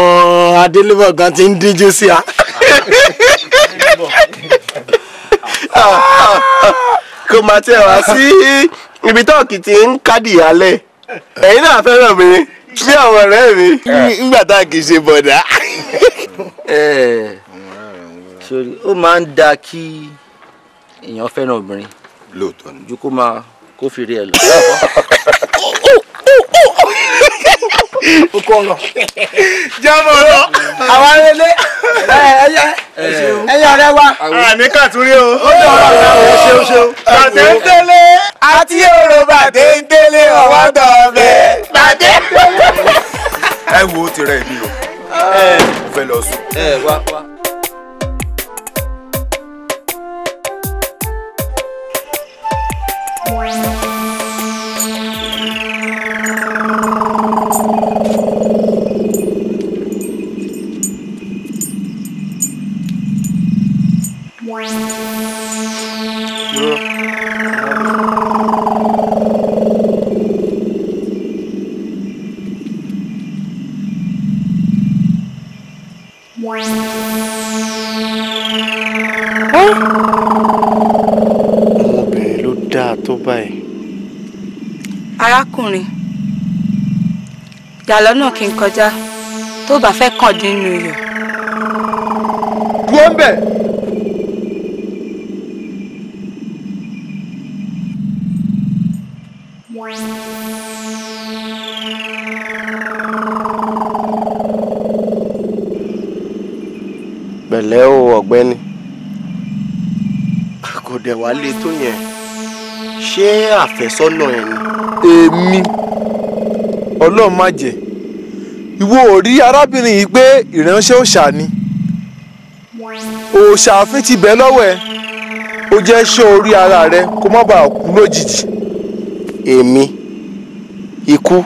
adélébọ̀ gan ti ń díjú sí a. Ah kò máa tẹ̀ wá sí ibi tọ́ọ̀kì tí ń kádì alẹ́ ẹ̀yin náà fẹ́ràn mi bí àwọn ọ̀rẹ́ mi nígbà tá a kì í ṣe bọ̀dá. sori ó máa ń da kí èèyàn fẹ́ràn obìnrin ju kó máa kó fi rí ẹ lọ. [LAUGHS] òkú ọ̀rọ̀ jẹ́mọ̀ ọ̀rọ̀ àwọn arẹ́lẹ́ ẹ̀yà ẹ̀yà ọ̀rẹ́ wa. àmì kàtúrí o. ó dọ̀rọ̀ ọ̀rọ̀ o ṣeun ṣeun. bàdéńdélé àti èrò bàdéńdélé ọwọ́ dọ̀ọ̀bẹ. bàdéńdélé. ẹ wo tirẹ̀ mi o mo fẹ́ lọ sùn. ẹ wá wá. báyìí. arákùnrin yà lọ́nà kí n kọjá tó bá fẹ́ kàn dín inú iyọ̀. dúró ń bẹ̀. pẹ̀lẹ́ o ọ̀gbẹ́ni kò dẹ̀ wá lé tó yẹn ṣé àfẹ́sọ́nà ẹ̀ ni. èmi ọlọ́run má jẹ́ ìwọ ò rí arábìnrin yìí pé ìránṣẹ́ òòṣà ni òòṣà àfin ti bẹ́ lọ́wọ́ ẹ̀ ó jẹ́ ṣọ́ orí ara rẹ kó má bàa kú lójijì. èmi ikú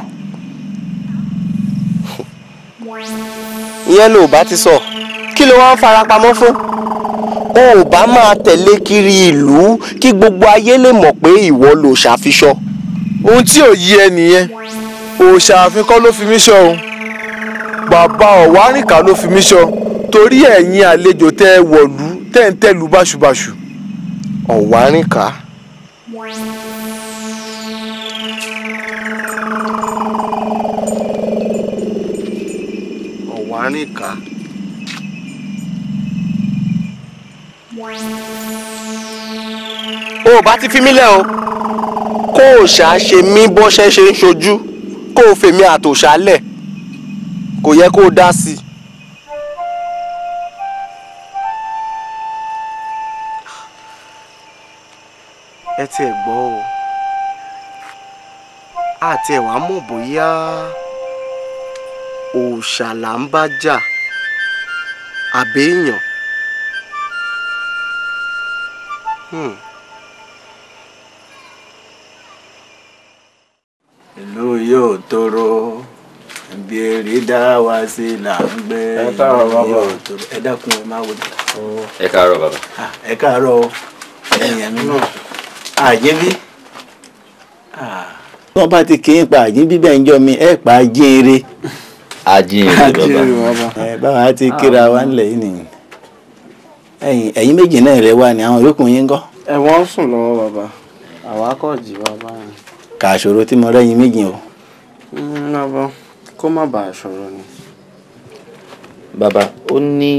ìyẹn ló bá ti sọ kí ló wá ń farapamọ́ fún wọn ò bá máa tẹ̀lé kiri ìlú kí gbogbo ayé lè mọ̀ pé ìwọ ló ṣàfiṣọ. ohun tí ò yí ẹ nìyẹn òòṣà àfikọ́ ló fi mí ṣọ o bàbá ọ̀wárìnkà ló fi mí ṣọ torí ẹ̀yin àlejò tẹ́ ẹ wọ̀lú tẹ́ ń tẹ̀lú báṣubàṣu. ọ̀wárìnkà. o bá ti fi mí lẹ̀ o kó o ṣáà ṣe mí bọ́ṣẹ́ ṣe ń ṣojú kó o fèmí àtòṣà kò yẹ kó o dá sí i. ẹ tiẹ̀ gbọ́ o àti ẹ̀wà mọ̀ bóyá òòṣà là ń bá jà àbẹ́yàn. Hmm. toro bìrì dá wa sí là ń gbé ìyẹn toro ẹ dákun ẹ máa wò ẹ ẹ ẹyìn ti kí n pa bẹ́ẹ̀ ń mi ẹ pa ajínrere báwa ti kíra wa ńlẹ̀ yìí nìyí méjì náà rẹ wá àwọn yòókù yín ẹ wọ́n tí mo rẹ́yìn méjì o. Lọ́wọ́ kó má bàa ṣòro ni. Bàbá ó ní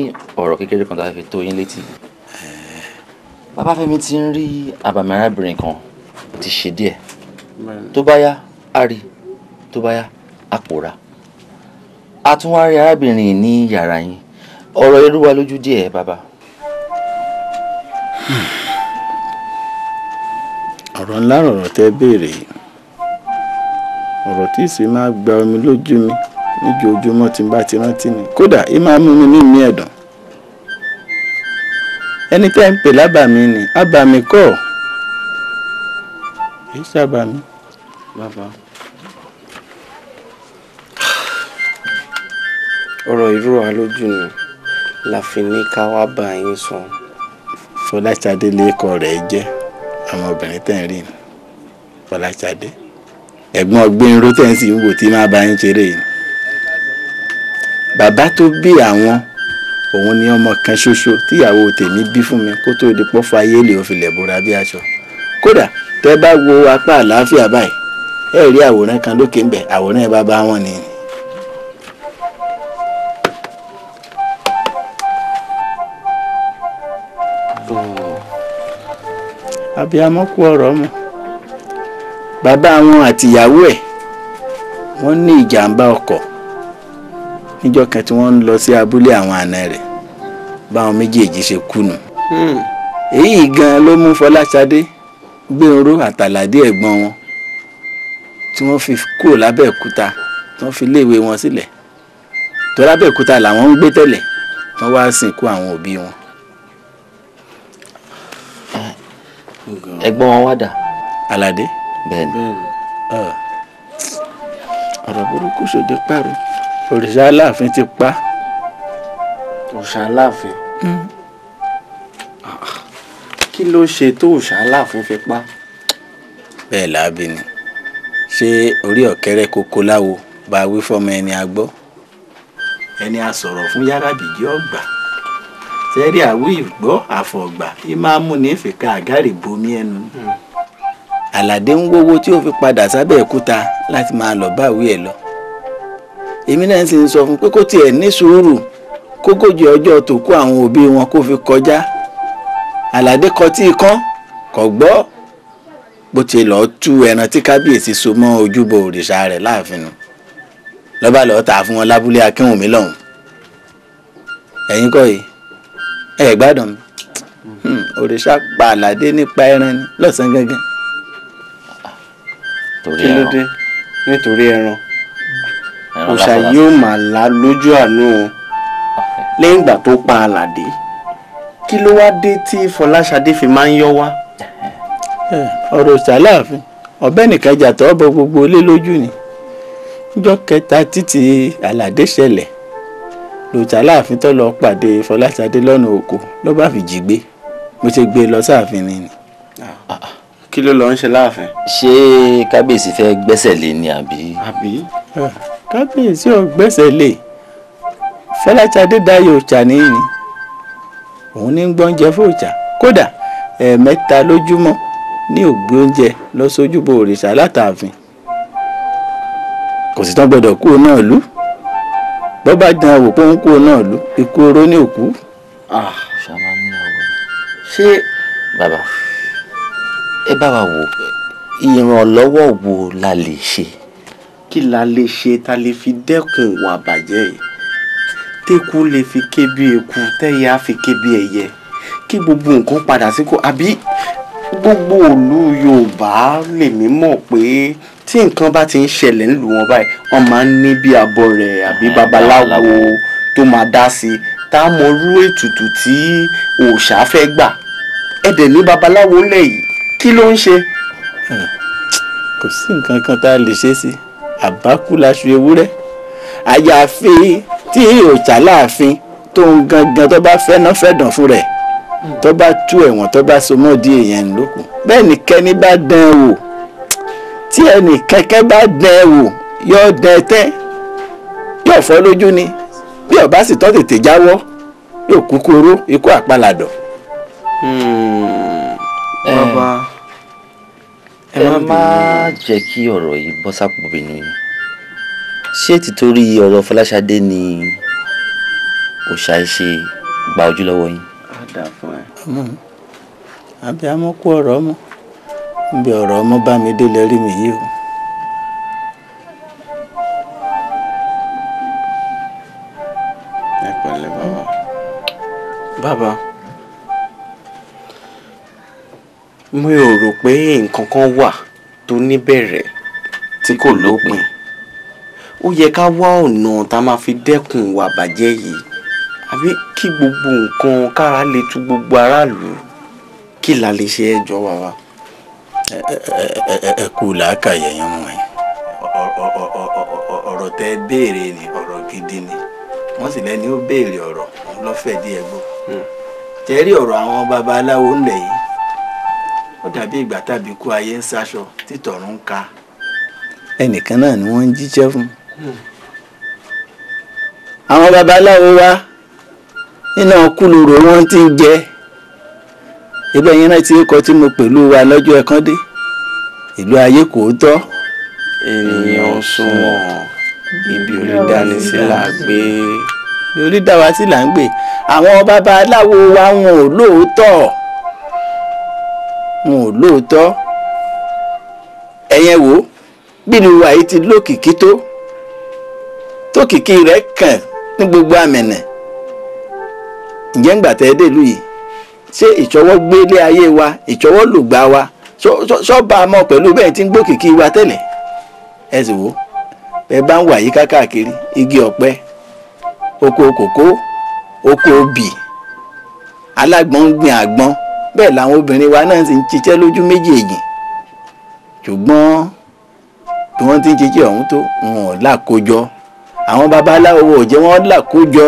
ọ̀rọ̀ kékeré kan tá a fi tó yín létí. Eh. Bàbá Fẹ́mi ti ń rí àbàmì arábìnrin kan ti ṣe díẹ̀. Tó bá yá á rí tó bá yá á pòórá. A tún wá rí arábìnrin ní yàrá yín. Ọ̀rọ̀ irú wa lójú díẹ̀ bàbá. Hmm. Ọ̀rọ̀ ńlá ọ̀rọ̀ tẹ́ béèrè yìí ọ̀rọ̀ tí ìsìn máa gba omi lójú mi níjoojúmọ́ tí n bá ti rántí ni kódà ì máa mú mi ní ìmí ẹ̀dùn ẹni tẹ́ ń pè lábàmí ni àbàmí kọ́ èyí sábàmí. bàbá ọ̀rọ̀ ìró wa lójú ni la fi ní ká wá bá yín sọ. Fọláṣadé lè kọ rẹ̀ jẹ́ àwọn obìnrin tẹ́ ń rí ni Fọláṣadé ẹ̀gbọ́n Gbénró tẹ̀sí ń wò tí máa bá yín ṣeré yìí bàbá tó bí àwọn òun ni ọmọ kan ṣoṣo tíyàwó tèmi bí fún mi kó tóó di pọ́fọ́ o òfìlẹ̀ bora bí aṣọ kódà tẹ́ bá wo apá àlàáfíà báyìí ẹ rí àwòrán kan lókè ńbẹ àwòrán ẹ bàbá wọn ni. abiyamọ kú ọ̀rọ̀ mọ́ bàbá wọn àtìyàwó ẹ̀ wọ́n ní ìjàmbá ọkọ̀ níjọ́ kan tí wọ́n ń lọ sí abúlé àwọn àna rẹ̀ báwọn méjèèjì ṣe kùnù. Hmm. èyí gan-an ló mú Fọláṣadé Gbénró àtàlàdé ẹ̀gbọ́n wọn tí wọ́n fi kúrò lábẹ́òkúta tí wọ́n fi léèwé wọn sílẹ̀ tó lábẹ́òkúta làwọn ń gbé tẹ́lẹ̀ wọ́n wá sìnkú àwọn òbí wọn. ẹ̀gbọ́n wọn wá dà. Àlàdé bẹ́ẹ̀ni ah. Ah. ọ̀rọ̀ burúkú ṣòde pẹ̀rù òrìṣà aláàfin ti pa. òrìṣà aláàfin. Hmm. Ah. kí ló ṣe tó òrìṣà aláàfin fi pa. bẹ́ẹ̀ láàbì ni ṣé orí ọ̀kẹ́rẹ́ kókó láwo bá wí fọ́mọ ẹni a gbọ́. ẹni a sọ̀rọ̀ fún yàrá bìjì ọgbà tẹ́rí àwí ìgbọ́ àfọ̀gbà ìmáàmù ní ìfìkà àgárì bomi ẹnu. Mm àlàdé ń wówó tí ó fi padà sábẹ́ ẹ̀kúta láti máa lọ báwí ẹ̀ lọ. èmi náà sì ń sọ fún pé kó tiẹ̀ ní sùúrù kókòjì ọjọ́ tó kó àwọn òbí wọn kó fi kọjá àlàdé kọtí ikán kò gbọ́ bó ti lọ́ọ́ tú ẹran tí kábíyèsí so mọ́ ojúbọ òrìṣà rẹ̀ láàfin nu lọ́ba lọ́ọ́ tà fún wọn lábúlé akínwùmí lọ́hùn ẹ̀yin kọ́ yìí ẹ̀ gbádùn mi hmm, òrìṣà pa àlàdé nípa ẹran ni lọ́sàn-án gangan kí ló dé nítorí ẹran òòṣà yóò máa la lójú àánú o lẹ́yìn ìgbà tó pa àlàdé kí ló wá dé tí fọláṣadé fi máa ń yọ wá. ọ̀rọ̀ ṣàláàfin ọ̀bẹ nìkan jàtọ̀ ọ̀bọ gbogbo ilé lójú ni ọjọ́ kẹta títí àlàdé ṣẹlẹ̀ lòtà láàfin tó lọ pàdé fọláṣadé lọ́nà oko ló bá fi jí gbé mo ṣe gbé e lọ sáàfin ni. Ah, ah. ah kí ló lọ ń ṣe láàfin. ṣé kábíyèsí fẹ́ gbẹ́sẹ̀ lé ni àbí. àbí kábíyèsí ò gbẹ́sẹ̀ lé fẹ́láṣadé dayò ọ̀chà nìyí ni òun ní gbọ́únjẹ fòòjà kódà ẹ̀ẹ̀mẹ́ta lójúmọ́ ní ògbé oúnjẹ lọ sójúbọ òrìṣà látààfin kò sì tán gbọdọ̀ kú náà lú bọ́ bá dán àwò pé ó ń kú náà lú ikú oró ah, ní òkú. ṣé bàbá ẹ bá wa wò ìrànlọ́wọ́ wo la lè ṣe. kí la lè ṣe ta lè fi dẹ́kun ìwà àbàjẹ́ yìí tẹ́kù lè fi ké bí eku tẹ́yẹ á fi ké bí ẹyẹ kí gbogbo nǹkan padà sí kó àbí gbogbo òlu Yorùbá lèmi mọ̀ pé tí nǹkan bá ti ń ṣẹlẹ̀ ńlù wọn báyìí wọ́n máa ń ní bí abọ́ rẹ̀ àbí babaláwo tó máa dá sí i tá a ètùtù tí òòṣà fẹ́ gbà ẹ̀dẹ̀ ní babaláwo lẹ̀ kí ló ń ṣe. Hmm. kò sí nǹkan kan tá a lè ṣe sí àbákú laṣọ ewúrẹ́ àyàfi tí òòṣà láàfin tó ń gangan tó bá fẹ́ náà fẹ́ dàn fún rẹ̀ hmm. tó bá tú ẹ̀wọ̀n tó bá so mọ́ di èèyàn lókun bẹ́ẹ̀ ni kẹ́ni bá dán ẹ wò tí ẹnì kẹ́kẹ́ bá dán ẹ wò yóò dán ẹ tẹ́ yóò fọ́ lójú ni bí ọba sì tọ́ tètè jáwọ́ yóò kúkú oró ikú àpalàdọ̀. Hmm. bàbá eh ẹ má má jẹ́ kí ọ̀rọ̀ yìí bọ́ sápò bínú yìí ṣé tìtorí ọ̀rọ̀ Fọláṣadé ni òṣà ìṣe gba ojú lọ́wọ́ yín. àbí àmọ́ kú ọ̀rọ̀ ọmọ níbi ọ̀rọ̀ ọmọ bá mi dé lẹ́rí mi yìí o. ẹ pẹ̀lẹ́ mi ò rò pé nǹkan kan wà tó níbẹ̀rẹ̀ tí kò lópin ó yẹ ká wá ọ̀nà tá a máa fi dẹ́kun ìwà bàjẹ́ yìí àbí kí gbogbo nǹkan kára lè tu gbogbo aráàlú kí la lè ṣe ẹjọ́ wa wa. ẹ kú làákàyè yẹn mọ ẹ ọ̀rọ̀ tẹ ẹ béèrè ni ọ̀rọ̀ gidi ni wọ́n sì lẹ́ni ó béèrè ọ̀rọ̀ lọ́fẹ̀ẹ́ díẹ̀ gbọ́ tẹ́rí hmm. ọ̀rọ̀ àwọn babaláwo ńlẹ̀ yìí ó dàbí ìgbà tàbí kú ayé ń sáṣọ títọ̀run ń ka ẹnìkan náà ni wọ́n ń jíṣẹ́ fún hmm. àwọn babaláwo wa nínú kúlùrò wọn ti ń jẹ ibẹ̀ yẹn náà ti kọ tí mo pẹ̀lú wa lọ́jọ́ ẹ̀kan dé ìlú ayé kò tọ́. ènìyàn sunwọ̀n ibi orídàní sí là ń gbé. ibi orídàwá sí là ń gbé àwọn babaláwo wa wọn ò lóòótọ́ wọn ò lóòótọ́ ẹ̀yẹn wò bínú wa yìí ti lókìkí tó tókìkí rẹ̀ kàn ní gbogbo àmẹ̀nẹ̀ ǹjẹ́ ńgbà tẹ́ dèlú yìí ṣé ìṣọwọ́ gbélé ayé wa ìṣọwọ́ lùgbà wa ṣọ́ọ̀bà mọ́ pẹ̀lú bẹ́ẹ̀ tí ń gbókìkí wa tẹ́lẹ̀ ẹ sì wò ẹ bá ń wà yí kákàkiri igi ọ̀pẹ oko kòkó oko obì alágbọ̀n ń gbin àgbọn bẹ́ẹ̀ làwọn obìnrin wa náà sì ń ṣiṣẹ́ lójú méjèèjì ṣùgbọ́n bí wọ́n ti ń ṣiṣẹ́ ọ̀hún tó wọn ò làkójọ àwọn babaláwo ò jẹ́ wọ́n làkójọ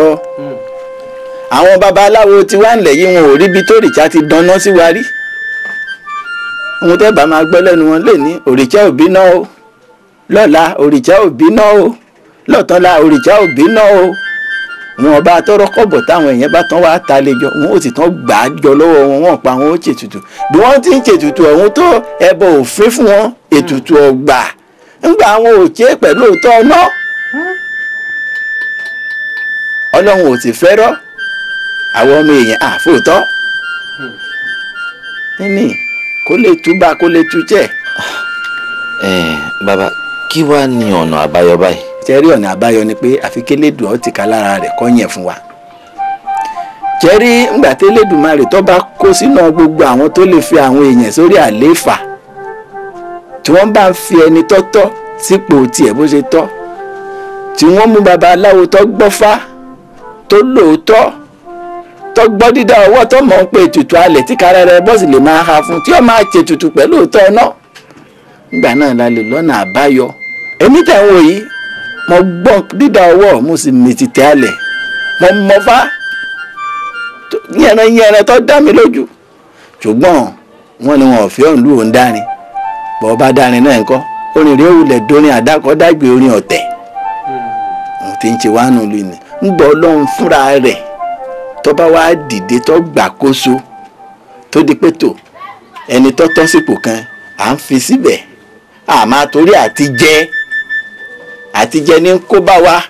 àwọn babaláwo tí wà nílẹ̀ yìí wọn ò ríbi tó rìṣà ti dáná sí wa rí ohun tẹ́ bá máa gbọ́ lẹ́nu wọn lè ní òrìṣà òbí náà o lọ́la òrìṣà òbí náà o lọ́tọ́la òrìṣà òbí náà o wọn bá tọrọ kọ́bọ̀ táwọn èèyàn bá tán wàá ta lẹjọ wọn ò sì tán gbà á jọ lọ́wọ́ wọn wọn pa wọn ó ṣètùtù bí wọn ti ń ṣètùtù ọ̀hún tó ẹbọ òfin fún wọn ètùtù ọgbà ńgbà àwọn ò ṣe é pẹ̀lú òótọ́ ọ̀nà ọlọ́run ò sì fẹ́rọ́ àwọn ọmọ èèyàn àfòótọ́ nínú kó lè túbà kó lè tújẹ. ẹ baba kí wàá ní ọ̀nà àbáyọ báyìí. jẹ́rí ọ̀nà àbáyọ ni pé àfi kélédùn ọ́ ti ka lára rẹ̀ kọ́ yẹn fún wa jẹ́rí ńgbà tẹ́lẹ̀dùmarè tó bá kó sínú gbogbo àwọn tó lè fi àwọn èèyàn sórí àlééfà tí wọ́n bá ń fi ẹni tọ́tọ́ sípò tiẹ̀ bó ṣe tọ́ tí wọ́n mú babaláwo tó gbọ́fá tó lóòótọ́ tó gbọ́ dídá ọwọ́ tó mọ̀ ń pe ètùtù alẹ̀ tí kára rẹ bọ́ọ̀sì lè máa ha fún tí ó máa ṣètùtù pẹ̀lú òótọ́ náà ńgbà náà la lè lọ́nà àbáyọ èmi tẹ̀ ń wò mo gbọ́ dídá ọwọ́ mo sì mì tìtẹ alẹ̀ mo mọ fá yẹran yẹran tó dá mi lójú ṣùgbọ́n wọ́n ní wọn ò fi ọ̀hún lù òun dárin bọ́ ọba dárin náà ńkọ́ orin rèé wulẹ̀ dorin àdákọ́dágbé orin ọ̀tẹ̀ òun ti ń ṣe wánu lu ni ń gbọ́ ọlọ́run fúnra rẹ̀ tó bá wá dìde tó gbàkóso tó di pé tò ẹni tó tọ́ sípò kan à ń fi síbẹ̀ àmọ́ torí àti jẹ́ àtijẹ ní kó bá wa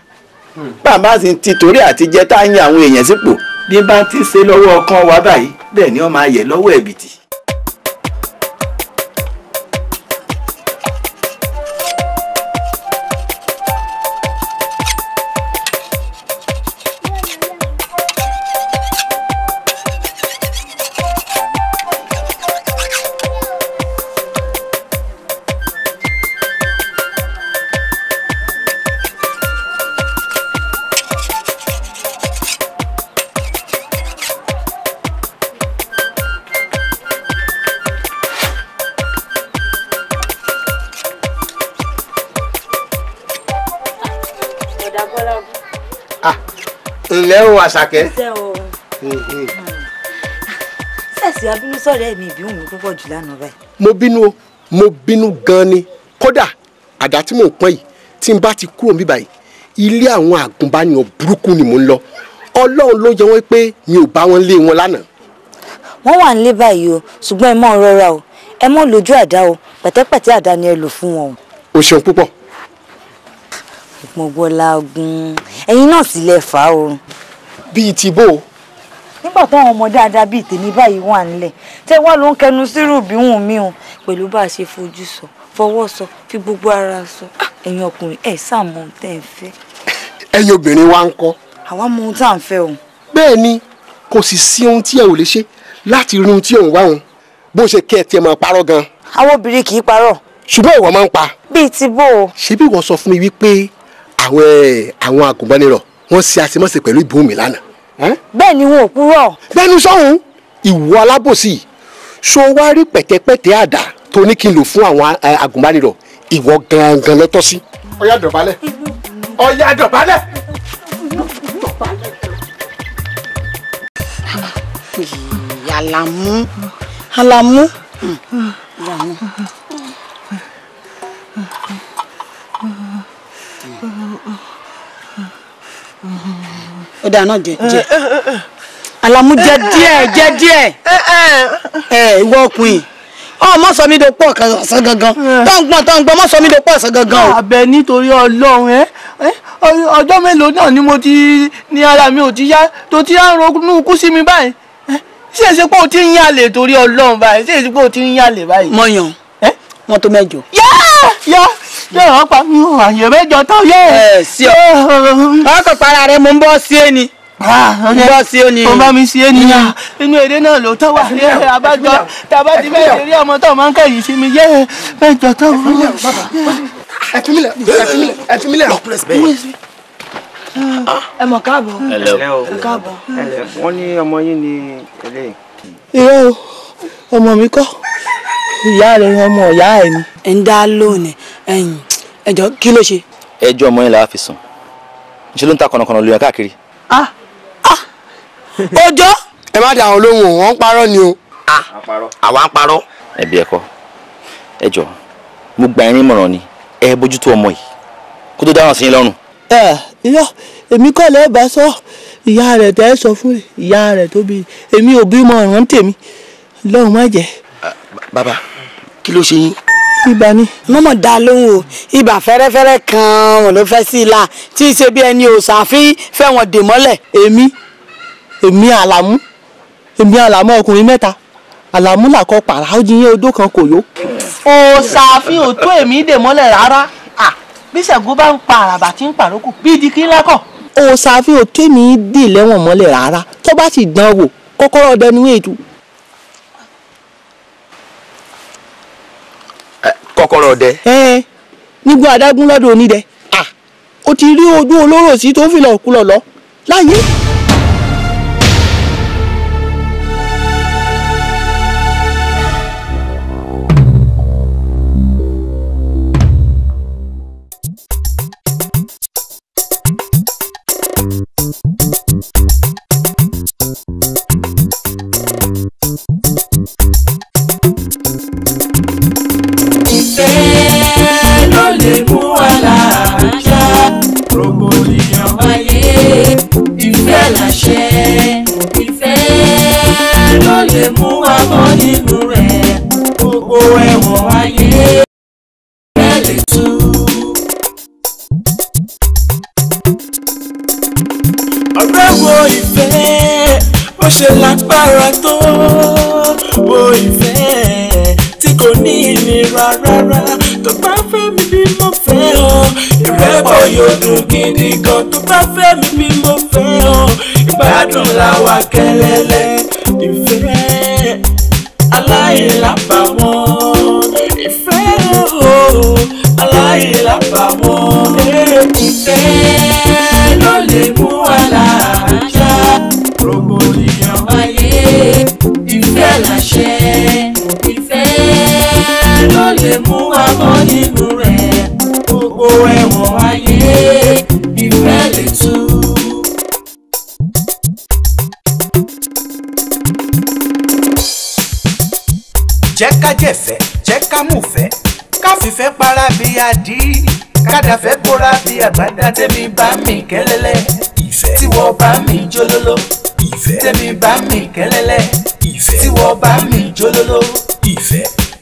bàbá hmm. sì ti torí àtijẹ tá a yan àwọn èèyàn sípò bí bá ti ṣe lọ́wọ́ ọkàn wa báyìí bẹ́ẹ̀ ni wọ́n máa yẹ lọ́wọ́ ẹ̀bìtì àṣàkẹ́. Mm, mm. sẹ́ẹ̀sì abínú sọ̀rọ̀ ẹ̀mí ìbínú mi púpọ̀ jù lánàá báyìí. mo bínú o mo bínú gan ni kódà àdá tí mò ń pọ́n yìí tí n bá ti kúrò níbí báyìí ilé àwọn àgùnbánirọ̀ burúkú ni mò ń lọ ọlọ́run ló yẹ wọ́n pé mi ò bá wọn lé wọn lánàá. wọ́n wà nílé báyìí o ṣùgbọ́n ẹ mọ̀ rọra o ẹ mọ̀ lójú àdá o pẹ̀tẹ́pẹ̀tẹ́ àdá ni ẹ lò fún wọn. o ṣeun púpọ̀. mo gbọ́ laagun ẹ̀yin náà sì lè fà á o bíi ti bò. nígbà táwọn ọmọ dáadáa bíi tèmi báyìí wà nílẹ̀ tẹ́ wá ló ń kẹnu sírù bíhùn míhun pẹ̀lú bá a ṣe fojú sọ fọwọ́ sọ fi gbogbo ara sọ ah, ẹ̀yin ọkùnrin ẹ̀ sàmọ́ tẹ́ ẹ fẹ́. ẹ̀yin obìnrin wa ń kọ́. àwa mọ ohun tá à ń fẹ́ o. bẹ́ẹ̀ ni kò sì sí ohun tí ẹ ò lè ṣe láti rí ohun tí ò ń wá òun bó ṣe kẹ́ ẹ tiẹ̀ máa parọ́ gan. àwọn obìnrin kì í parọ́. ṣùgbọ́n ìwọ máa ń pa. bíi ti bó o. ṣebí ìwọ sọ fún mi wípé àwọn eh, àwọn wọ́n ṣe àṣemọ́ṣe pẹ̀lú ìbomi lánàá. bẹ́ẹ̀ ni wọn ò purọ́. bẹ́ẹ̀ni sọ́hun ìwọ alábòsí so wá rí pẹ̀tẹ́pẹ̀tẹ́ àdá tó ní kí n lò fún àwọn agùnbánirọ̀ ìwọ gangan lọ́tọ́ sí. ọ̀yá dọ̀bálẹ̀ ọ̀yá dọ̀bálẹ̀. Àlàmú alamu Àlàmú. ó dáa náà jẹ jẹ Àlàmú jẹ díẹ̀ jẹ díẹ̀ ẹ ìwọ ọkùnrin ọmọ sọ mi do pọ ọsán gangan tó ń gbọn tó ń gbọn mọ sọ mi do pọ ọsán gangan o. àbẹ nítorí Ọlọ́run ẹ ọjọ́ mélòó náà ni mo ti ní ara mi ò ti yá tó ti á ronú kú sí mi báyìí ṣé èsì pé o ti ń yàlè torí Ọlọ́run báyìí ṣé èsì pé o ti ń yàlè báyìí. mọyàn wọn tó mẹ́jọ. yá yá yóò wọ́n pa mí o àyè mẹ́jọ tán yé. ẹ sí ọ ọkọ̀ para rẹ mo ń bọ́ sí ẹni. mo bọ́ sí ẹni. mo bá mi sí ẹni ya inú èdè náà ló tọ́ wà ní abájọ tàbá ti bẹ́ẹ̀ ṣe rí ọmọ tó máa ń kẹ́yìn sí mi yé mẹ́jọ tán. ẹ fi mí lẹ̀ ẹ fi mí lẹ̀ ẹ fi mí lẹ̀ ẹ fi mí ah. ẹ mọ̀ káàbọ̀ ní ọmọ yín ni eléyìí. irọ́ o ọmọ mi kọ́ ìyá rẹ ọmọ ìyá ẹ ni. ẹ ń dá lónìí ẹjọ ẹjọ́ kí ló ṣe. ẹjọ ọmọ yẹn là á fi sùn ṣe ló ń ta kọ̀nàkọ̀nà lóyún káàkiri. Ah, ah, ọjọ́. ẹ má ni o. Ah, àwa ń parọ́. ẹbí ẹkọ ẹjọ mo gba irin mọ̀ràn ni ẹ bójútó ọmọ yìí kó tó ẹ èmi kọ́ sọ ìyá tẹ́ sọ fún ìyá èmi ò bímọ lọ́hùn má kí ló ṣe yín. ibà ni. mọ́mọ́ dá lóhùn o ibà fẹ́rẹ́fẹ́rẹ́ kan wọn ló fẹ́ sí i la tí í ṣe bí ẹni òṣàfin fẹ́ wọn dè mọ́lẹ̀ èmi èmi àlàmú èmi àlàmú ọkùnrin mẹ́ta àlàmú làkọ pàrà ó jiyín odó kan kò yó. òṣàfin ò tó èmi dè mọ́lẹ̀ rárá bí Ṣàngó bá ń pa àràbà tí ń pàrókù bí di kí ńlá kọ̀. òṣàfin ò tó èmi dè lẹ́wọ̀n mọ́lẹ̀ rárá tó bá sì dán wò kọ́kọ́rọ́ ọdẹ kọ́kọ́rọ́ ọdẹ. ẹ nígbà adágún lọ́dọ̀ onídẹ ah. ó ti rí ojú olóró sí tó fìlà òkú lọ lọ láyé. ṣe ló lè mú wa làájá rògbòdìyàn wáyé ìfẹ́ làṣẹ ìfẹ́ ló lè mú wa bọ́ nínú rẹ̀ gbogbo ẹ̀wọ̀n wáyé. ìfẹ́ ó ṣe lágbára tó ó ìfẹ́ kò ní ìnira rárá tó bá fẹ́ mi bí mo fẹ́ ọ ìrẹ́pọ̀ yóò dùn gidi gan tó bá fẹ́ mi bí mo fẹ́ ọ ìgbádùn làwa kẹlẹ́lẹ́ ìfẹ́ aláìlábàwọ́n ìfẹ́ ooo aláìlábàwọ́n ìfẹ́ ló lè mú àlàájá rògbòdìyàn wáyé ìfẹ́ làṣẹ ìfẹ́ ṣe mú abọ́ nínú rẹ̀ gbogbo ẹ̀wọ̀n ayé ìfẹ́ lè tú. jẹ́ ká jẹ̀fẹ́ jẹ́ ká múfẹ́ ká fìfẹ́ para bí adí kádàfẹ́ kóra bí àgbàdá tẹ́mi bá mi kẹ́lẹ́lẹ́ ìfẹ́ tí bá mi jólóló ìfẹ́ tẹ́mi bá mi kẹ́lẹ́lẹ́ ìfẹ́ tí wọ́n bá mi jólóló ìfẹ́.